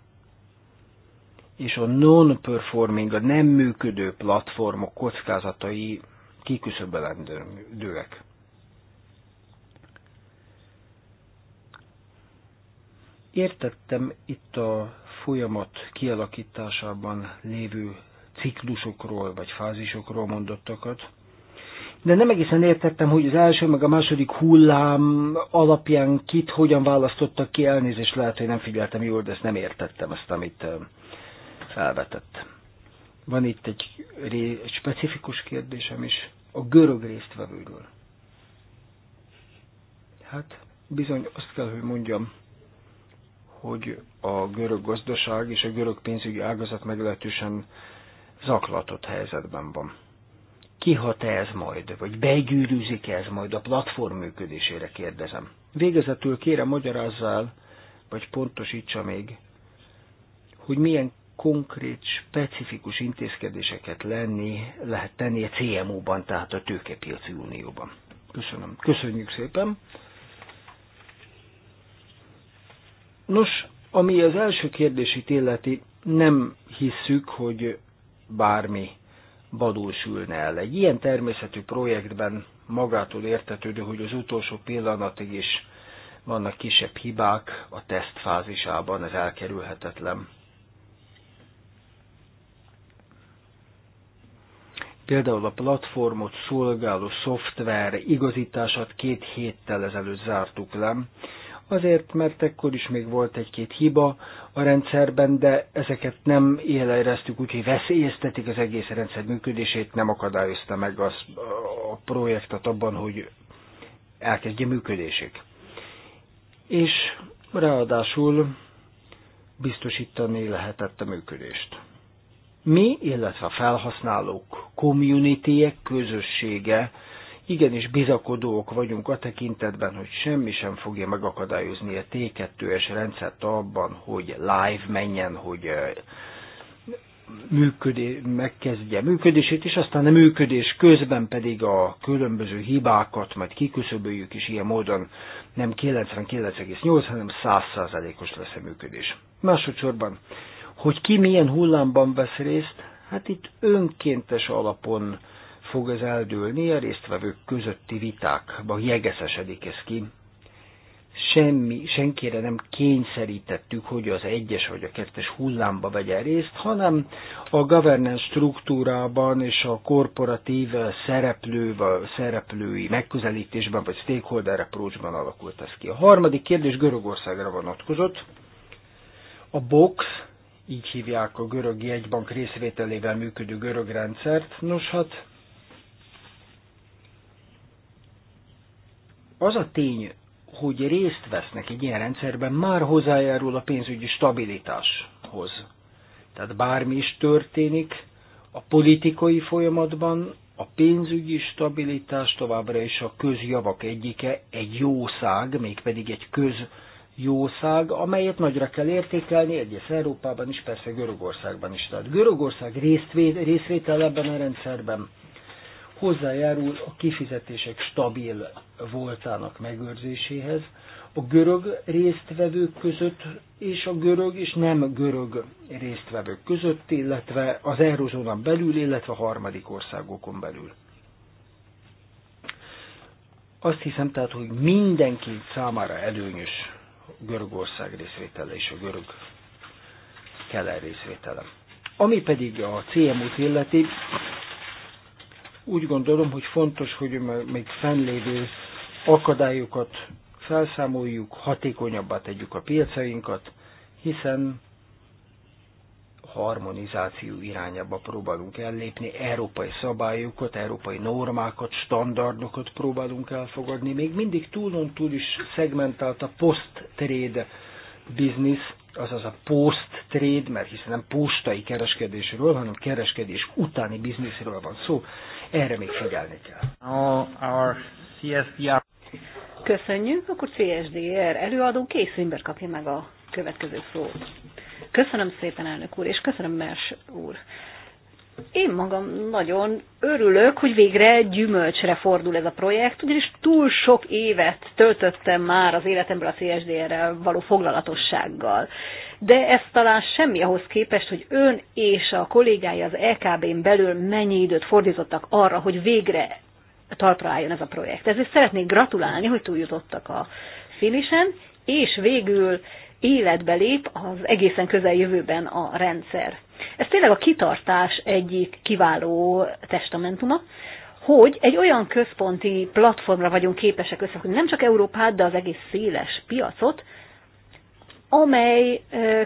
És a non-performing, a nem működő platformok kockázatai kiküszöbölendőek. Értettem itt a folyamat kialakításában lévő ciklusokról vagy fázisokról mondottakat, de nem egészen értettem, hogy az első meg a második hullám alapján kit hogyan választottak ki, elnézést lehet, hogy nem figyeltem jól, de ezt nem értettem, ezt, amit felvetett. Van itt egy, egy specifikus kérdésem is, a görög résztvevőről. Hát bizony azt kell, hogy mondjam, hogy a görög gazdaság és a görög pénzügyi ágazat meglehetősen zaklatott helyzetben van kihat-e ez majd, vagy begyűrűzik -e ez majd a platform működésére, kérdezem. Végezetül kérem magyarázzál, vagy pontosítsa még, hogy milyen konkrét, specifikus intézkedéseket lenni, lehet tenni a cmo ban tehát a Tőkepiaci Unióban. Köszönöm. Köszönjük szépen. Nos, ami az első kérdését illeti, nem hisszük, hogy bármi valósülne el. Egy ilyen természetű projektben magától értetődő, hogy az utolsó pillanatig is vannak kisebb hibák a tesztfázisában, ez elkerülhetetlen. Például a platformot szolgáló szoftver igazítását két héttel ezelőtt zártuk le, azért, mert ekkor is még volt egy-két hiba a rendszerben, de ezeket nem élereztük, úgyhogy veszélyeztetik az egész rendszer működését, nem akadályozta meg az, a projektet abban, hogy elkezdje működését. És ráadásul biztosítani lehetett a működést. Mi, illetve a felhasználók, communityek közössége igenis bizakodók vagyunk a tekintetben, hogy semmi sem fogja megakadályozni a T2-es rendszert abban, hogy live menjen, hogy működé, megkezdje működését, és aztán a működés közben pedig a különböző hibákat majd kiküszöböljük, és ilyen módon nem 99,8, hanem 100%-os lesz a működés. Másodszorban, hogy ki milyen hullámban vesz részt, hát itt önkéntes alapon fog ez eldőlni, a résztvevők közötti vitákba, jegeszesedik ez ki. Semmi, senkire nem kényszerítettük, hogy az egyes vagy a kettes hullámba vegye részt, hanem a governance struktúrában és a korporatív szereplő, szereplői megközelítésben vagy stakeholder approachban alakult ez ki. A harmadik kérdés Görögországra vonatkozott. A box, így hívják a görög jegybank részvételével működő görög rendszert. Nos, hát Az a tény, hogy részt vesznek egy ilyen rendszerben, már hozzájárul a pénzügyi stabilitáshoz. Tehát bármi is történik, a politikai folyamatban a pénzügyi stabilitás továbbra is a közjavak egyike, egy jószág, mégpedig egy közjószág, amelyet nagyra kell értékelni, egyes Európában is, persze Görögországban is. Tehát Görögország részvétel ebben a rendszerben hozzájárul a kifizetések stabil voltának megőrzéséhez, a görög résztvevők között és a görög és nem görög résztvevők között, illetve az eurozónán belül, illetve a harmadik országokon belül. Azt hiszem tehát, hogy mindenki számára előnyös Görögország részvétele és a görög keller részvétele. Ami pedig a CMU-t illeti, úgy gondolom, hogy fontos, hogy még fennlévő akadályokat felszámoljuk, hatékonyabbá tegyük a piacainkat, hiszen harmonizáció irányába próbálunk ellépni, európai szabályokat, európai normákat, standardokat próbálunk elfogadni. Még mindig túlon túl is szegmentált a post-trade business, azaz a post-trade, mert hiszen nem postai kereskedésről, hanem kereskedés utáni bizniszről van szó. Erre még figyelni kell. Our CSDR. Köszönjük, akkor CSDR előadó készünkben kapja meg a következő szót. Köszönöm szépen, elnök úr, és köszönöm Mers úr én magam nagyon örülök, hogy végre gyümölcsre fordul ez a projekt, ugyanis túl sok évet töltöttem már az életemben a CSDR-rel való foglalatossággal. De ez talán semmi ahhoz képest, hogy ön és a kollégái az LKB-n e belül mennyi időt fordítottak arra, hogy végre talpra álljon ez a projekt. Ezért szeretnék gratulálni, hogy túljutottak a finisen, és végül életbe lép az egészen jövőben a rendszer ez tényleg a kitartás egyik kiváló testamentuma, hogy egy olyan központi platformra vagyunk képesek összehozni nem csak Európát, de az egész széles piacot, amely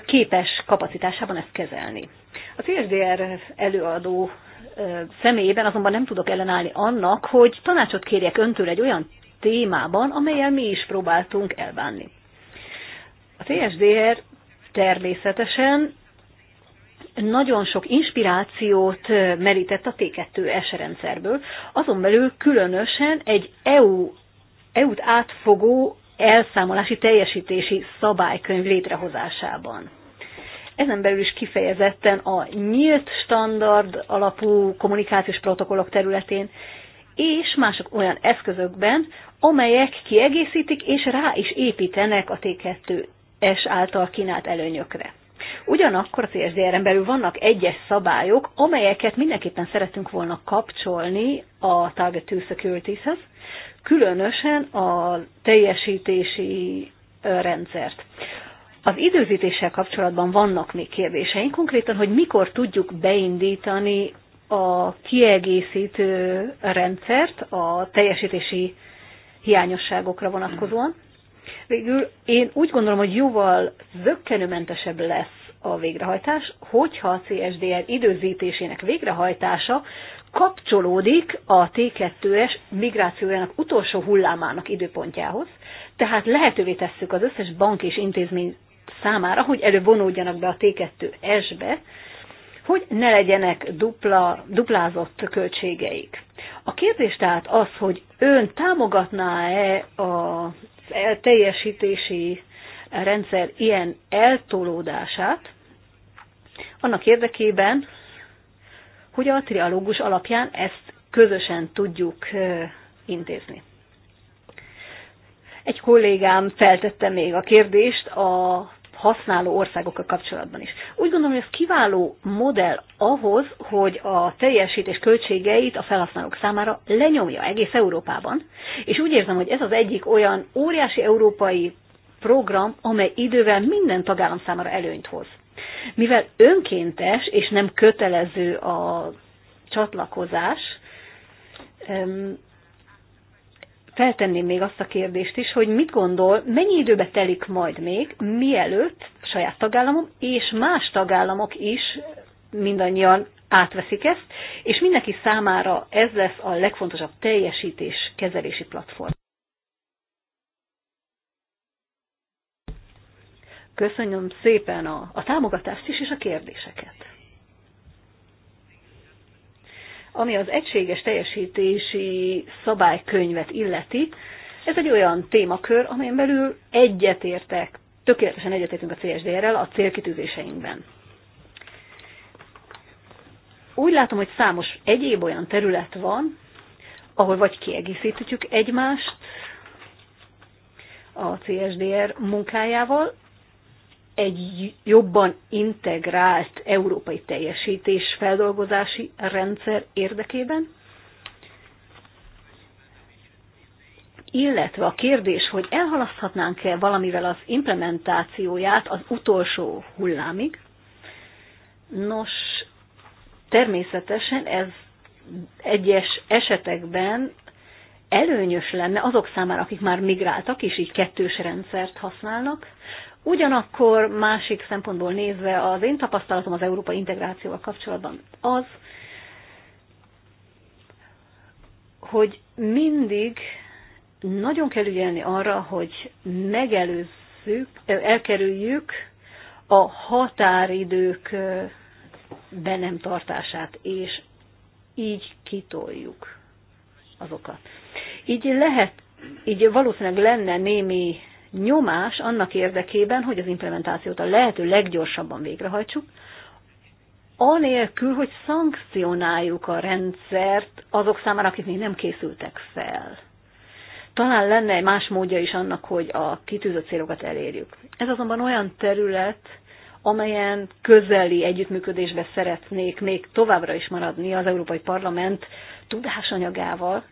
képes kapacitásában ezt kezelni. A CSDR előadó személyében azonban nem tudok ellenállni annak, hogy tanácsot kérjek öntől egy olyan témában, amelyel mi is próbáltunk elbánni. A CSDR természetesen nagyon sok inspirációt merített a T2S rendszerből, azon belül különösen egy EU, EU-t átfogó elszámolási teljesítési szabálykönyv létrehozásában. Ezen belül is kifejezetten a nyílt standard alapú kommunikációs protokollok területén, és mások olyan eszközökben, amelyek kiegészítik és rá is építenek a T2S által kínált előnyökre. Ugyanakkor az ESDR-en belül vannak egyes szabályok, amelyeket mindenképpen szeretünk volna kapcsolni a Target 2 Securities-hez, különösen a teljesítési rendszert. Az időzítéssel kapcsolatban vannak még kérdéseink, konkrétan, hogy mikor tudjuk beindítani a kiegészítő rendszert a teljesítési hiányosságokra vonatkozóan. Végül én úgy gondolom, hogy jóval zöggenőmentesebb lesz a végrehajtás, hogyha a CSDR időzítésének végrehajtása kapcsolódik a T2-es migrációjának utolsó hullámának időpontjához, tehát lehetővé tesszük az összes bank és intézmény számára, hogy előbb vonódjanak be a t 2 esbe hogy ne legyenek dupla, duplázott költségeik. A kérdés tehát az, hogy ön támogatná-e a teljesítési rendszer ilyen eltolódását, annak érdekében, hogy a trialógus alapján ezt közösen tudjuk intézni. Egy kollégám feltette még a kérdést a használó országokkal kapcsolatban is. Úgy gondolom, hogy ez kiváló modell ahhoz, hogy a teljesítés költségeit a felhasználók számára lenyomja egész Európában, és úgy érzem, hogy ez az egyik olyan óriási európai program, amely idővel minden tagállam számára előnyt hoz. Mivel önkéntes és nem kötelező a csatlakozás, feltenném még azt a kérdést is, hogy mit gondol, mennyi időbe telik majd még, mielőtt saját tagállamom és más tagállamok is mindannyian átveszik ezt, és mindenki számára ez lesz a legfontosabb teljesítés kezelési platform. Köszönöm szépen a, a támogatást is, és a kérdéseket. Ami az egységes teljesítési szabálykönyvet illeti, ez egy olyan témakör, amelyen belül egyetértek, tökéletesen egyetértünk a CSDR-rel a célkitűzéseinkben. Úgy látom, hogy számos egyéb olyan terület van, ahol vagy kiegészítjük egymást a CSDR munkájával, egy jobban integrált európai teljesítés feldolgozási rendszer érdekében? Illetve a kérdés, hogy elhalaszthatnánk-e valamivel az implementációját az utolsó hullámig? Nos, természetesen ez egyes esetekben előnyös lenne azok számára, akik már migráltak, és így kettős rendszert használnak, Ugyanakkor másik szempontból nézve az én tapasztalatom az európai integrációval kapcsolatban az, hogy mindig nagyon kell ügyelni arra, hogy megelőzzük, elkerüljük a határidők be nem tartását, és így kitoljuk azokat. Így lehet, így valószínűleg lenne némi nyomás annak érdekében, hogy az implementációt a lehető leggyorsabban végrehajtsuk, anélkül, hogy szankcionáljuk a rendszert azok számára, akik még nem készültek fel. Talán lenne egy más módja is annak, hogy a kitűzött célokat elérjük. Ez azonban olyan terület, amelyen közeli együttműködésbe szeretnék még továbbra is maradni az Európai Parlament tudásanyagával,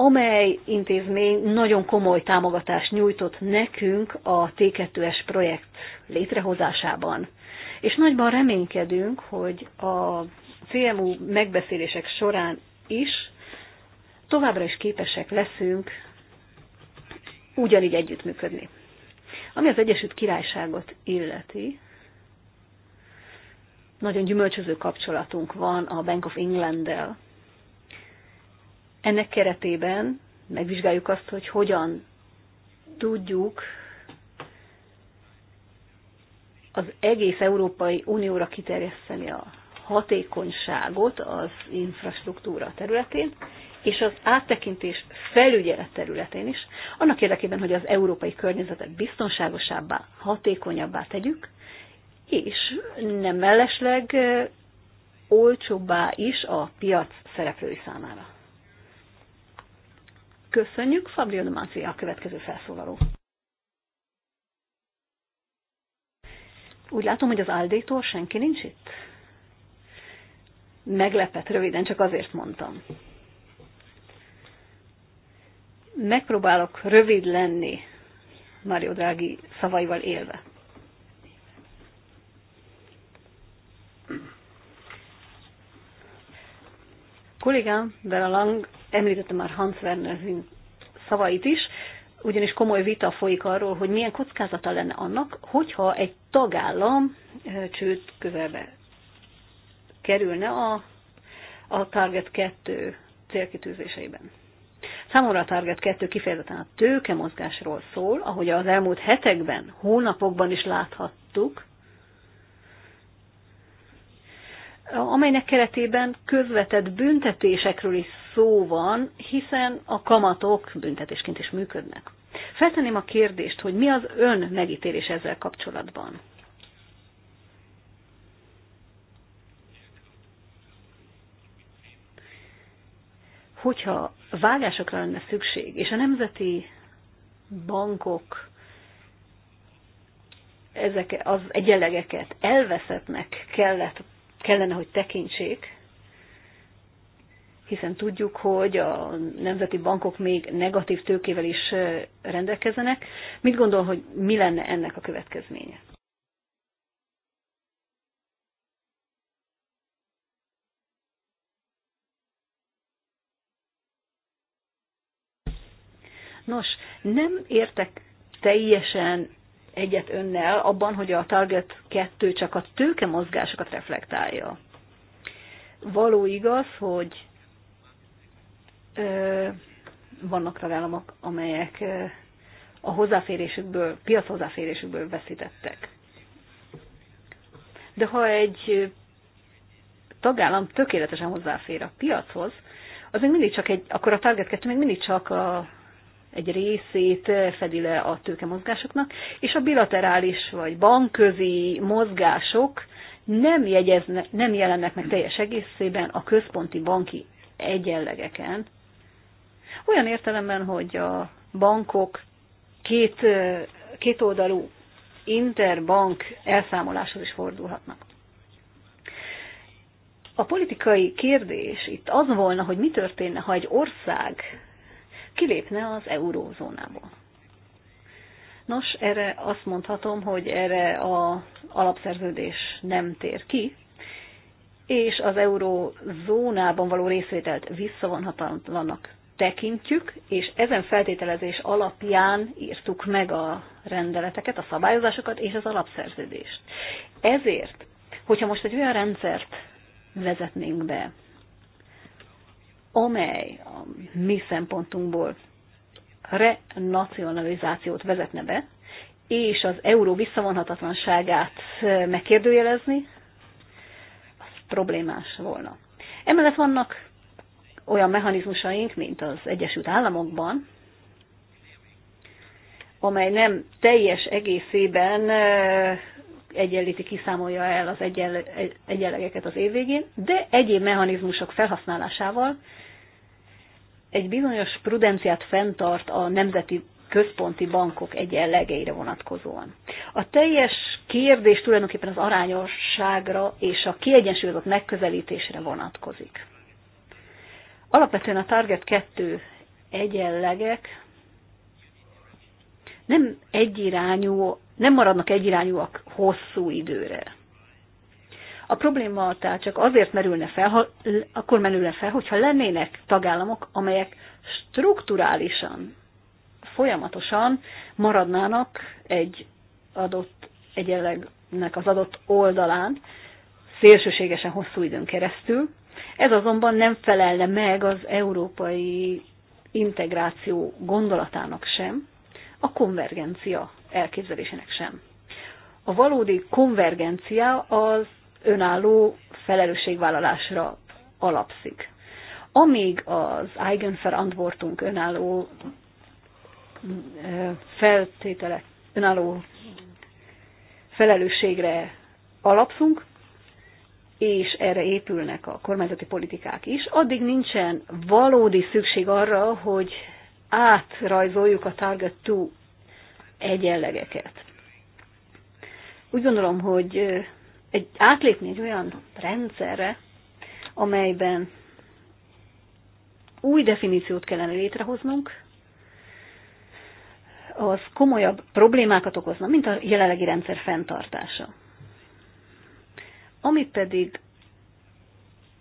amely intézmény nagyon komoly támogatást nyújtott nekünk a T2S projekt létrehozásában. És nagyban reménykedünk, hogy a CMU megbeszélések során is továbbra is képesek leszünk ugyanígy együttműködni. Ami az Egyesült Királyságot illeti, nagyon gyümölcsöző kapcsolatunk van a Bank of England-del, ennek keretében megvizsgáljuk azt, hogy hogyan tudjuk az egész Európai Unióra kiterjeszteni a hatékonyságot az infrastruktúra területén, és az áttekintés felügyelet területén is, annak érdekében, hogy az európai környezetet biztonságosabbá, hatékonyabbá tegyük, és nem mellesleg olcsóbbá is a piac szereplői számára. Köszönjük, Fabio Demáci, a következő felszólaló. Úgy látom, hogy az Aldétól senki nincs itt. Meglepett röviden, csak azért mondtam. Megpróbálok rövid lenni Mario Drági szavaival élve. kollégám, Vera Lang, említette már Hans Werner szavait is, ugyanis komoly vita folyik arról, hogy milyen kockázata lenne annak, hogyha egy tagállam csőd közelbe kerülne a, a Target 2 célkitűzéseiben. Számomra a Target 2 kifejezetten a tőkemozgásról szól, ahogy az elmúlt hetekben, hónapokban is láthattuk, amelynek keretében közvetett büntetésekről is szó van, hiszen a kamatok büntetésként is működnek. Feltenném a kérdést, hogy mi az ön megítélés ezzel kapcsolatban? Hogyha vágásokra lenne szükség, és a nemzeti bankok ezek az egyenlegeket elveszetnek kellett kellene, hogy tekintsék, hiszen tudjuk, hogy a nemzeti bankok még negatív tőkével is rendelkezenek. Mit gondol, hogy mi lenne ennek a következménye? Nos, nem értek teljesen egyet önnel abban, hogy a Target 2 csak a tőke mozgásokat reflektálja. Való igaz, hogy ö, vannak tagállamok, amelyek ö, a hozzáférésükből, piac hozzáférésükből veszítettek. De ha egy tagállam tökéletesen hozzáfér a piachoz, az még mindig csak egy, akkor a Target 2 még mindig csak a egy részét fedi le a tőkemozgásoknak, és a bilaterális vagy bankközi mozgások nem, jegyezne, nem jelennek meg teljes egészében a központi banki egyenlegeken. Olyan értelemben, hogy a bankok két, kétoldalú interbank elszámoláshoz is fordulhatnak. A politikai kérdés itt az volna, hogy mi történne, ha egy ország kilépne az eurózónából. Nos, erre azt mondhatom, hogy erre az alapszerződés nem tér ki, és az eurózónában való részvételt visszavonhatatlanak tekintjük, és ezen feltételezés alapján írtuk meg a rendeleteket, a szabályozásokat és az alapszerződést. Ezért, hogyha most egy olyan rendszert vezetnénk be, amely a mi szempontunkból renacionalizációt vezetne be, és az euró visszavonhatatlanságát megkérdőjelezni, az problémás volna. Emellett vannak olyan mechanizmusaink, mint az Egyesült Államokban, amely nem teljes egészében egyenlíti, kiszámolja el az egyenl egyenlegeket az év végén, de egyéb mechanizmusok felhasználásával egy bizonyos prudenciát fenntart a nemzeti központi bankok egyenlegeire vonatkozóan. A teljes kérdés tulajdonképpen az arányosságra és a kiegyensúlyozott megközelítésre vonatkozik. Alapvetően a Target 2 egyenlegek nem egyirányú nem maradnak egyirányúak hosszú időre. A probléma tehát csak azért merülne fel, ha, akkor merülne fel, hogyha lennének tagállamok, amelyek strukturálisan, folyamatosan maradnának egy adott egyenlegnek az adott oldalán, szélsőségesen hosszú időn keresztül. Ez azonban nem felelne meg az európai integráció gondolatának sem, a konvergencia elképzelésének sem. A valódi konvergencia az önálló felelősségvállalásra alapszik. Amíg az Eigenverantwortung önálló feltételek, önálló felelősségre alapszunk, és erre épülnek a kormányzati politikák is, addig nincsen valódi szükség arra, hogy átrajzoljuk a Target 2 egyenlegeket. Úgy gondolom, hogy egy, átlépni egy olyan rendszerre, amelyben új definíciót kellene létrehoznunk, az komolyabb problémákat okozna, mint a jelenlegi rendszer fenntartása. Ami pedig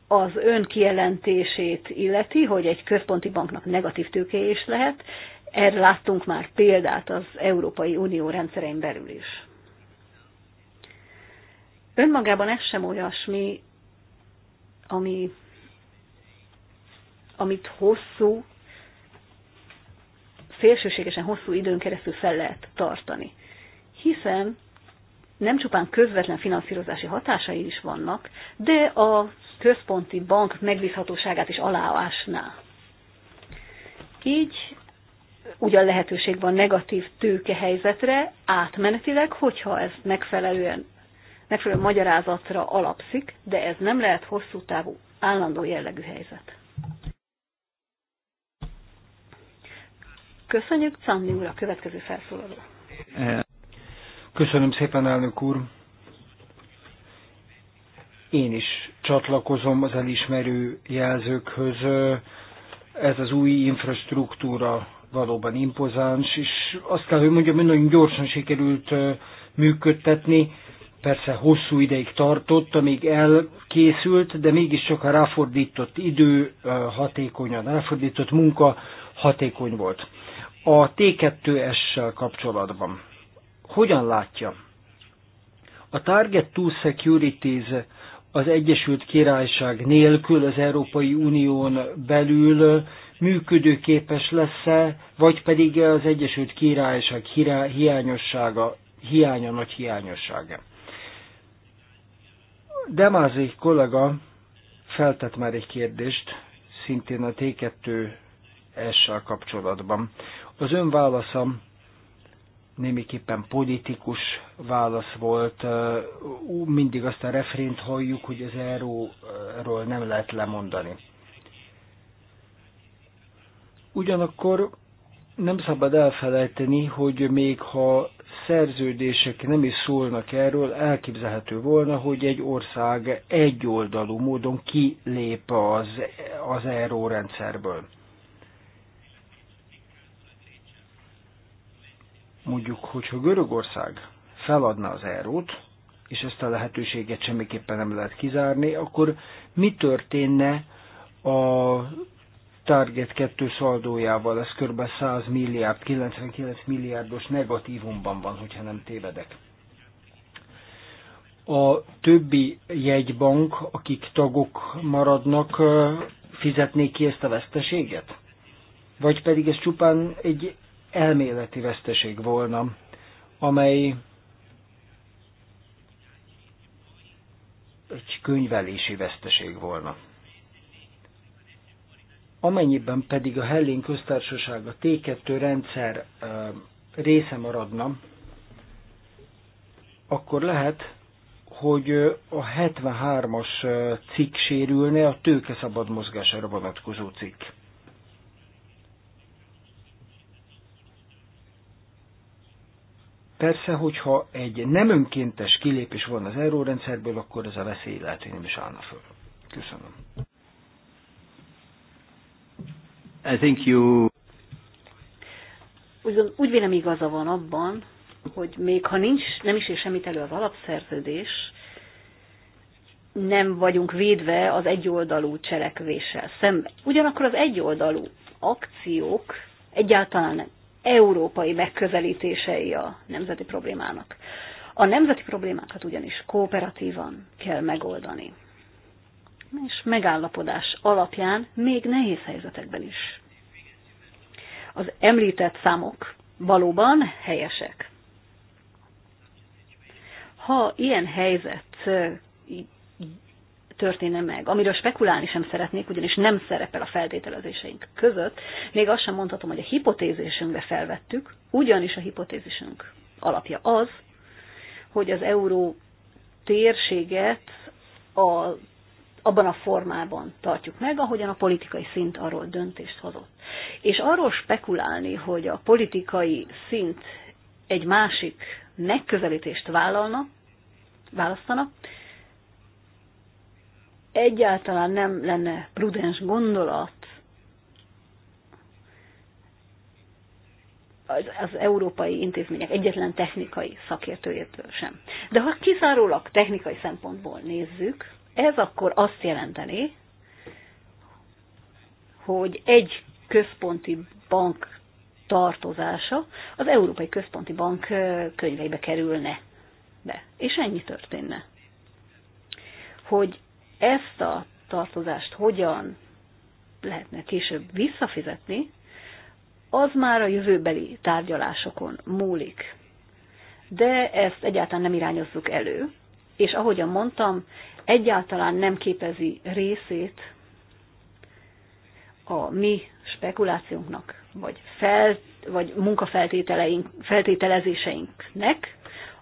az ön kijelentését illeti, hogy egy központi banknak negatív tőkéje is lehet, erre láttunk már példát az Európai Unió rendszerein belül is. Önmagában ez sem olyasmi, ami, amit hosszú, szélsőségesen hosszú időn keresztül fel lehet tartani. Hiszen nem csupán közvetlen finanszírozási hatásai is vannak, de a központi bank megbízhatóságát is aláásná. Így ugyan lehetőség van negatív tőkehelyzetre, átmenetileg, hogyha ez megfelelően, megfelelő magyarázatra alapszik, de ez nem lehet hosszú távú, állandó jellegű helyzet. Köszönjük, Czanni úr, a következő felszólaló. Köszönöm szépen, elnök úr. Én is csatlakozom az elismerő jelzőkhöz. Ez az új infrastruktúra valóban impozáns, és azt kell, hogy mondjam, hogy nagyon gyorsan sikerült működtetni, persze hosszú ideig tartott, amíg elkészült, de mégiscsak a ráfordított idő hatékonyan, ráfordított munka hatékony volt. A T2S-sel kapcsolatban hogyan látja? A Target 2 Securities az Egyesült Királyság nélkül az Európai Unión belül működőképes lesz-e, vagy pedig az Egyesült Királyság hiányossága, hiánya nagy hiányossága. Demázi kollega feltett már egy kérdést, szintén a T2S-sel kapcsolatban. Az ön válaszom némiképpen politikus válasz volt. Mindig azt a refrént halljuk, hogy az erről nem lehet lemondani. Ugyanakkor nem szabad elfelejteni, hogy még ha szerződések nem is szólnak erről, elképzelhető volna, hogy egy ország egyoldalú módon kilép az, az euró rendszerből. Mondjuk, hogyha Görögország feladna az eurót, és ezt a lehetőséget semmiképpen nem lehet kizárni, akkor mi történne a Target 2 szaldójával, ez kb. 100 milliárd, 99 milliárdos negatívumban van, hogyha nem tévedek. A többi jegybank, akik tagok maradnak, fizetnék ki ezt a veszteséget? Vagy pedig ez csupán egy elméleti veszteség volna, amely egy könyvelési veszteség volna. Amennyiben pedig a Hellén köztársaság a T2 rendszer része maradna, akkor lehet, hogy a 73-as cikk sérülne, a tőke szabad mozgására vonatkozó cikk. Persze, hogyha egy nem önkéntes kilépés van az eurórendszerből, akkor ez a veszély lehet, hogy nem is állna föl. Köszönöm. I think you... Ugyan, úgy vélem igaza van abban, hogy még ha nincs, nem is ér semmit elő az alapszerződés, nem vagyunk védve az egyoldalú cselekvéssel szemben. Ugyanakkor az egyoldalú akciók egyáltalán nem európai megközelítései a nemzeti problémának. A nemzeti problémákat ugyanis kooperatívan kell megoldani és megállapodás alapján még nehéz helyzetekben is. Az említett számok valóban helyesek. Ha ilyen helyzet történne meg, amiről spekulálni sem szeretnék, ugyanis nem szerepel a feltételezéseink között, még azt sem mondhatom, hogy a hipotézisünkbe felvettük, ugyanis a hipotézisünk alapja az, hogy az euró térséget a abban a formában tartjuk meg, ahogyan a politikai szint arról döntést hozott. És arról spekulálni, hogy a politikai szint egy másik megközelítést vállalna, választana, egyáltalán nem lenne prudens gondolat az, az európai intézmények egyetlen technikai szakértőjétől sem. De ha kizárólag technikai szempontból nézzük, ez akkor azt jelenteni, hogy egy központi bank tartozása az Európai Központi Bank könyveibe kerülne be. És ennyi történne. Hogy ezt a tartozást hogyan lehetne később visszafizetni, az már a jövőbeli tárgyalásokon múlik. De ezt egyáltalán nem irányozzuk elő, és ahogyan mondtam, egyáltalán nem képezi részét a mi spekulációnknak, vagy, fel, vagy munkafeltételeink, feltételezéseinknek,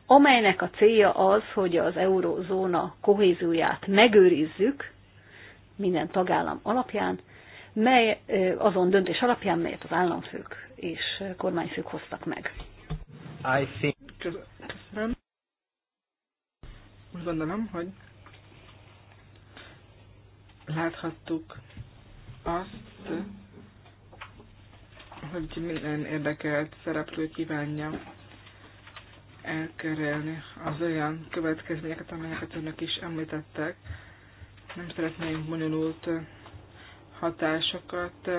amelynek a célja az, hogy az eurózóna kohézióját megőrizzük minden tagállam alapján, mely azon döntés alapján, melyet az államfők és kormányfők hoztak meg. I think... Köszönöm. Úgy gondolom, hogy láthattuk azt, hogy minden érdekelt szereplő kívánja elkerülni az olyan következményeket, amelyeket önök is említettek. Nem szeretnénk bonyolult hatásokat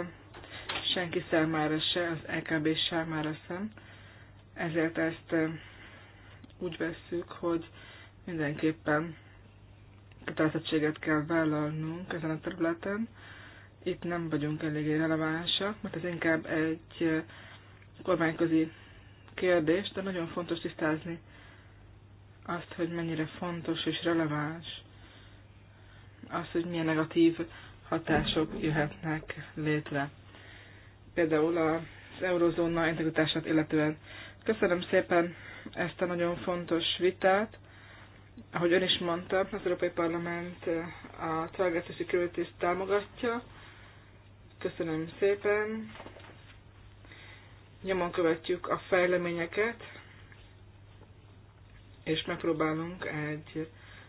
senki számára se, az EKB számára sem. Ezért ezt úgy vesszük, hogy mindenképpen kötelezettséget kell vállalnunk ezen a területen. Itt nem vagyunk eléggé relevánsak, mert ez inkább egy eh, kormányközi kérdés, de nagyon fontos tisztázni azt, hogy mennyire fontos és releváns az, hogy milyen negatív hatások jöhetnek létre. Például az eurozóna integritását illetően. Köszönöm szépen ezt a nagyon fontos vitát ahogy ön is mondta, az Európai Parlament eh, a Target költést támogatja. Köszönöm szépen. Nyomon követjük a fejleményeket, és megpróbálunk egy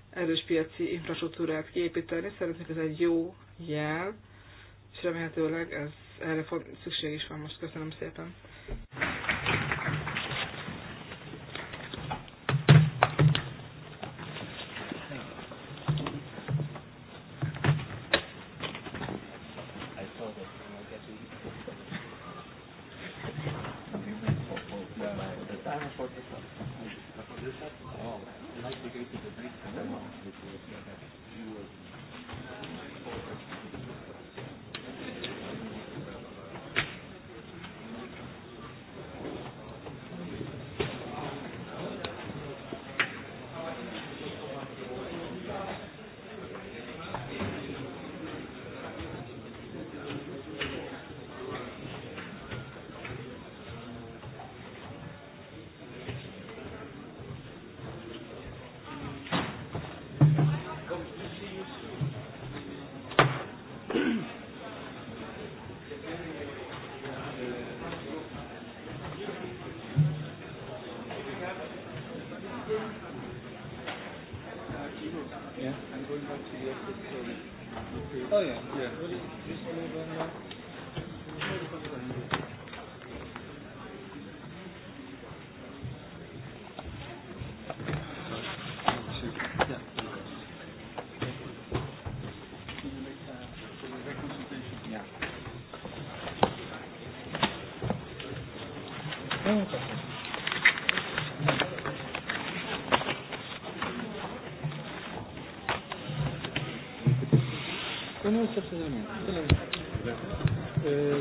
erős piaci infrastruktúrát kiépíteni. Szerintünk ez egy jó jel, és remélhetőleg ez, erre szükség is van most. Köszönöm szépen.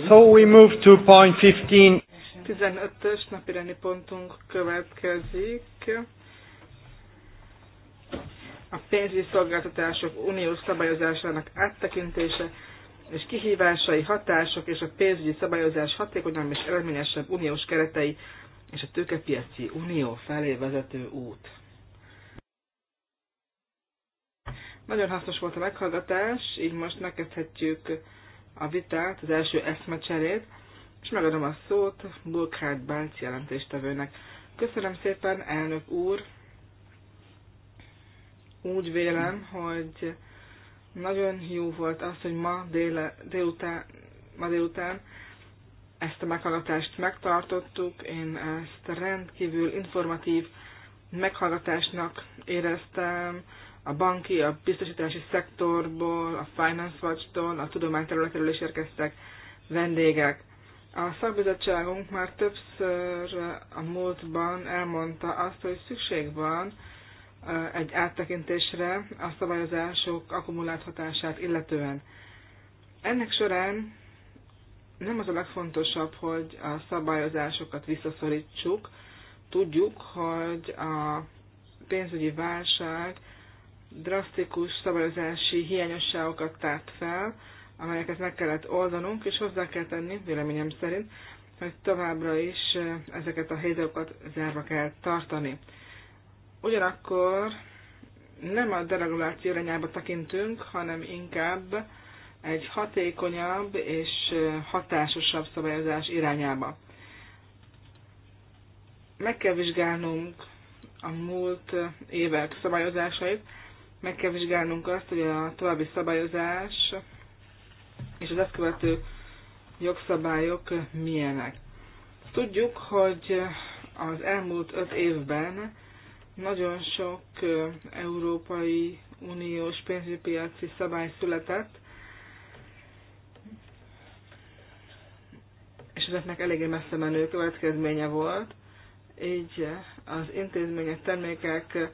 So we move to point 15. 15-ös napirendi pontunk következik. A pénzügyi szolgáltatások uniós szabályozásának áttekintése és kihívásai, hatások és a pénzügyi szabályozás hatékonyabb és eredményesebb uniós keretei és a tőkepiaci unió felé vezető út. Nagyon hasznos volt a meghallgatás, így most megkezdhetjük a vitát, az első eszmecserét, és megadom a szót Burkhard Bánc jelentéstevőnek. Köszönöm szépen, elnök úr! Úgy vélem, hogy nagyon jó volt az, hogy ma, déle, délután, ma délután ezt a meghallgatást megtartottuk. Én ezt rendkívül informatív meghallgatásnak éreztem a banki, a biztosítási szektorból, a Finance Watch-tól, a tudományterületről is érkeztek vendégek. A szakbizottságunk már többször a múltban elmondta azt, hogy szükség van egy áttekintésre a szabályozások akkumulált hatását illetően. Ennek során nem az a legfontosabb, hogy a szabályozásokat visszaszorítsuk. Tudjuk, hogy a pénzügyi válság drasztikus szabályozási hiányosságokat tárt fel, amelyeket meg kellett oldanunk, és hozzá kell tenni, véleményem szerint, hogy továbbra is ezeket a helyzetokat zárva kell tartani. Ugyanakkor nem a dereguláció irányába tekintünk, hanem inkább egy hatékonyabb és hatásosabb szabályozás irányába. Meg kell vizsgálnunk a múlt évek szabályozásait, meg kell vizsgálnunk azt, hogy a további szabályozás és az ezt követő jogszabályok milyenek. Tudjuk, hogy az elmúlt öt évben nagyon sok Európai Uniós pénzügypiaci szabály született, és ezeknek eléggé messze menő következménye volt. Így az intézmények, termékek,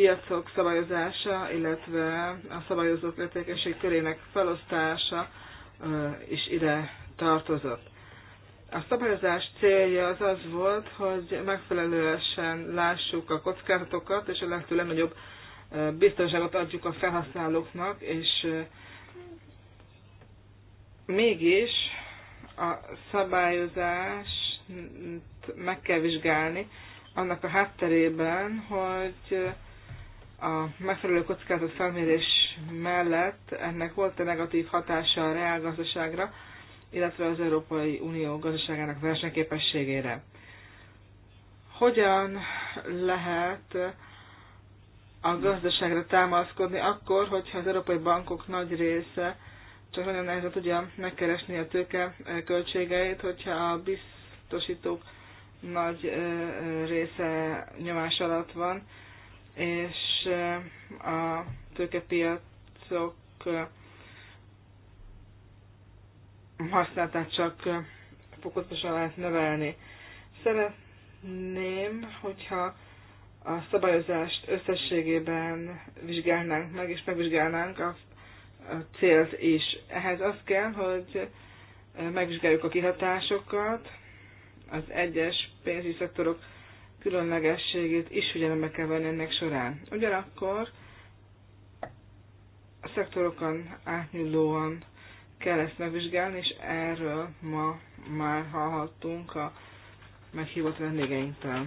piacok szabályozása, illetve a szabályozók értékesség körének felosztása is ide tartozott. A szabályozás célja az az volt, hogy megfelelően lássuk a kockázatokat, és a lehető legnagyobb biztonságot adjuk a felhasználóknak, és mégis a szabályozást meg kell vizsgálni annak a hátterében, hogy a megfelelő kockázat felmérés mellett ennek volt a negatív hatása a reálgazdaságra, illetve az Európai Unió gazdaságának versenyképességére. Hogyan lehet a gazdaságra támaszkodni akkor, hogyha az európai bankok nagy része csak nagyon nehezen tudja megkeresni a tőke eh, költségeit, hogyha a biztosítók nagy eh, eh, része nyomás alatt van, és eh, a tőkepiacok eh, használatát csak eh, fokozatosan lehet növelni. Szeretném, hogyha a szabályozást összességében vizsgálnánk meg, és megvizsgálnánk a célt is. Ehhez az kell, hogy megvizsgáljuk a kihatásokat az egyes pénzügyi szektorok különlegességét is figyelembe kell venni ennek során. Ugyanakkor a szektorokon átnyúlóan kell ezt megvizsgálni, és erről ma már hallhattunk a meghívott vendégeinktől.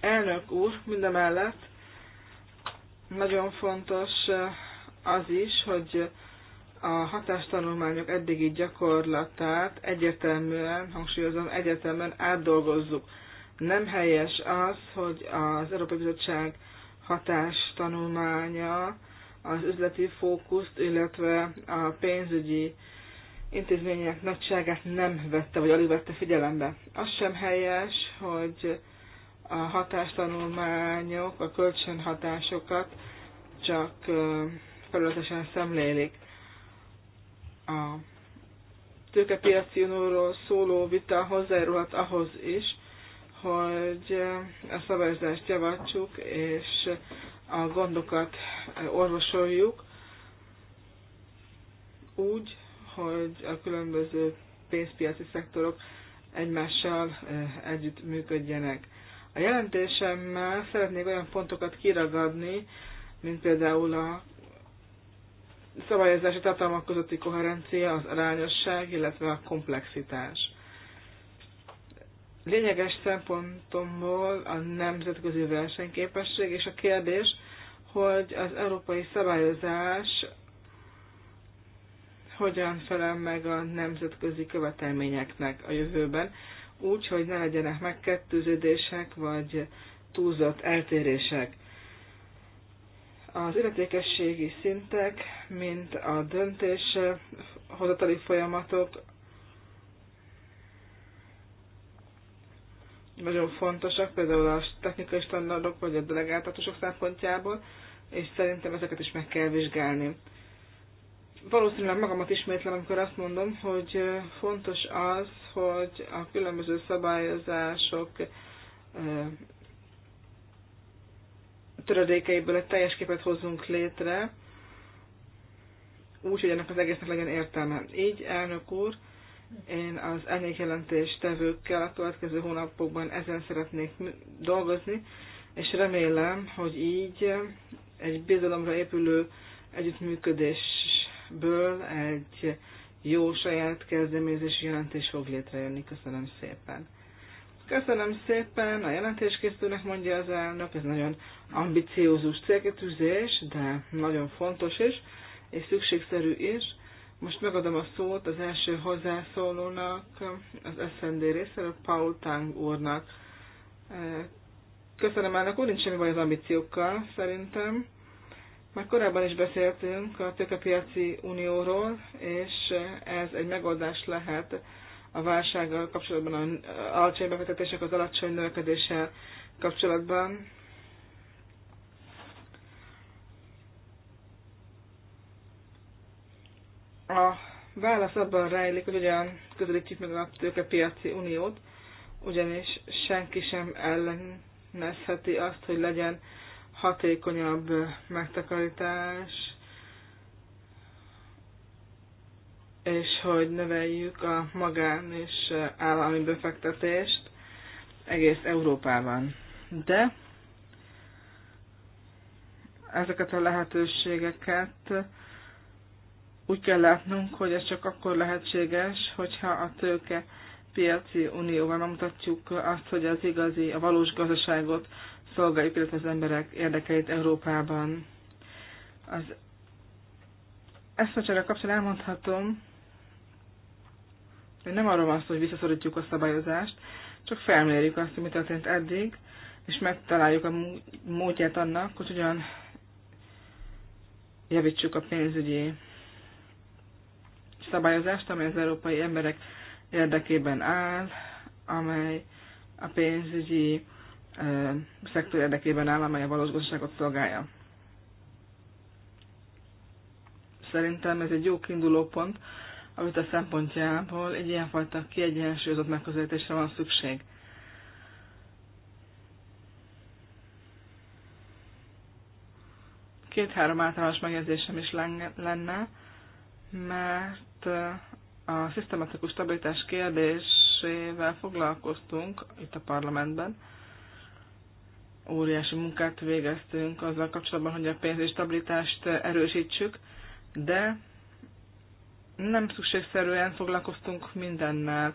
Elnök úr, mindemellett nagyon fontos az is, hogy a hatástanulmányok eddigi gyakorlatát egyértelműen, hangsúlyozom, egyértelműen átdolgozzuk. Nem helyes az, hogy az Európai Bizottság hatás tanulmánya az üzleti fókuszt, illetve a pénzügyi intézmények nagyságát nem vette, vagy alig vette figyelembe. Az sem helyes, hogy a hatástanulmányok, a kölcsönhatásokat csak felületesen szemlélik. A tőkepiaci unóról szóló vita hozzájárulhat ahhoz is, hogy a szabályozást javatsuk, és a gondokat orvosoljuk úgy, hogy a különböző pénzpiaci szektorok egymással eh, együtt működjenek. A jelentésemmel szeretnék olyan pontokat kiragadni, mint például a szabályozási tartalmak közötti koherencia, az arányosság, illetve a komplexitás lényeges szempontomból a nemzetközi versenyképesség, és a kérdés, hogy az európai szabályozás hogyan felel meg a nemzetközi követelményeknek a jövőben, úgy, hogy ne legyenek megkettőződések vagy túlzott eltérések. Az illetékességi szintek, mint a döntéshozatali folyamatok nagyon fontosak, például a technikai standardok vagy a delegáltatósok szempontjából, és szerintem ezeket is meg kell vizsgálni. Valószínűleg magamat ismétlem, amikor azt mondom, hogy fontos az, hogy a különböző szabályozások töredékeiből egy teljes képet hozzunk létre, úgy, hogy ennek az egésznek legyen értelme. Így, elnök úr, én az elnék jelentés tevőkkel a következő hónapokban ezen szeretnék dolgozni, és remélem, hogy így egy bizalomra épülő együttműködésből egy jó saját kezdeményezési jelentés fog létrejönni. Köszönöm szépen. Köszönöm szépen, a jelentéskészítőnek mondja az elnök, ez nagyon ambiciózus célkitűzés, de nagyon fontos is, és szükségszerű is. Most megadom a szót az első hozzászólónak, az SND részéről, Paul Tang úrnak. E, köszönöm elnök úr, nincs semmi baj az ambíciókkal, szerintem. Már korábban is beszéltünk a tőkepiaci unióról, és ez egy megoldás lehet a válsággal kapcsolatban, a alacsony befektetések az alacsony növekedéssel kapcsolatban. A válasz abban rejlik, hogy hogyan közelítjük meg a tőkepiaci uniót, ugyanis senki sem ellenezheti azt, hogy legyen hatékonyabb megtakarítás, és hogy növeljük a magán és állami befektetést egész Európában. De ezeket a lehetőségeket úgy kell látnunk, hogy ez csak akkor lehetséges, hogyha a tőke piaci unióval mutatjuk azt, hogy az igazi, a valós gazdaságot szolgáljuk, illetve az emberek érdekeit Európában. Az eszmecsere kapcsán elmondhatom, hogy nem arról van szó, hogy visszaszorítjuk a szabályozást, csak felmérjük azt, mi történt eddig, és megtaláljuk a módját annak, hogy hogyan javítsuk a pénzügyi szabályozást, amely az európai emberek érdekében áll, amely a pénzügyi ö, szektor érdekében áll, amely a valós gazdaságot szolgálja. Szerintem ez egy jó kiinduló pont, amit a szempontjából egy ilyenfajta kiegyensúlyozott megközelítésre van szükség. Két-három általános megjegyzésem is lenne mert a szisztematikus stabilitás kérdésével foglalkoztunk itt a parlamentben. Óriási munkát végeztünk azzal kapcsolatban, hogy a pénzügyi stabilitást erősítsük, de nem szükségszerűen foglalkoztunk mindennel.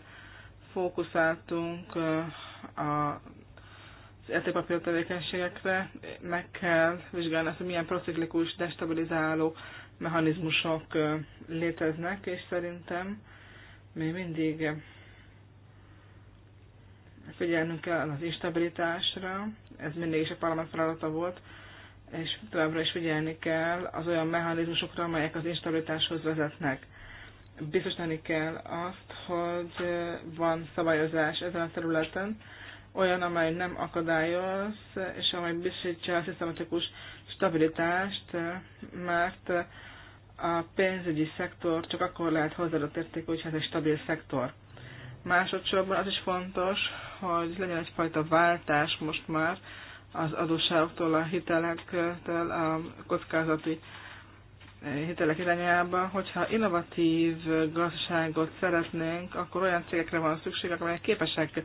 Fókuszáltunk a eh, az értékpapír tevékenységekre meg kell vizsgálni azt, hogy milyen prociklikus, destabilizáló mechanizmusok léteznek, és szerintem még mindig figyelnünk kell az instabilitásra, ez mindig is a parlament feladata volt, és továbbra is figyelni kell az olyan mechanizmusokra, amelyek az instabilitáshoz vezetnek. Biztosítani kell azt, hogy van szabályozás ezen a területen, olyan, amely nem akadályoz, és amely biztosítja a szisztematikus stabilitást, mert a pénzügyi szektor csak akkor lehet hozzáadott érték, hogyha ez egy stabil szektor. Másodszorban az is fontos, hogy legyen egyfajta váltás most már az adósságoktól, a hitelektől, a kockázati hitelek irányába, hogyha innovatív gazdaságot szeretnénk, akkor olyan cégekre van szükség, amelyek képesek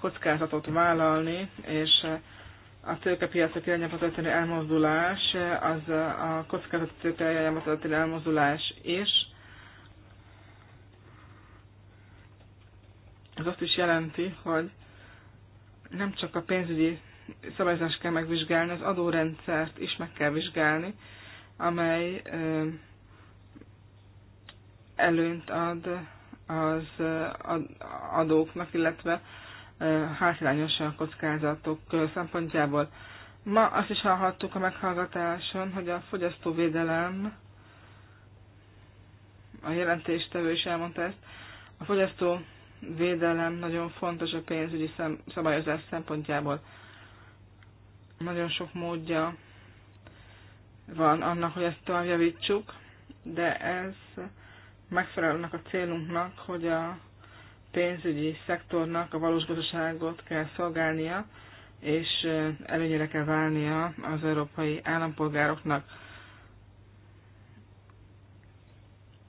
kockázatot vállalni, és a tőkepiacok irányába történő elmozdulás, az a kockázat tőke irányába történő elmozdulás is. Ez azt is jelenti, hogy nem csak a pénzügyi szabályozást kell megvizsgálni, az adórendszert is meg kell vizsgálni, amely előnyt ad az adóknak, illetve hátrányosan a kockázatok szempontjából. Ma azt is hallhattuk a meghallgatáson, hogy a fogyasztóvédelem, a jelentéstevő is elmondta ezt, a fogyasztóvédelem nagyon fontos a pénzügyi szabályozás szempontjából. Nagyon sok módja van annak, hogy ezt tovább javítsuk, de ez megfelelőnek a célunknak, hogy a pénzügyi szektornak a valós gazdaságot kell szolgálnia, és előnyére kell válnia az európai állampolgároknak.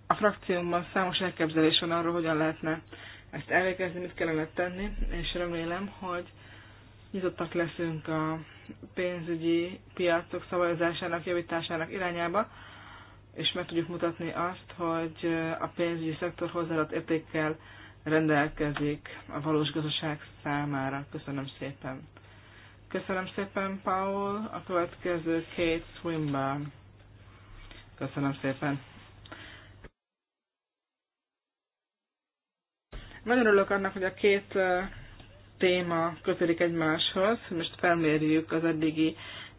A frakciómban számos elképzelés van arról, hogyan lehetne ezt elvégezni, mit kellene tenni, és remélem, hogy nyitottak leszünk a pénzügyi piacok szabályozásának, javításának irányába, és meg tudjuk mutatni azt, hogy a pénzügyi szektor hozzáadott értékkel rendelkezik a valós gazdaság számára. Köszönöm szépen. Köszönöm szépen, Paul. A következő két Swinburne. Köszönöm szépen. Nagyon örülök annak, hogy a két téma kötődik egymáshoz. Most felmérjük az eddigi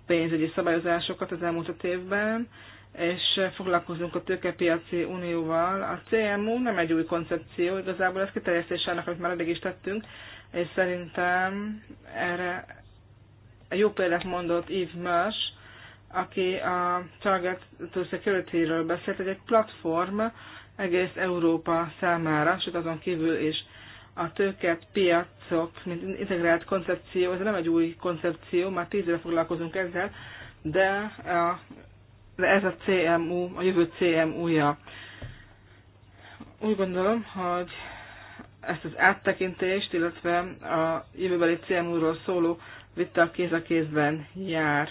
pénzügyi szabályozásokat az elmúlt öt évben, és foglalkozunk a tőkepiaci unióval. A CMU nem egy új koncepció, igazából ez kiterjesztés annak, amit már eddig is tettünk, és szerintem erre egy jó példát mondott Yves Mersch, aki a Target to Security-ről beszélt, hogy egy platform egész Európa számára, sőt azon kívül is a tőket piacok, mint integrált koncepció, ez nem egy új koncepció, már tíz éve foglalkozunk ezzel, de, de ez a CMU, a jövő CMU-ja. Úgy gondolom, hogy ezt az áttekintést, illetve a jövőbeli CMU-ról szóló vita kéz a kézben jár.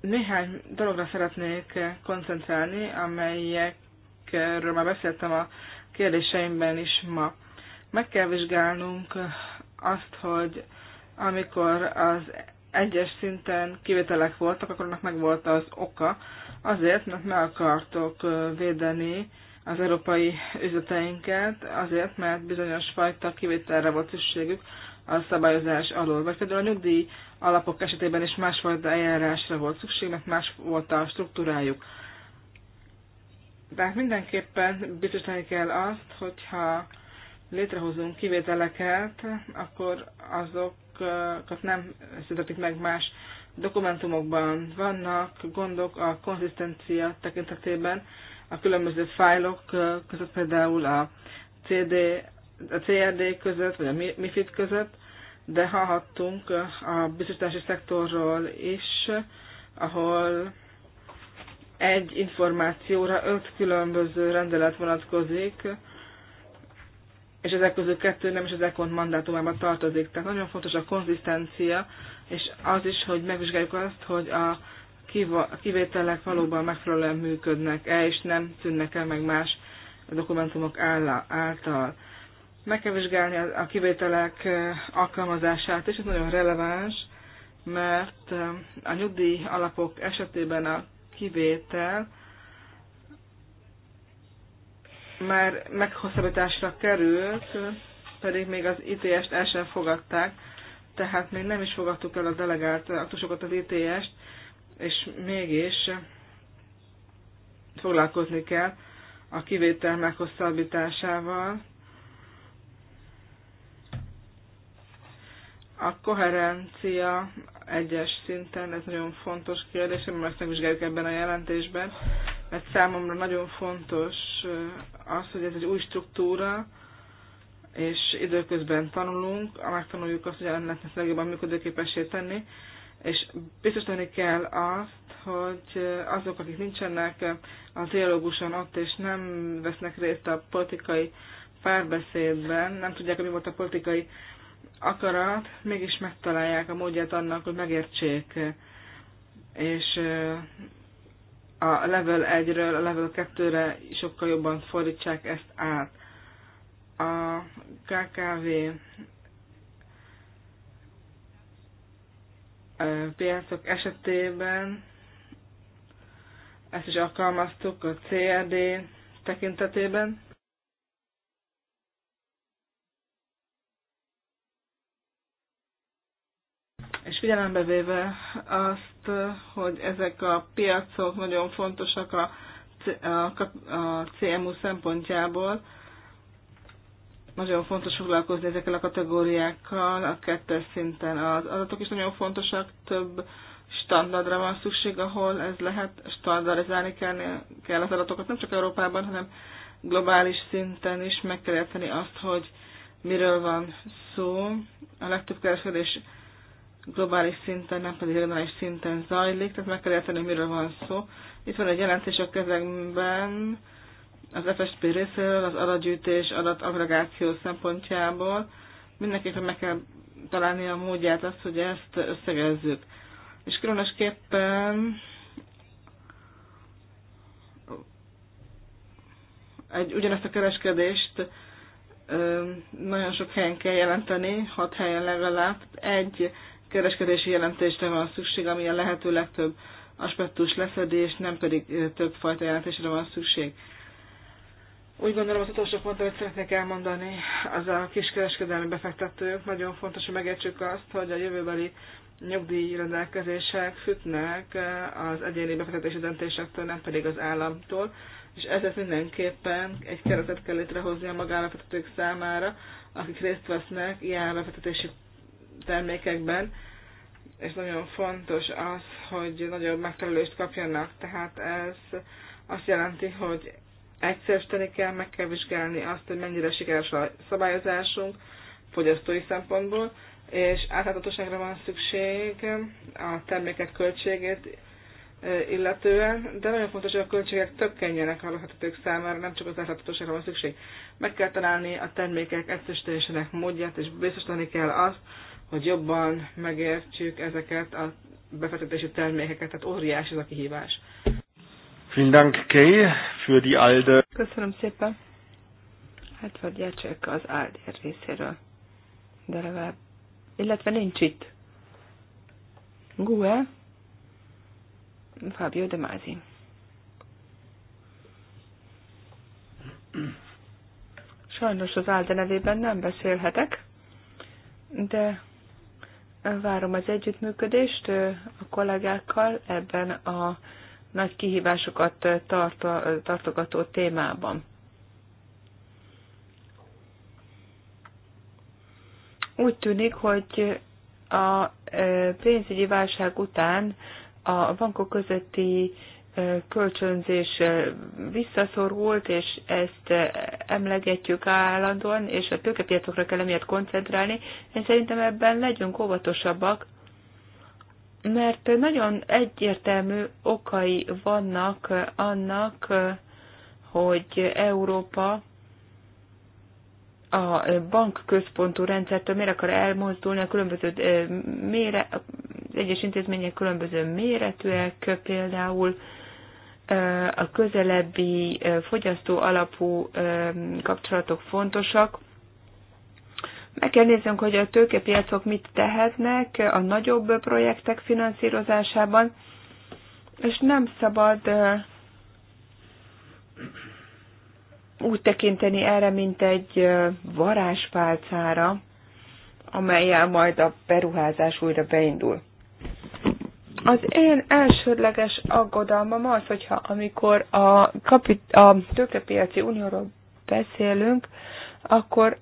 Néhány dologra szeretnék koncentrálni, amelyek amelyekről már beszéltem a kérdéseimben is ma. Meg kell vizsgálnunk azt, hogy amikor az egyes szinten kivételek voltak, akkor annak meg volt az oka, azért, mert meg akartok védeni az európai üzleteinket, azért, mert bizonyos fajta kivételre volt szükségük a szabályozás alól. Vagy például a nyugdíj alapok esetében is másfajta eljárásra volt szükség, mert más volt a struktúrájuk de mindenképpen biztosítani kell azt, hogyha létrehozunk kivételeket, akkor azokat nem születik meg más dokumentumokban. Vannak gondok a konzisztencia tekintetében, a különböző fájlok között például a CD, a CRD között, vagy a MIFID között, de hallhattunk a biztosítási szektorról is, ahol egy információra öt különböző rendelet vonatkozik, és ezek közül kettő nem is az ECON mandátumában tartozik. Tehát nagyon fontos a konzisztencia, és az is, hogy megvizsgáljuk azt, hogy a kivételek valóban megfelelően működnek-e, és nem tűnnek el meg más dokumentumok által. Meg kell vizsgálni a kivételek eh, alkalmazását, és ez nagyon releváns, mert eh, a nyugdíj alapok esetében a kivétel már meghosszabbításra került, pedig még az ITS-t el sem fogadták, tehát még nem is fogadtuk el a delegált aktusokat az ITS-t, és mégis foglalkozni kell a kivétel meghosszabbításával. A koherencia egyes szinten, ez nagyon fontos kérdés, mert ezt megvizsgáljuk ebben a jelentésben, mert számomra nagyon fontos az, hogy ez egy új struktúra, és időközben tanulunk, megtanuljuk azt, hogy ennek lehetne legjobban működőképessé tenni, és biztosítani kell azt, hogy azok, akik nincsenek a dialóguson ott, és nem vesznek részt a politikai párbeszédben, nem tudják, hogy mi volt a politikai akarat, mégis megtalálják a módját annak, hogy megértsék, és a level 1-ről a level 2-re sokkal jobban fordítsák ezt át. A KKV piacok esetében ezt is alkalmaztuk a CRD tekintetében. és figyelembe véve azt, hogy ezek a piacok nagyon fontosak a, a, a CMU szempontjából, nagyon fontos foglalkozni ezekkel a kategóriákkal, a kettes szinten az adatok is nagyon fontosak, több standardra van szükség, ahol ez lehet, standardizálni kell, kell az adatokat, nem csak Európában, hanem globális szinten is meg kell érteni azt, hogy miről van szó. A legtöbb kereskedés globális szinten, nem pedig regionális szinten zajlik, tehát meg kell érteni, miről van szó. Itt van egy jelentés a kezemben az FSP részéről, az adatgyűjtés, adatagregáció szempontjából. Mindenképpen meg kell találni a módját azt, hogy ezt összegezzük. És különösképpen egy ugyanezt a kereskedést nagyon sok helyen kell jelenteni, hat helyen legalább. Egy kereskedési jelentésre van szükség, ami a lehető legtöbb aspektus leszedi, nem pedig több fajta jelentésre van szükség. Úgy gondolom az utolsó pont, amit szeretnék elmondani, az a kiskereskedelmi befektetők. Nagyon fontos, hogy megértsük azt, hogy a jövőbeli nyugdíj rendelkezések fütnek az egyéni befektetési döntésektől, nem pedig az államtól, és ezért mindenképpen egy keretet kell létrehozni a magánbefektetők számára, akik részt vesznek ilyen befektetési termékekben, és nagyon fontos az, hogy nagyobb megfelelőst kapjanak. Tehát ez azt jelenti, hogy egyszerűsíteni kell, meg kell vizsgálni azt, hogy mennyire sikeres a szabályozásunk fogyasztói szempontból, és átláthatóságra van szükség a termékek költségét illetően, de nagyon fontos, hogy a költségek tökkenjenek a lakhatók számára, nem csak az átláthatóságra van szükség. Meg kell találni a termékek egyszerűsítésének módját, és biztosítani kell azt, hogy jobban megértsük ezeket a befektetési termékeket, tehát óriás ez a kihívás. Vielen Dank, Kay, für die ALDE. Köszönöm szépen. Hát vagy csak az ALDE részéről. De legalább, illetve nincs itt. Gue, Fábio de Mázi. Sajnos az Álde nevében nem beszélhetek, de Várom az együttműködést a kollégákkal ebben a nagy kihívásokat tartogató témában. Úgy tűnik, hogy a pénzügyi válság után a bankok közötti kölcsönzés visszaszorult, és ezt emlegetjük állandóan, és a tőkepiacokra kell emiatt koncentrálni. Én szerintem ebben legyünk óvatosabbak, mert nagyon egyértelmű okai vannak annak, hogy Európa a bankközpontú rendszertől miért akar elmozdulni, a különböző mére, egyes intézmények különböző méretűek például, a közelebbi fogyasztó alapú kapcsolatok fontosak. Meg kell néznünk, hogy a tőkepiacok mit tehetnek a nagyobb projektek finanszírozásában, és nem szabad úgy tekinteni erre, mint egy varázspálcára, amelyel majd a beruházás újra beindul. Az én elsődleges aggodalmam az, hogyha amikor a, kapit- a tőkepiaci unióról beszélünk, akkor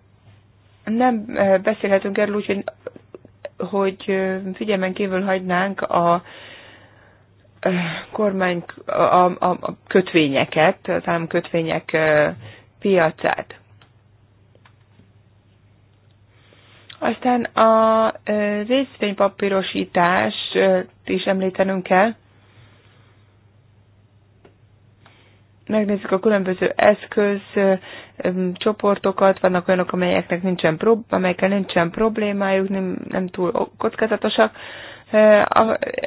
nem beszélhetünk erről úgy, hogy, hogy figyelmen kívül hagynánk a kormány a, a, a kötvényeket, az kötvények piacát. Aztán a részvénypapírosítást is említenünk kell. megnézzük a különböző eszköz csoportokat, vannak olyanok, amelyeknek nincsen prób, amelyekkel nincsen problémájuk, nem, nem túl kockázatosak,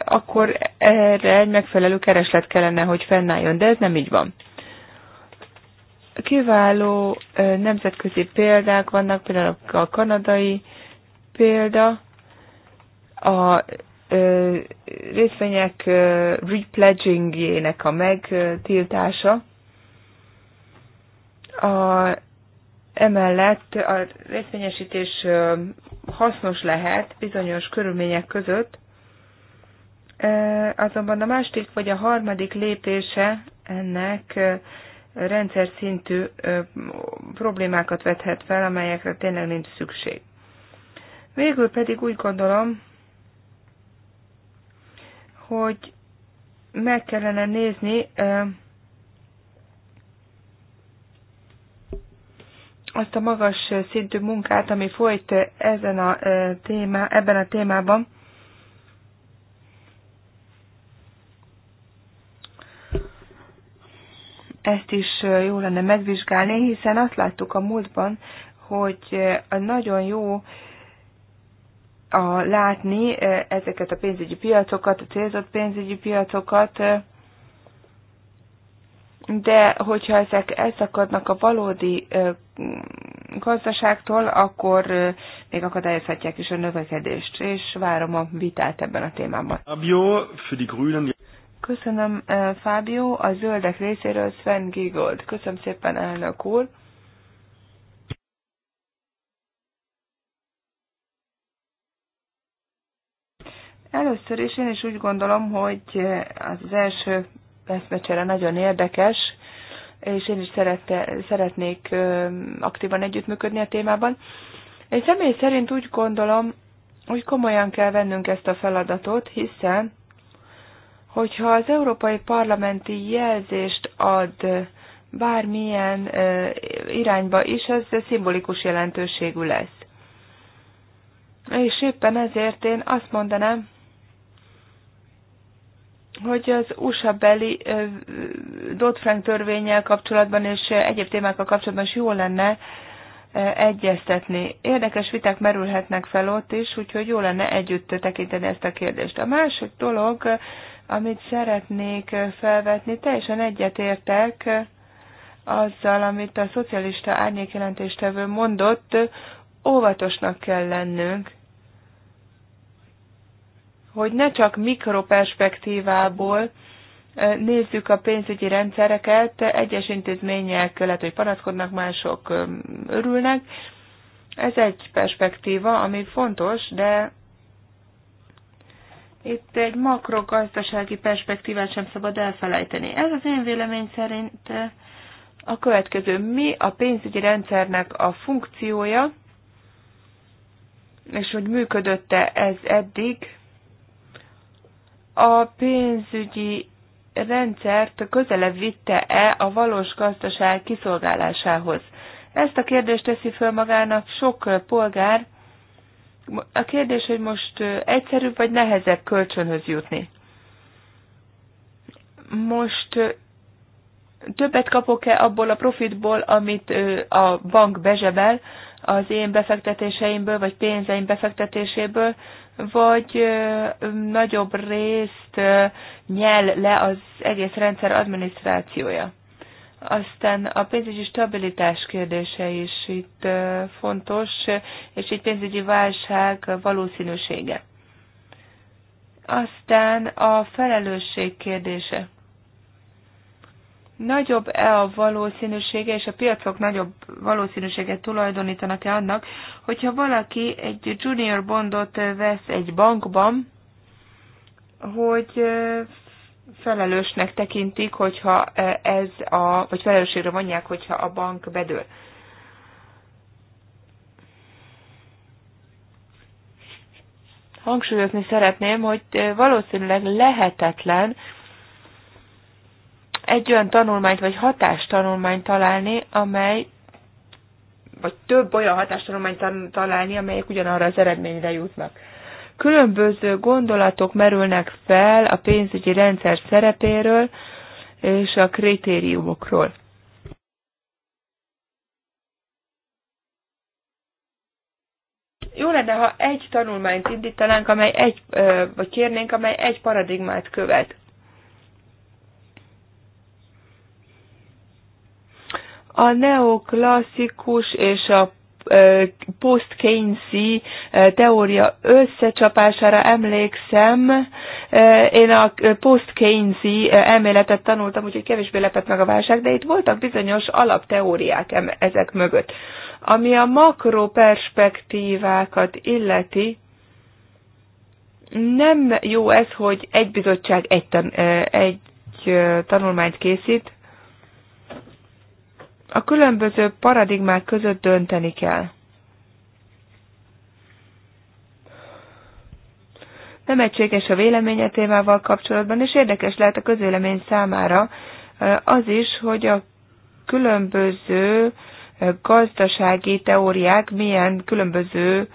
akkor erre egy megfelelő kereslet kellene, hogy fennálljon, de ez nem így van. Kiváló nemzetközi példák vannak, például a kanadai példa, a részvények repledgingjének a megtiltása. A, emellett a részvényesítés hasznos lehet bizonyos körülmények között, azonban a második vagy a harmadik lépése ennek rendszer szintű problémákat vethet fel, amelyekre tényleg nincs szükség. Végül pedig úgy gondolom, hogy meg kellene nézni azt a magas szintű munkát, ami folyt ezen a témá, ebben a témában, ezt is jó lenne megvizsgálni, hiszen azt láttuk a múltban, hogy nagyon jó a látni ezeket a pénzügyi piacokat, a célzott pénzügyi piacokat, de hogyha ezek elszakadnak a valódi gazdaságtól, akkor még akadályozhatják is a növekedést, és várom a vitát ebben a témában. Fabio, für die Grünen. Köszönöm, eh, Fábio. A zöldek részéről Sven Gigold. Köszönöm szépen, elnök úr. Először is én is úgy gondolom, hogy eh, az első eszmecsere nagyon érdekes, és én is szerette, szeretnék aktívan együttműködni a témában. Én személy szerint úgy gondolom, hogy komolyan kell vennünk ezt a feladatot, hiszen hogyha az Európai Parlamenti jelzést ad bármilyen irányba is, ez szimbolikus jelentőségű lesz. És éppen ezért én azt mondanám, hogy az USA beli Dodd-Frank törvényel kapcsolatban és egyéb témákkal kapcsolatban is jó lenne egyeztetni. Érdekes viták merülhetnek fel ott is, úgyhogy jó lenne együtt tekinteni ezt a kérdést. A másik dolog amit szeretnék felvetni, teljesen egyetértek azzal, amit a szocialista árnyékjelentéstevő mondott, óvatosnak kell lennünk, hogy ne csak mikroperspektívából nézzük a pénzügyi rendszereket, egyes intézmények lehet, hogy panaszkodnak, mások örülnek. Ez egy perspektíva, ami fontos, de itt egy makrogazdasági perspektívát sem szabad elfelejteni. Ez az én vélemény szerint eh, a következő. Mi a pénzügyi rendszernek a funkciója, és hogy működötte ez eddig, a pénzügyi rendszert közelebb vitte-e a valós gazdaság kiszolgálásához? Ezt a kérdést teszi föl magának sok polgár, a kérdés, hogy most egyszerűbb vagy nehezebb kölcsönhöz jutni. Most többet kapok-e abból a profitból, amit a bank bezsebel az én befektetéseimből, vagy pénzeim befektetéséből, vagy nagyobb részt nyel le az egész rendszer adminisztrációja. Aztán a pénzügyi stabilitás kérdése is itt fontos, és egy pénzügyi válság valószínűsége. Aztán a felelősség kérdése. Nagyobb-e a valószínűsége, és a piacok nagyobb valószínűséget tulajdonítanak-e annak, hogyha valaki egy junior bondot vesz egy bankban, hogy felelősnek tekintik, hogyha e, ez a, vagy felelősségre vonják, hogyha a bank bedől. Hangsúlyozni szeretném, hogy e, valószínűleg lehetetlen egy olyan tanulmányt vagy hatástanulmányt találni, amely vagy több olyan hatástanulmányt találni, amelyek ugyanarra az eredményre jutnak. Különböző gondolatok merülnek fel a pénzügyi rendszer szerepéről és a kritériumokról. Jó lenne, ha egy tanulmányt indítanánk, amely egy, vagy kérnénk, amely egy paradigmát követ. a neoklasszikus és a post-Keynesi teória összecsapására emlékszem. Én a post-Keynesi elméletet tanultam, úgyhogy kevésbé lepett meg a válság, de itt voltak bizonyos alapteóriák ezek mögött. Ami a makroperspektívákat illeti, nem jó ez, hogy egy bizottság egy, tan- egy tanulmányt készít, a különböző paradigmák között dönteni kell. Nem egységes a véleménye témával kapcsolatban, és érdekes lehet a közélemény számára az is, hogy a különböző gazdasági teóriák milyen különböző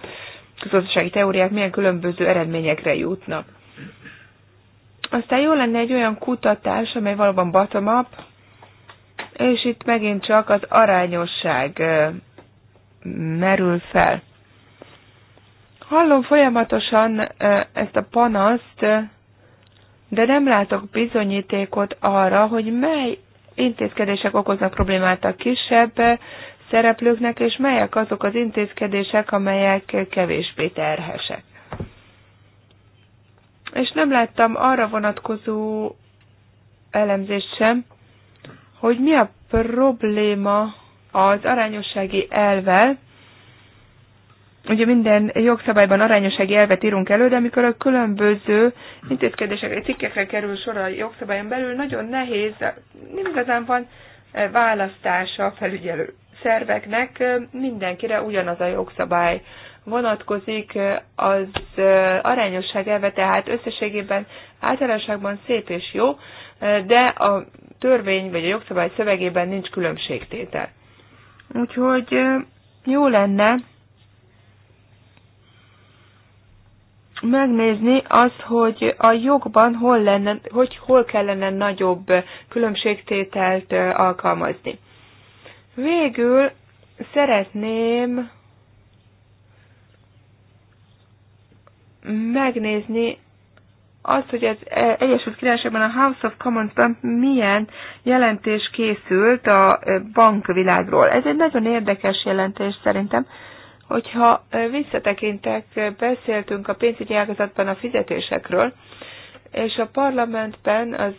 gazdasági teóriák milyen különböző eredményekre jutnak. Aztán jó lenne egy olyan kutatás, amely valóban bottom-up, és itt megint csak az arányosság merül fel. Hallom folyamatosan ezt a panaszt, de nem látok bizonyítékot arra, hogy mely intézkedések okoznak problémát a kisebb szereplőknek, és melyek azok az intézkedések, amelyek kevésbé terhesek. És nem láttam arra vonatkozó elemzést sem, hogy mi a probléma az arányossági elvel, ugye minden jogszabályban arányossági elvet írunk elő, de amikor a különböző intézkedésekre, cikkekre kerül sor a jogszabályon belül, nagyon nehéz, nem igazán van eh, választása a felügyelő szerveknek, eh, mindenkire ugyanaz a jogszabály vonatkozik eh, az arányosság elve, tehát összességében általánosságban szép és jó, de a törvény vagy a jogszabály szövegében nincs különbségtétel. Úgyhogy jó lenne megnézni azt, hogy a jogban hol, lenne, hogy hol kellene nagyobb különbségtételt alkalmazni. Végül szeretném megnézni az, hogy az e- Egyesült Királyságban a House of Commons-ban milyen jelentés készült a bankvilágról. Ez egy nagyon érdekes jelentés szerintem, hogyha visszatekintek, beszéltünk a pénzügyi ágazatban a fizetésekről, és a parlamentben az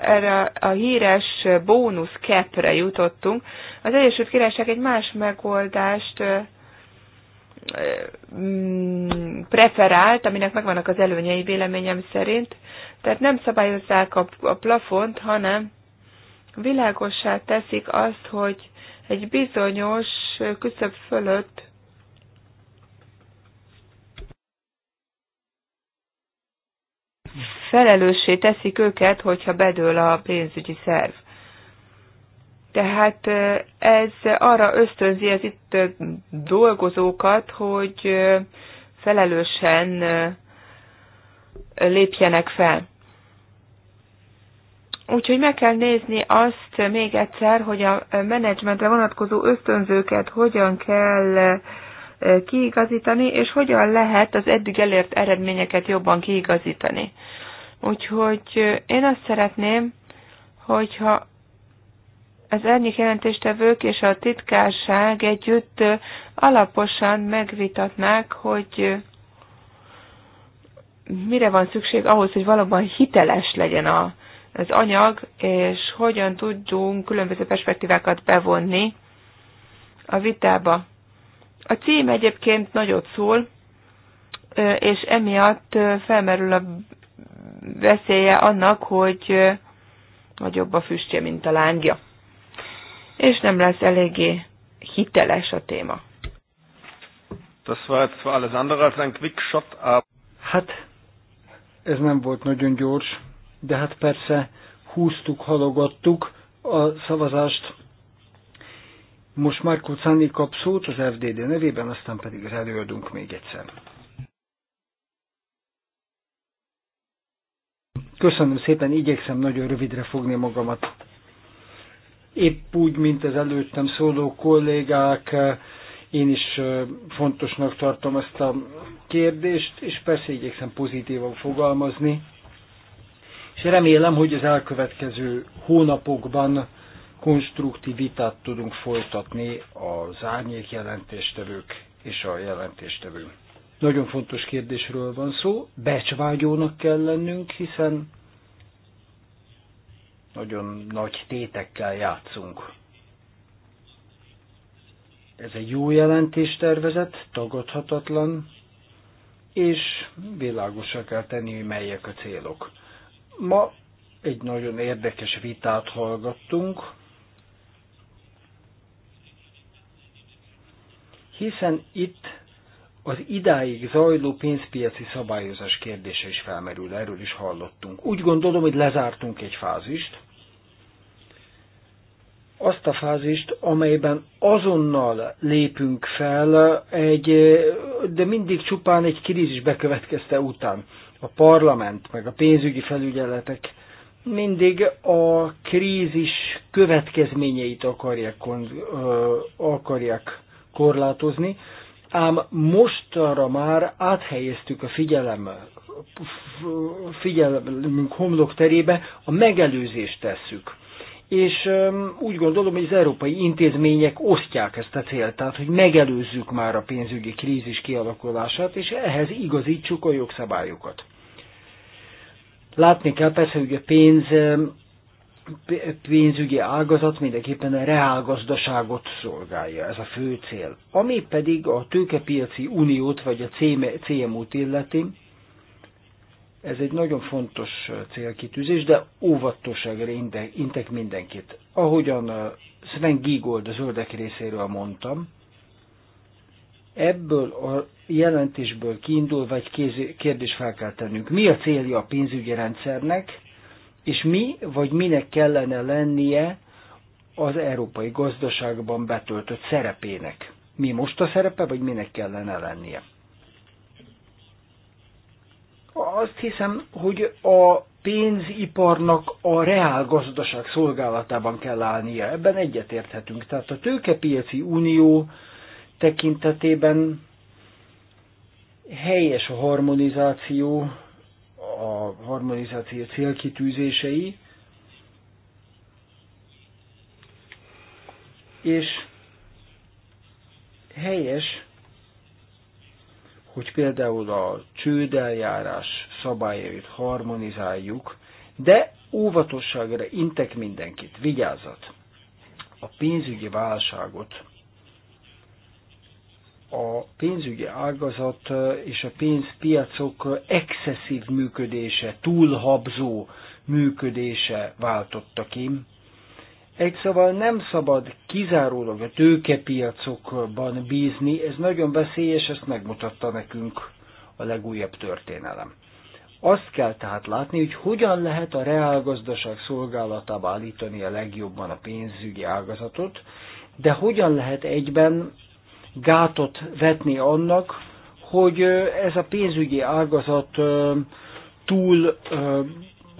erre a híres bónusz kepre jutottunk. Az Egyesült Királyság egy más megoldást Mm, preferált, aminek megvannak az előnyei véleményem szerint. Tehát nem szabályozzák a, a plafont, hanem világossá teszik azt, hogy egy bizonyos küszöb fölött felelőssé teszik őket, hogyha bedől a pénzügyi szerv. Tehát ez arra ösztönzi az itt dolgozókat, hogy felelősen lépjenek fel. Úgyhogy meg kell nézni azt még egyszer, hogy a menedzsmentre vonatkozó ösztönzőket hogyan kell kiigazítani, és hogyan lehet az eddig elért eredményeket jobban kiigazítani. Úgyhogy én azt szeretném, hogyha az árnyék jelentéstevők és a titkárság együtt alaposan megvitatnák, hogy mire van szükség ahhoz, hogy valóban hiteles legyen a, az anyag, és hogyan tudjunk különböző perspektívákat bevonni a vitába. A cím egyébként nagyot szól, és emiatt felmerül a veszélye annak, hogy nagyobb a füstje, mint a lángja és nem lesz eléggé hiteles a téma. Das war jetzt zwar alles andere als ein shot, aber... Hát, ez nem volt nagyon gyors, de hát persze húztuk, halogattuk a szavazást. Most Márkó Czányi kap szót az FDD nevében, aztán pedig az előadunk még egyszer. Köszönöm szépen, igyekszem nagyon rövidre fogni magamat. Épp úgy, mint az előttem szóló kollégák, eh, én is eh, fontosnak tartom ezt a kérdést, és persze igyekszem pozitívan fogalmazni, és remélem, hogy az elkövetkező hónapokban konstruktív vitát tudunk folytatni az árnyék jelentéstevők és a jelentéstevők. Nagyon fontos kérdésről van szó, becsvágyónak kell lennünk, hiszen nagyon nagy tétekkel játszunk. Ez egy jó jelentéstervezet, tagadhatatlan, és világosra kell tenni, hogy melyek a célok. Ma egy nagyon érdekes vitát hallgattunk, hiszen itt az idáig zajló pénzpiaci szabályozás kérdése is felmerül, erről is hallottunk. Úgy gondolom, hogy lezártunk egy fázist, azt a fázist, amelyben azonnal lépünk fel, egy, de mindig csupán egy krízis bekövetkezte után. A parlament, meg a pénzügyi felügyeletek mindig a krízis következményeit akarják, akarják korlátozni, ám mostanra már áthelyeztük a figyelem, figyelmünk homlok terébe, a megelőzést tesszük. És úgy gondolom, hogy az európai intézmények osztják ezt a célt, tehát hogy megelőzzük már a pénzügyi krízis kialakulását, és ehhez igazítsuk a jogszabályokat. Látni kell persze, hogy a pénz pénzügyi ágazat mindenképpen a reálgazdaságot szolgálja, ez a fő cél. Ami pedig a tőkepiaci uniót vagy a CMU-t illeti, ez egy nagyon fontos célkitűzés, de óvatosságra intek mindenkit. Ahogyan uh, Sven Giegold a zöldek részéről mondtam, ebből a jelentésből kiindul vagy kérdés fel kell tennünk. Mi a célja a pénzügyi rendszernek, és mi vagy minek kellene lennie az európai gazdaságban betöltött szerepének. Mi most a szerepe, vagy minek kellene lennie? Azt hiszem, hogy a pénziparnak a reál gazdaság szolgálatában kell állnia. Ebben egyetérthetünk. Tehát a tőkepiaci unió tekintetében helyes a harmonizáció, a harmonizáció célkitűzései, és helyes, hogy például a csődeljárás szabályait harmonizáljuk, de óvatosságra intek mindenkit, vigyázat! A pénzügyi válságot a pénzügyi ágazat és a pénzpiacok excesszív működése, túlhabzó működése váltotta ki. Egy szóval nem szabad kizárólag a tőkepiacokban bízni, ez nagyon veszélyes, ezt megmutatta nekünk a legújabb történelem. Azt kell tehát látni, hogy hogyan lehet a reálgazdaság szolgálatába állítani a legjobban a pénzügyi ágazatot, de hogyan lehet egyben gátot vetni annak, hogy ez a pénzügyi ágazat túl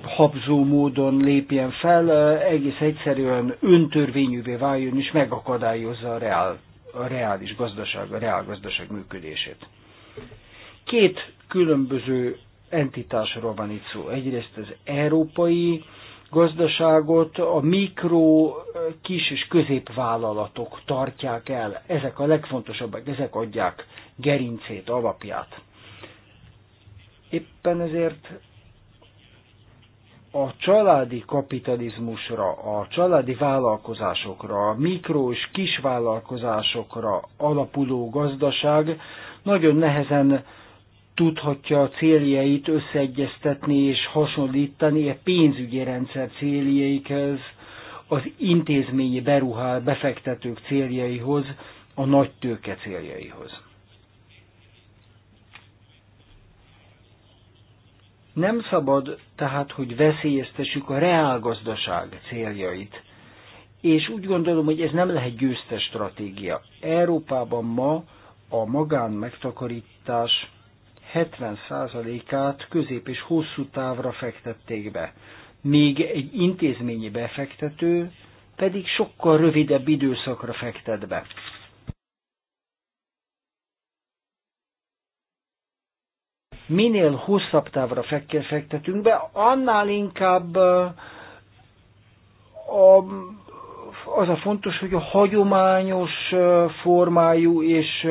habzó módon lépjen fel, egész egyszerűen öntörvényűvé váljon és megakadályozza a, reál, a reális gazdaság, a reál gazdaság működését. Két különböző entitásról van itt szó. Egyrészt az európai gazdaságot a mikro, kis és középvállalatok tartják el. Ezek a legfontosabbak, ezek adják gerincét, alapját. Éppen ezért a családi kapitalizmusra, a családi vállalkozásokra, a mikro és kisvállalkozásokra alapuló gazdaság nagyon nehezen tudhatja a céljait összeegyeztetni és hasonlítani a e pénzügyi rendszer céljaikhez, az intézményi beruhál befektetők céljaihoz, a nagy tőke céljaihoz. Nem szabad tehát, hogy veszélyeztessük a reálgazdaság céljait. És úgy gondolom, hogy ez nem lehet győztes stratégia. Európában ma a magán megtakarítás 70%-át közép és hosszú távra fektették be. Még egy intézményi befektető pedig sokkal rövidebb időszakra fektet be. Minél hosszabb távra fektetünk be, annál inkább a, az a fontos, hogy a hagyományos formájú és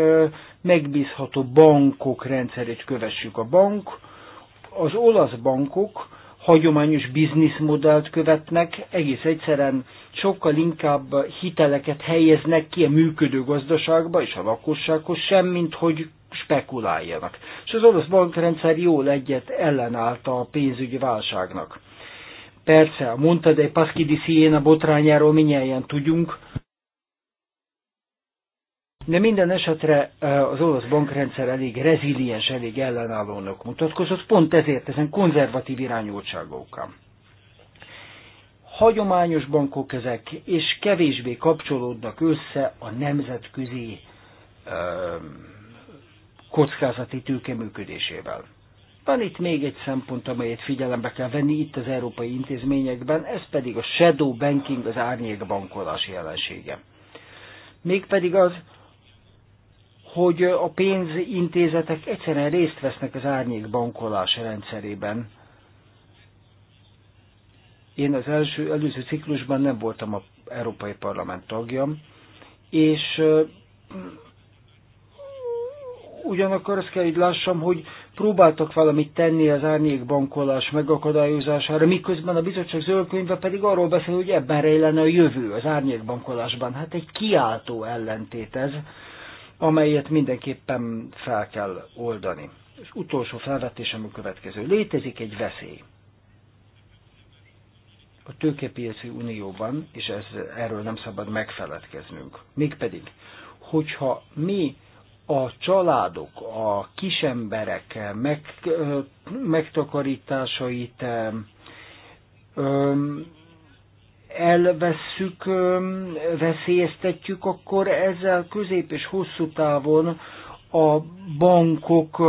megbízható bankok rendszerét kövessük. A bank, az olasz bankok hagyományos bizniszmodellt követnek, egész egyszerűen sokkal inkább hiteleket helyeznek ki a működő gazdaságba és a lakossághoz sem, mint hogy spekuláljanak. És az olasz bankrendszer jól egyet ellenállt a pénzügyi válságnak. Persze, a Montadei dei Paschi di Siena botrányáról minnyáján tudjunk, de minden esetre az olasz bankrendszer elég reziliens, elég ellenállónak mutatkozott, pont ezért ezen konzervatív irányultságokkal. Hagyományos bankok ezek, és kevésbé kapcsolódnak össze a nemzetközi kockázati tőke működésével. Van itt még egy szempont, amelyet figyelembe kell venni itt az európai intézményekben, ez pedig a shadow banking, az árnyékbankolás jelensége. Mégpedig az, hogy a pénzintézetek egyszerűen részt vesznek az árnyék bankolás rendszerében. Én az első, előző ciklusban nem voltam az Európai Parlament tagja, és ugyanakkor azt kell, hogy lássam, hogy próbáltak valamit tenni az árnyékbankolás megakadályozására, miközben a bizottság zöldkönyve pedig arról beszél, hogy ebben rejlene a jövő, az árnyékbankolásban. Hát egy kiáltó ellentét ez amelyet mindenképpen fel kell oldani. És utolsó felvetésem a következő. Létezik egy veszély. A tőkepiaci unióban, és ez, erről nem szabad megfeledkeznünk. Mégpedig, hogyha mi a családok, a kisemberek meg, megtakarításait elvesszük, veszélyeztetjük, akkor ezzel közép és hosszú távon a bankok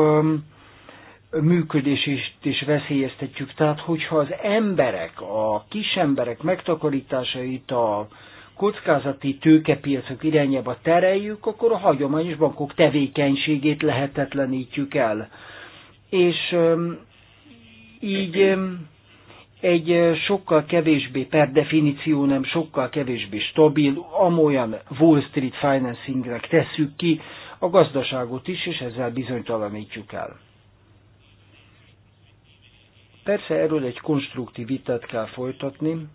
működését is veszélyeztetjük. Tehát, hogyha az emberek, a kis emberek megtakarításait a kockázati tőkepiacok irányába tereljük, akkor a hagyományos bankok tevékenységét lehetetlenítjük el. És így egy sokkal kevésbé, per definíció nem, sokkal kevésbé stabil, amolyan Wall Street financingre tesszük ki a gazdaságot is, és ezzel bizonytalanítjuk el. Persze erről egy konstruktív vitát kell folytatni.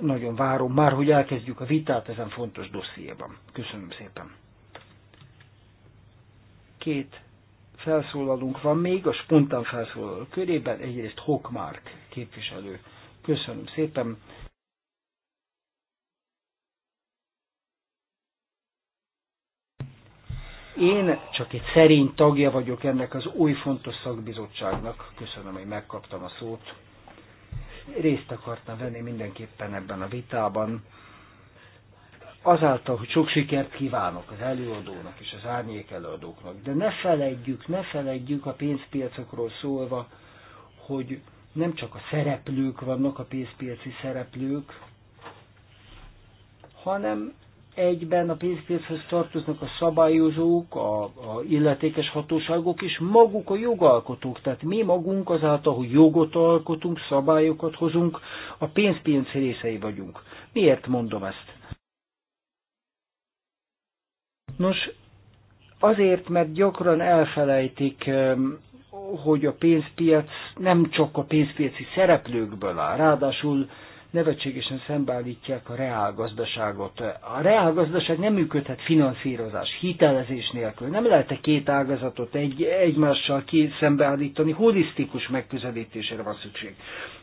Nagyon várom már, hogy elkezdjük a vitát ezen fontos dossziéban. Köszönöm szépen. Két felszólalunk van még a spontán felszólaló körében, egyrészt Hokmark képviselő. Köszönöm szépen. Én csak egy szerény tagja vagyok ennek az új fontos szakbizottságnak. Köszönöm, hogy megkaptam a szót. Részt akartam venni mindenképpen ebben a vitában azáltal, hogy sok sikert kívánok az előadónak és az árnyék előadóknak. De ne feledjük, ne feledjük a pénzpiacokról szólva, hogy nem csak a szereplők vannak, a pénzpiaci szereplők, hanem egyben a pénzpiachoz tartoznak a szabályozók, a, a illetékes hatóságok és maguk a jogalkotók. Tehát mi magunk azáltal, hogy jogot alkotunk, szabályokat hozunk, a pénzpiac részei vagyunk. Miért mondom ezt? Nos, azért, mert gyakran elfelejtik, hogy a pénzpiac nem csak a pénzpiaci szereplőkből áll, ráadásul nevetségesen szembeállítják a reálgazdaságot. A reálgazdaság nem működhet finanszírozás, hitelezés nélkül. Nem lehet -e két ágazatot egy, egymással ki szembeállítani, holisztikus megközelítésre van szükség.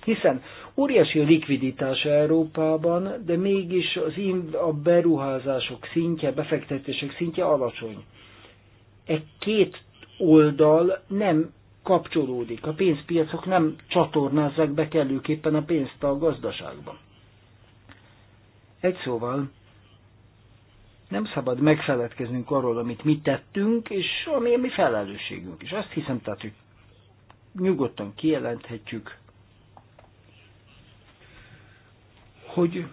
Hiszen óriási a likviditás Európában, de mégis az in- a beruházások szintje, befektetések szintje alacsony. E két oldal nem kapcsolódik. A pénzpiacok nem csatornázzák be kellőképpen a pénzt a gazdaságban. Egy szóval, nem szabad megfeledkeznünk arról, amit mi tettünk, és ami a mi felelősségünk is. Azt hiszem, tehát, hogy nyugodtan kijelenthetjük, hogy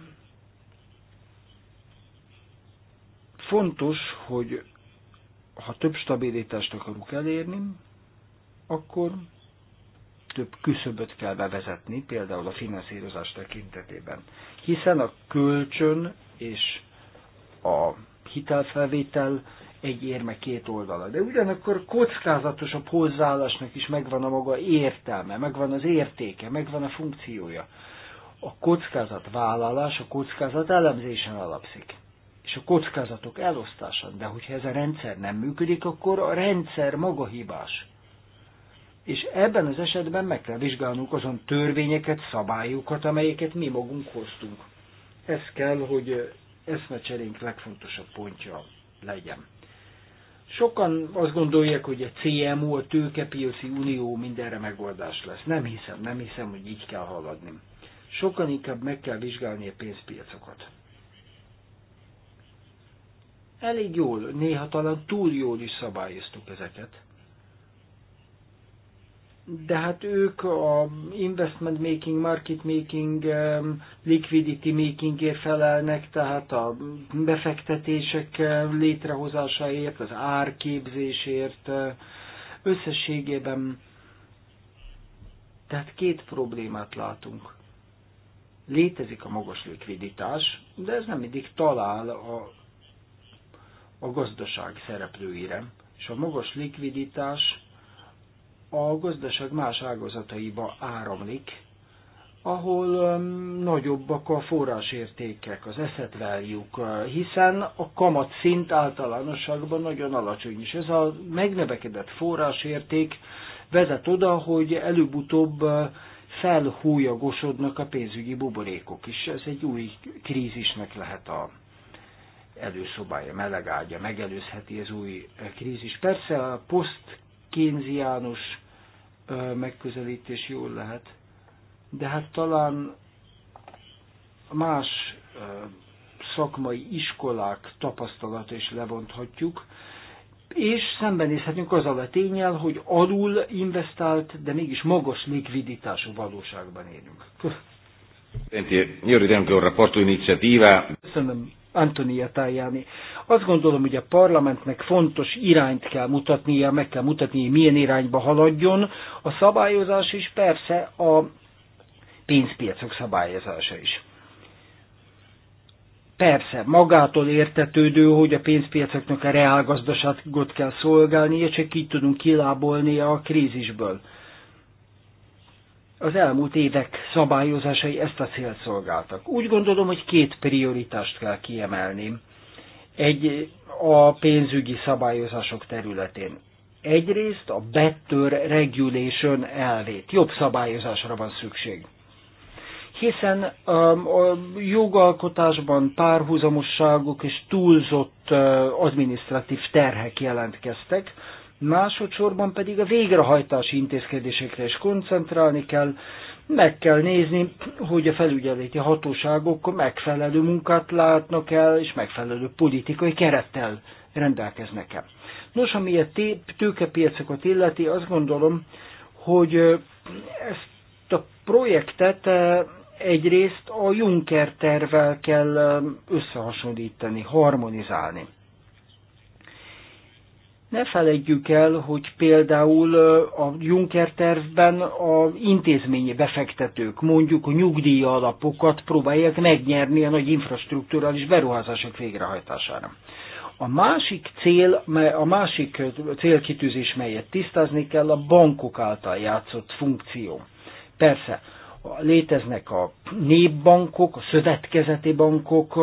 fontos, hogy ha több stabilitást akarunk elérni, akkor több küszöböt kell bevezetni, például a finanszírozás tekintetében. Hiszen a kölcsön és a hitelfelvétel egy érme két oldala. De ugyanakkor kockázatosabb hozzáállásnak is megvan a maga értelme, megvan az értéke, megvan a funkciója. A vállalás, a kockázat elemzésen alapszik, és a kockázatok elosztásán. De hogyha ez a rendszer nem működik, akkor a rendszer maga hibás. És ebben az esetben meg kell vizsgálnunk azon törvényeket, szabályokat, amelyeket mi magunk hoztunk. Ez kell, hogy eszmecserénk legfontosabb pontja legyen. Sokan azt gondolják, hogy a CMU, a tőkepiaci unió mindenre megoldás lesz. Nem hiszem, nem hiszem, hogy így kell haladni. Sokan inkább meg kell vizsgálni a pénzpiacokat. Elég jól, néha talán túl jól is szabályoztuk ezeket de hát ők a investment making, market making, um, liquidity makingért felelnek, tehát a befektetések um, létrehozásáért, az árképzésért, uh, összességében. Tehát két problémát látunk. Létezik a magas likviditás, de ez nem mindig talál a, a gazdaság szereplőire. És a magas likviditás a gazdaság más ágazataiba áramlik, ahol um, nagyobbak a forrásértékek, az asset value uh, hiszen a kamat szint általánosságban nagyon alacsony, és ez a megnövekedett forrásérték vezet oda, hogy előbb-utóbb uh, felhújagosodnak a pénzügyi buborékok is. Ez egy új krízisnek lehet a előszobája, melegágya, megelőzheti az új krízis. Persze a poszt kénziánus megközelítés jól lehet. De hát talán más szakmai iskolák tapasztalata is levonthatjuk, és szembenézhetünk azzal a tényel, hogy alul investált, de mégis magas likviditású valóságban élünk. Senti, Köszönöm, Antonia Tajani. Azt gondolom, hogy a parlamentnek fontos irányt kell mutatnia, meg kell mutatnia, milyen irányba haladjon a szabályozás is, persze a pénzpiacok szabályozása is. Persze, magától értetődő, hogy a pénzpiacoknak a reálgazdaságot kell szolgálnia, csak így tudunk kilábolni a krízisből az elmúlt évek szabályozásai ezt a célt szolgáltak. Úgy gondolom, hogy két prioritást kell kiemelni. Egy a pénzügyi szabályozások területén. Egyrészt a better regulation elvét, jobb szabályozásra van szükség. Hiszen um, a jogalkotásban párhuzamosságok és túlzott uh, administratív terhek jelentkeztek, Másodszorban pedig a végrehajtási intézkedésekre is koncentrálni kell, meg kell nézni, hogy a felügyeleti hatóságok megfelelő munkát látnak el, és megfelelő politikai kerettel rendelkeznek el. Nos, ami a tőkepiacokat illeti, azt gondolom, hogy ezt a projektet egyrészt a Juncker tervvel kell összehasonlítani, harmonizálni. Ne felejtjük el, hogy például a Juncker tervben a intézményi befektetők, mondjuk a nyugdíj alapokat próbálják megnyerni a nagy infrastruktúrális beruházások végrehajtására. A másik cél, a másik célkitűzés, melyet tisztázni kell, a bankok által játszott funkció. Persze, léteznek a népbankok, a szövetkezeti bankok,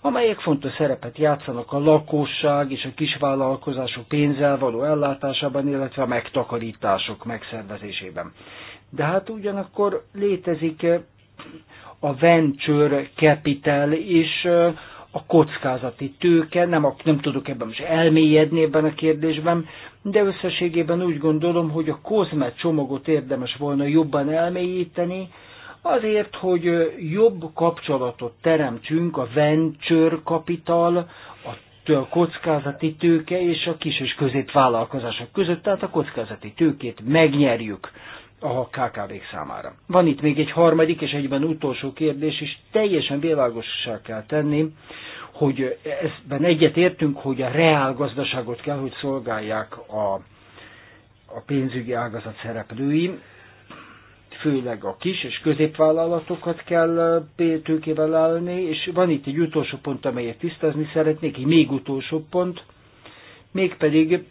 amelyek fontos szerepet játszanak a lakosság és a kisvállalkozások pénzzel való ellátásában, illetve a megtakarítások megszervezésében. De hát ugyanakkor létezik a venture capital is, a kockázati tőke, nem, nem tudok ebben most elmélyedni ebben a kérdésben, de összességében úgy gondolom, hogy a kozme csomagot érdemes volna jobban elmélyíteni, azért, hogy jobb kapcsolatot teremtsünk a venture kapital, a kockázati tőke és a kis és középvállalkozások között, tehát a kockázati tőkét megnyerjük a kkv számára. Van itt még egy harmadik és egyben utolsó kérdés, és teljesen világosá kell tenni, hogy ezben egyetértünk, hogy a reál gazdaságot kell, hogy szolgálják a, a pénzügyi ágazat szereplői, főleg a kis és középvállalatokat kell tőkével állni, és van itt egy utolsó pont, amelyet tisztázni szeretnék, egy még utolsó pont, mégpedig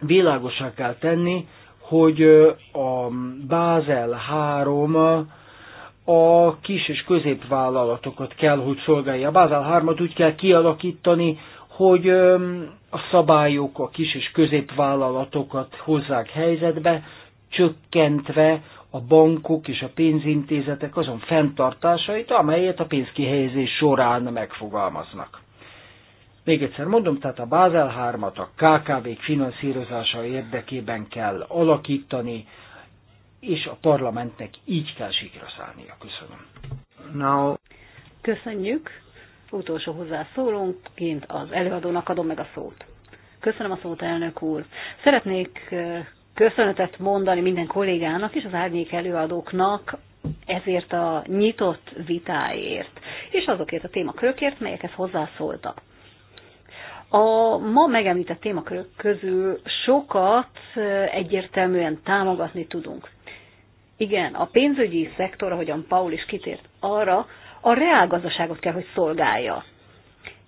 világosá kell tenni, hogy a Bázel 3 a kis és középvállalatokat kell, hogy szolgálja. A Bázel 3-at úgy kell kialakítani, hogy a szabályok a kis és középvállalatokat hozzák helyzetbe, csökkentve a bankok és a pénzintézetek azon fenntartásait, amelyet a pénzkihelyezés során megfogalmaznak. Még egyszer mondom, tehát a Bázel 3-at a kkv finanszírozása érdekében kell alakítani, és a parlamentnek így kell sikra szállnia. Köszönöm. Now. Köszönjük. Utolsó hozzászólónként az előadónak adom meg a szót. Köszönöm a szót, elnök úr. Szeretnék köszönetet mondani minden kollégának és az árnyék előadóknak ezért a nyitott vitáért, és azokért a témakörökért, melyekhez hozzászóltak. A ma megemlített témakörök közül sokat egyértelműen támogatni tudunk. Igen, a pénzügyi szektor, ahogyan Paul is kitért arra, a reálgazdaságot kell, hogy szolgálja.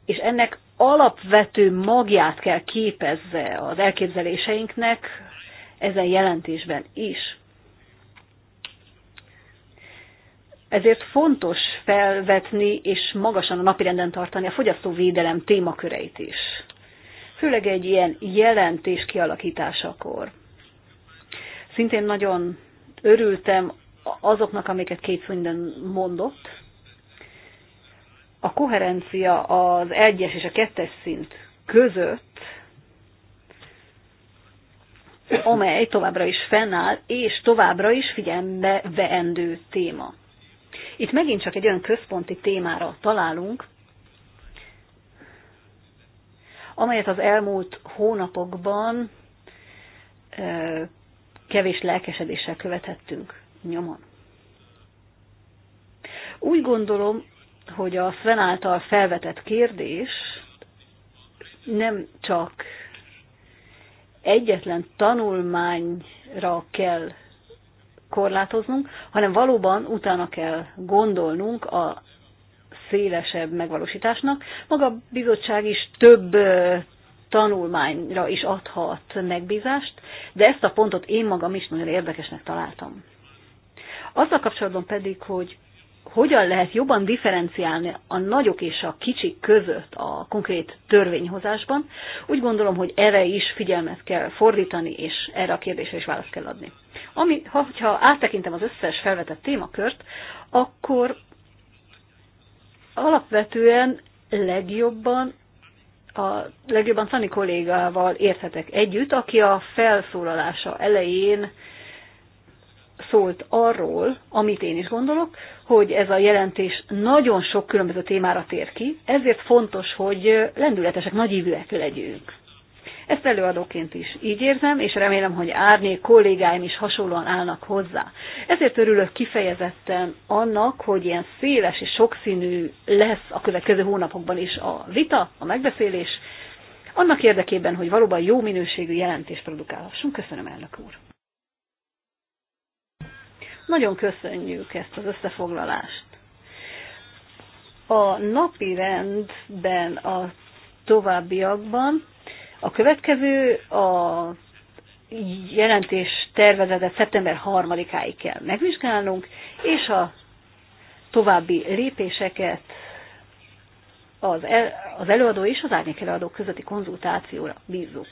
És ennek alapvető magját kell képezze az elképzeléseinknek ezen jelentésben is. Ezért fontos felvetni és magasan a napirenden tartani a fogyasztóvédelem témaköreit is. Főleg egy ilyen jelentés kialakításakor. Szintén nagyon örültem azoknak, amiket két minden mondott. A koherencia az egyes és a kettes szint között, amely továbbra is fennáll, és továbbra is figyelme veendő téma. Itt megint csak egy olyan központi témára találunk, amelyet az elmúlt hónapokban kevés lelkesedéssel követhettünk nyomon. Úgy gondolom, hogy a Sven által felvetett kérdés nem csak egyetlen tanulmányra kell korlátoznunk, hanem valóban utána kell gondolnunk a szélesebb megvalósításnak. Maga a bizottság is több tanulmányra is adhat megbízást, de ezt a pontot én magam is nagyon érdekesnek találtam. Azzal kapcsolatban pedig, hogy hogyan lehet jobban differenciálni a nagyok és a kicsik között a konkrét törvényhozásban, úgy gondolom, hogy erre is figyelmet kell fordítani, és erre a kérdésre is választ kell adni. Ami, ha, hogyha áttekintem az összes felvetett témakört, akkor alapvetően legjobban a legjobban Tani kollégával érthetek együtt, aki a felszólalása elején szólt arról, amit én is gondolok, hogy ez a jelentés nagyon sok különböző témára tér ki, ezért fontos, hogy lendületesek, nagyívűek legyünk. Ezt előadóként is így érzem, és remélem, hogy árnyék kollégáim is hasonlóan állnak hozzá. Ezért örülök kifejezetten annak, hogy ilyen széles és sokszínű lesz a következő hónapokban is a vita, a megbeszélés, annak érdekében, hogy valóban jó minőségű jelentést produkálhassunk. Köszönöm, elnök úr! Nagyon köszönjük ezt az összefoglalást. A napi rendben a továbbiakban a következő a jelentés tervezetet szeptember 3-áig kell megvizsgálnunk, és a további lépéseket az, el, az előadó és az árnyék előadó közötti konzultációra bízzuk.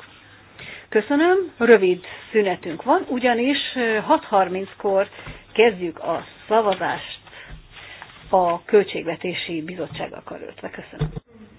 Köszönöm, rövid szünetünk van, ugyanis 6.30-kor kezdjük a szavazást a Költségvetési Bizottsággal karöltve. Köszönöm.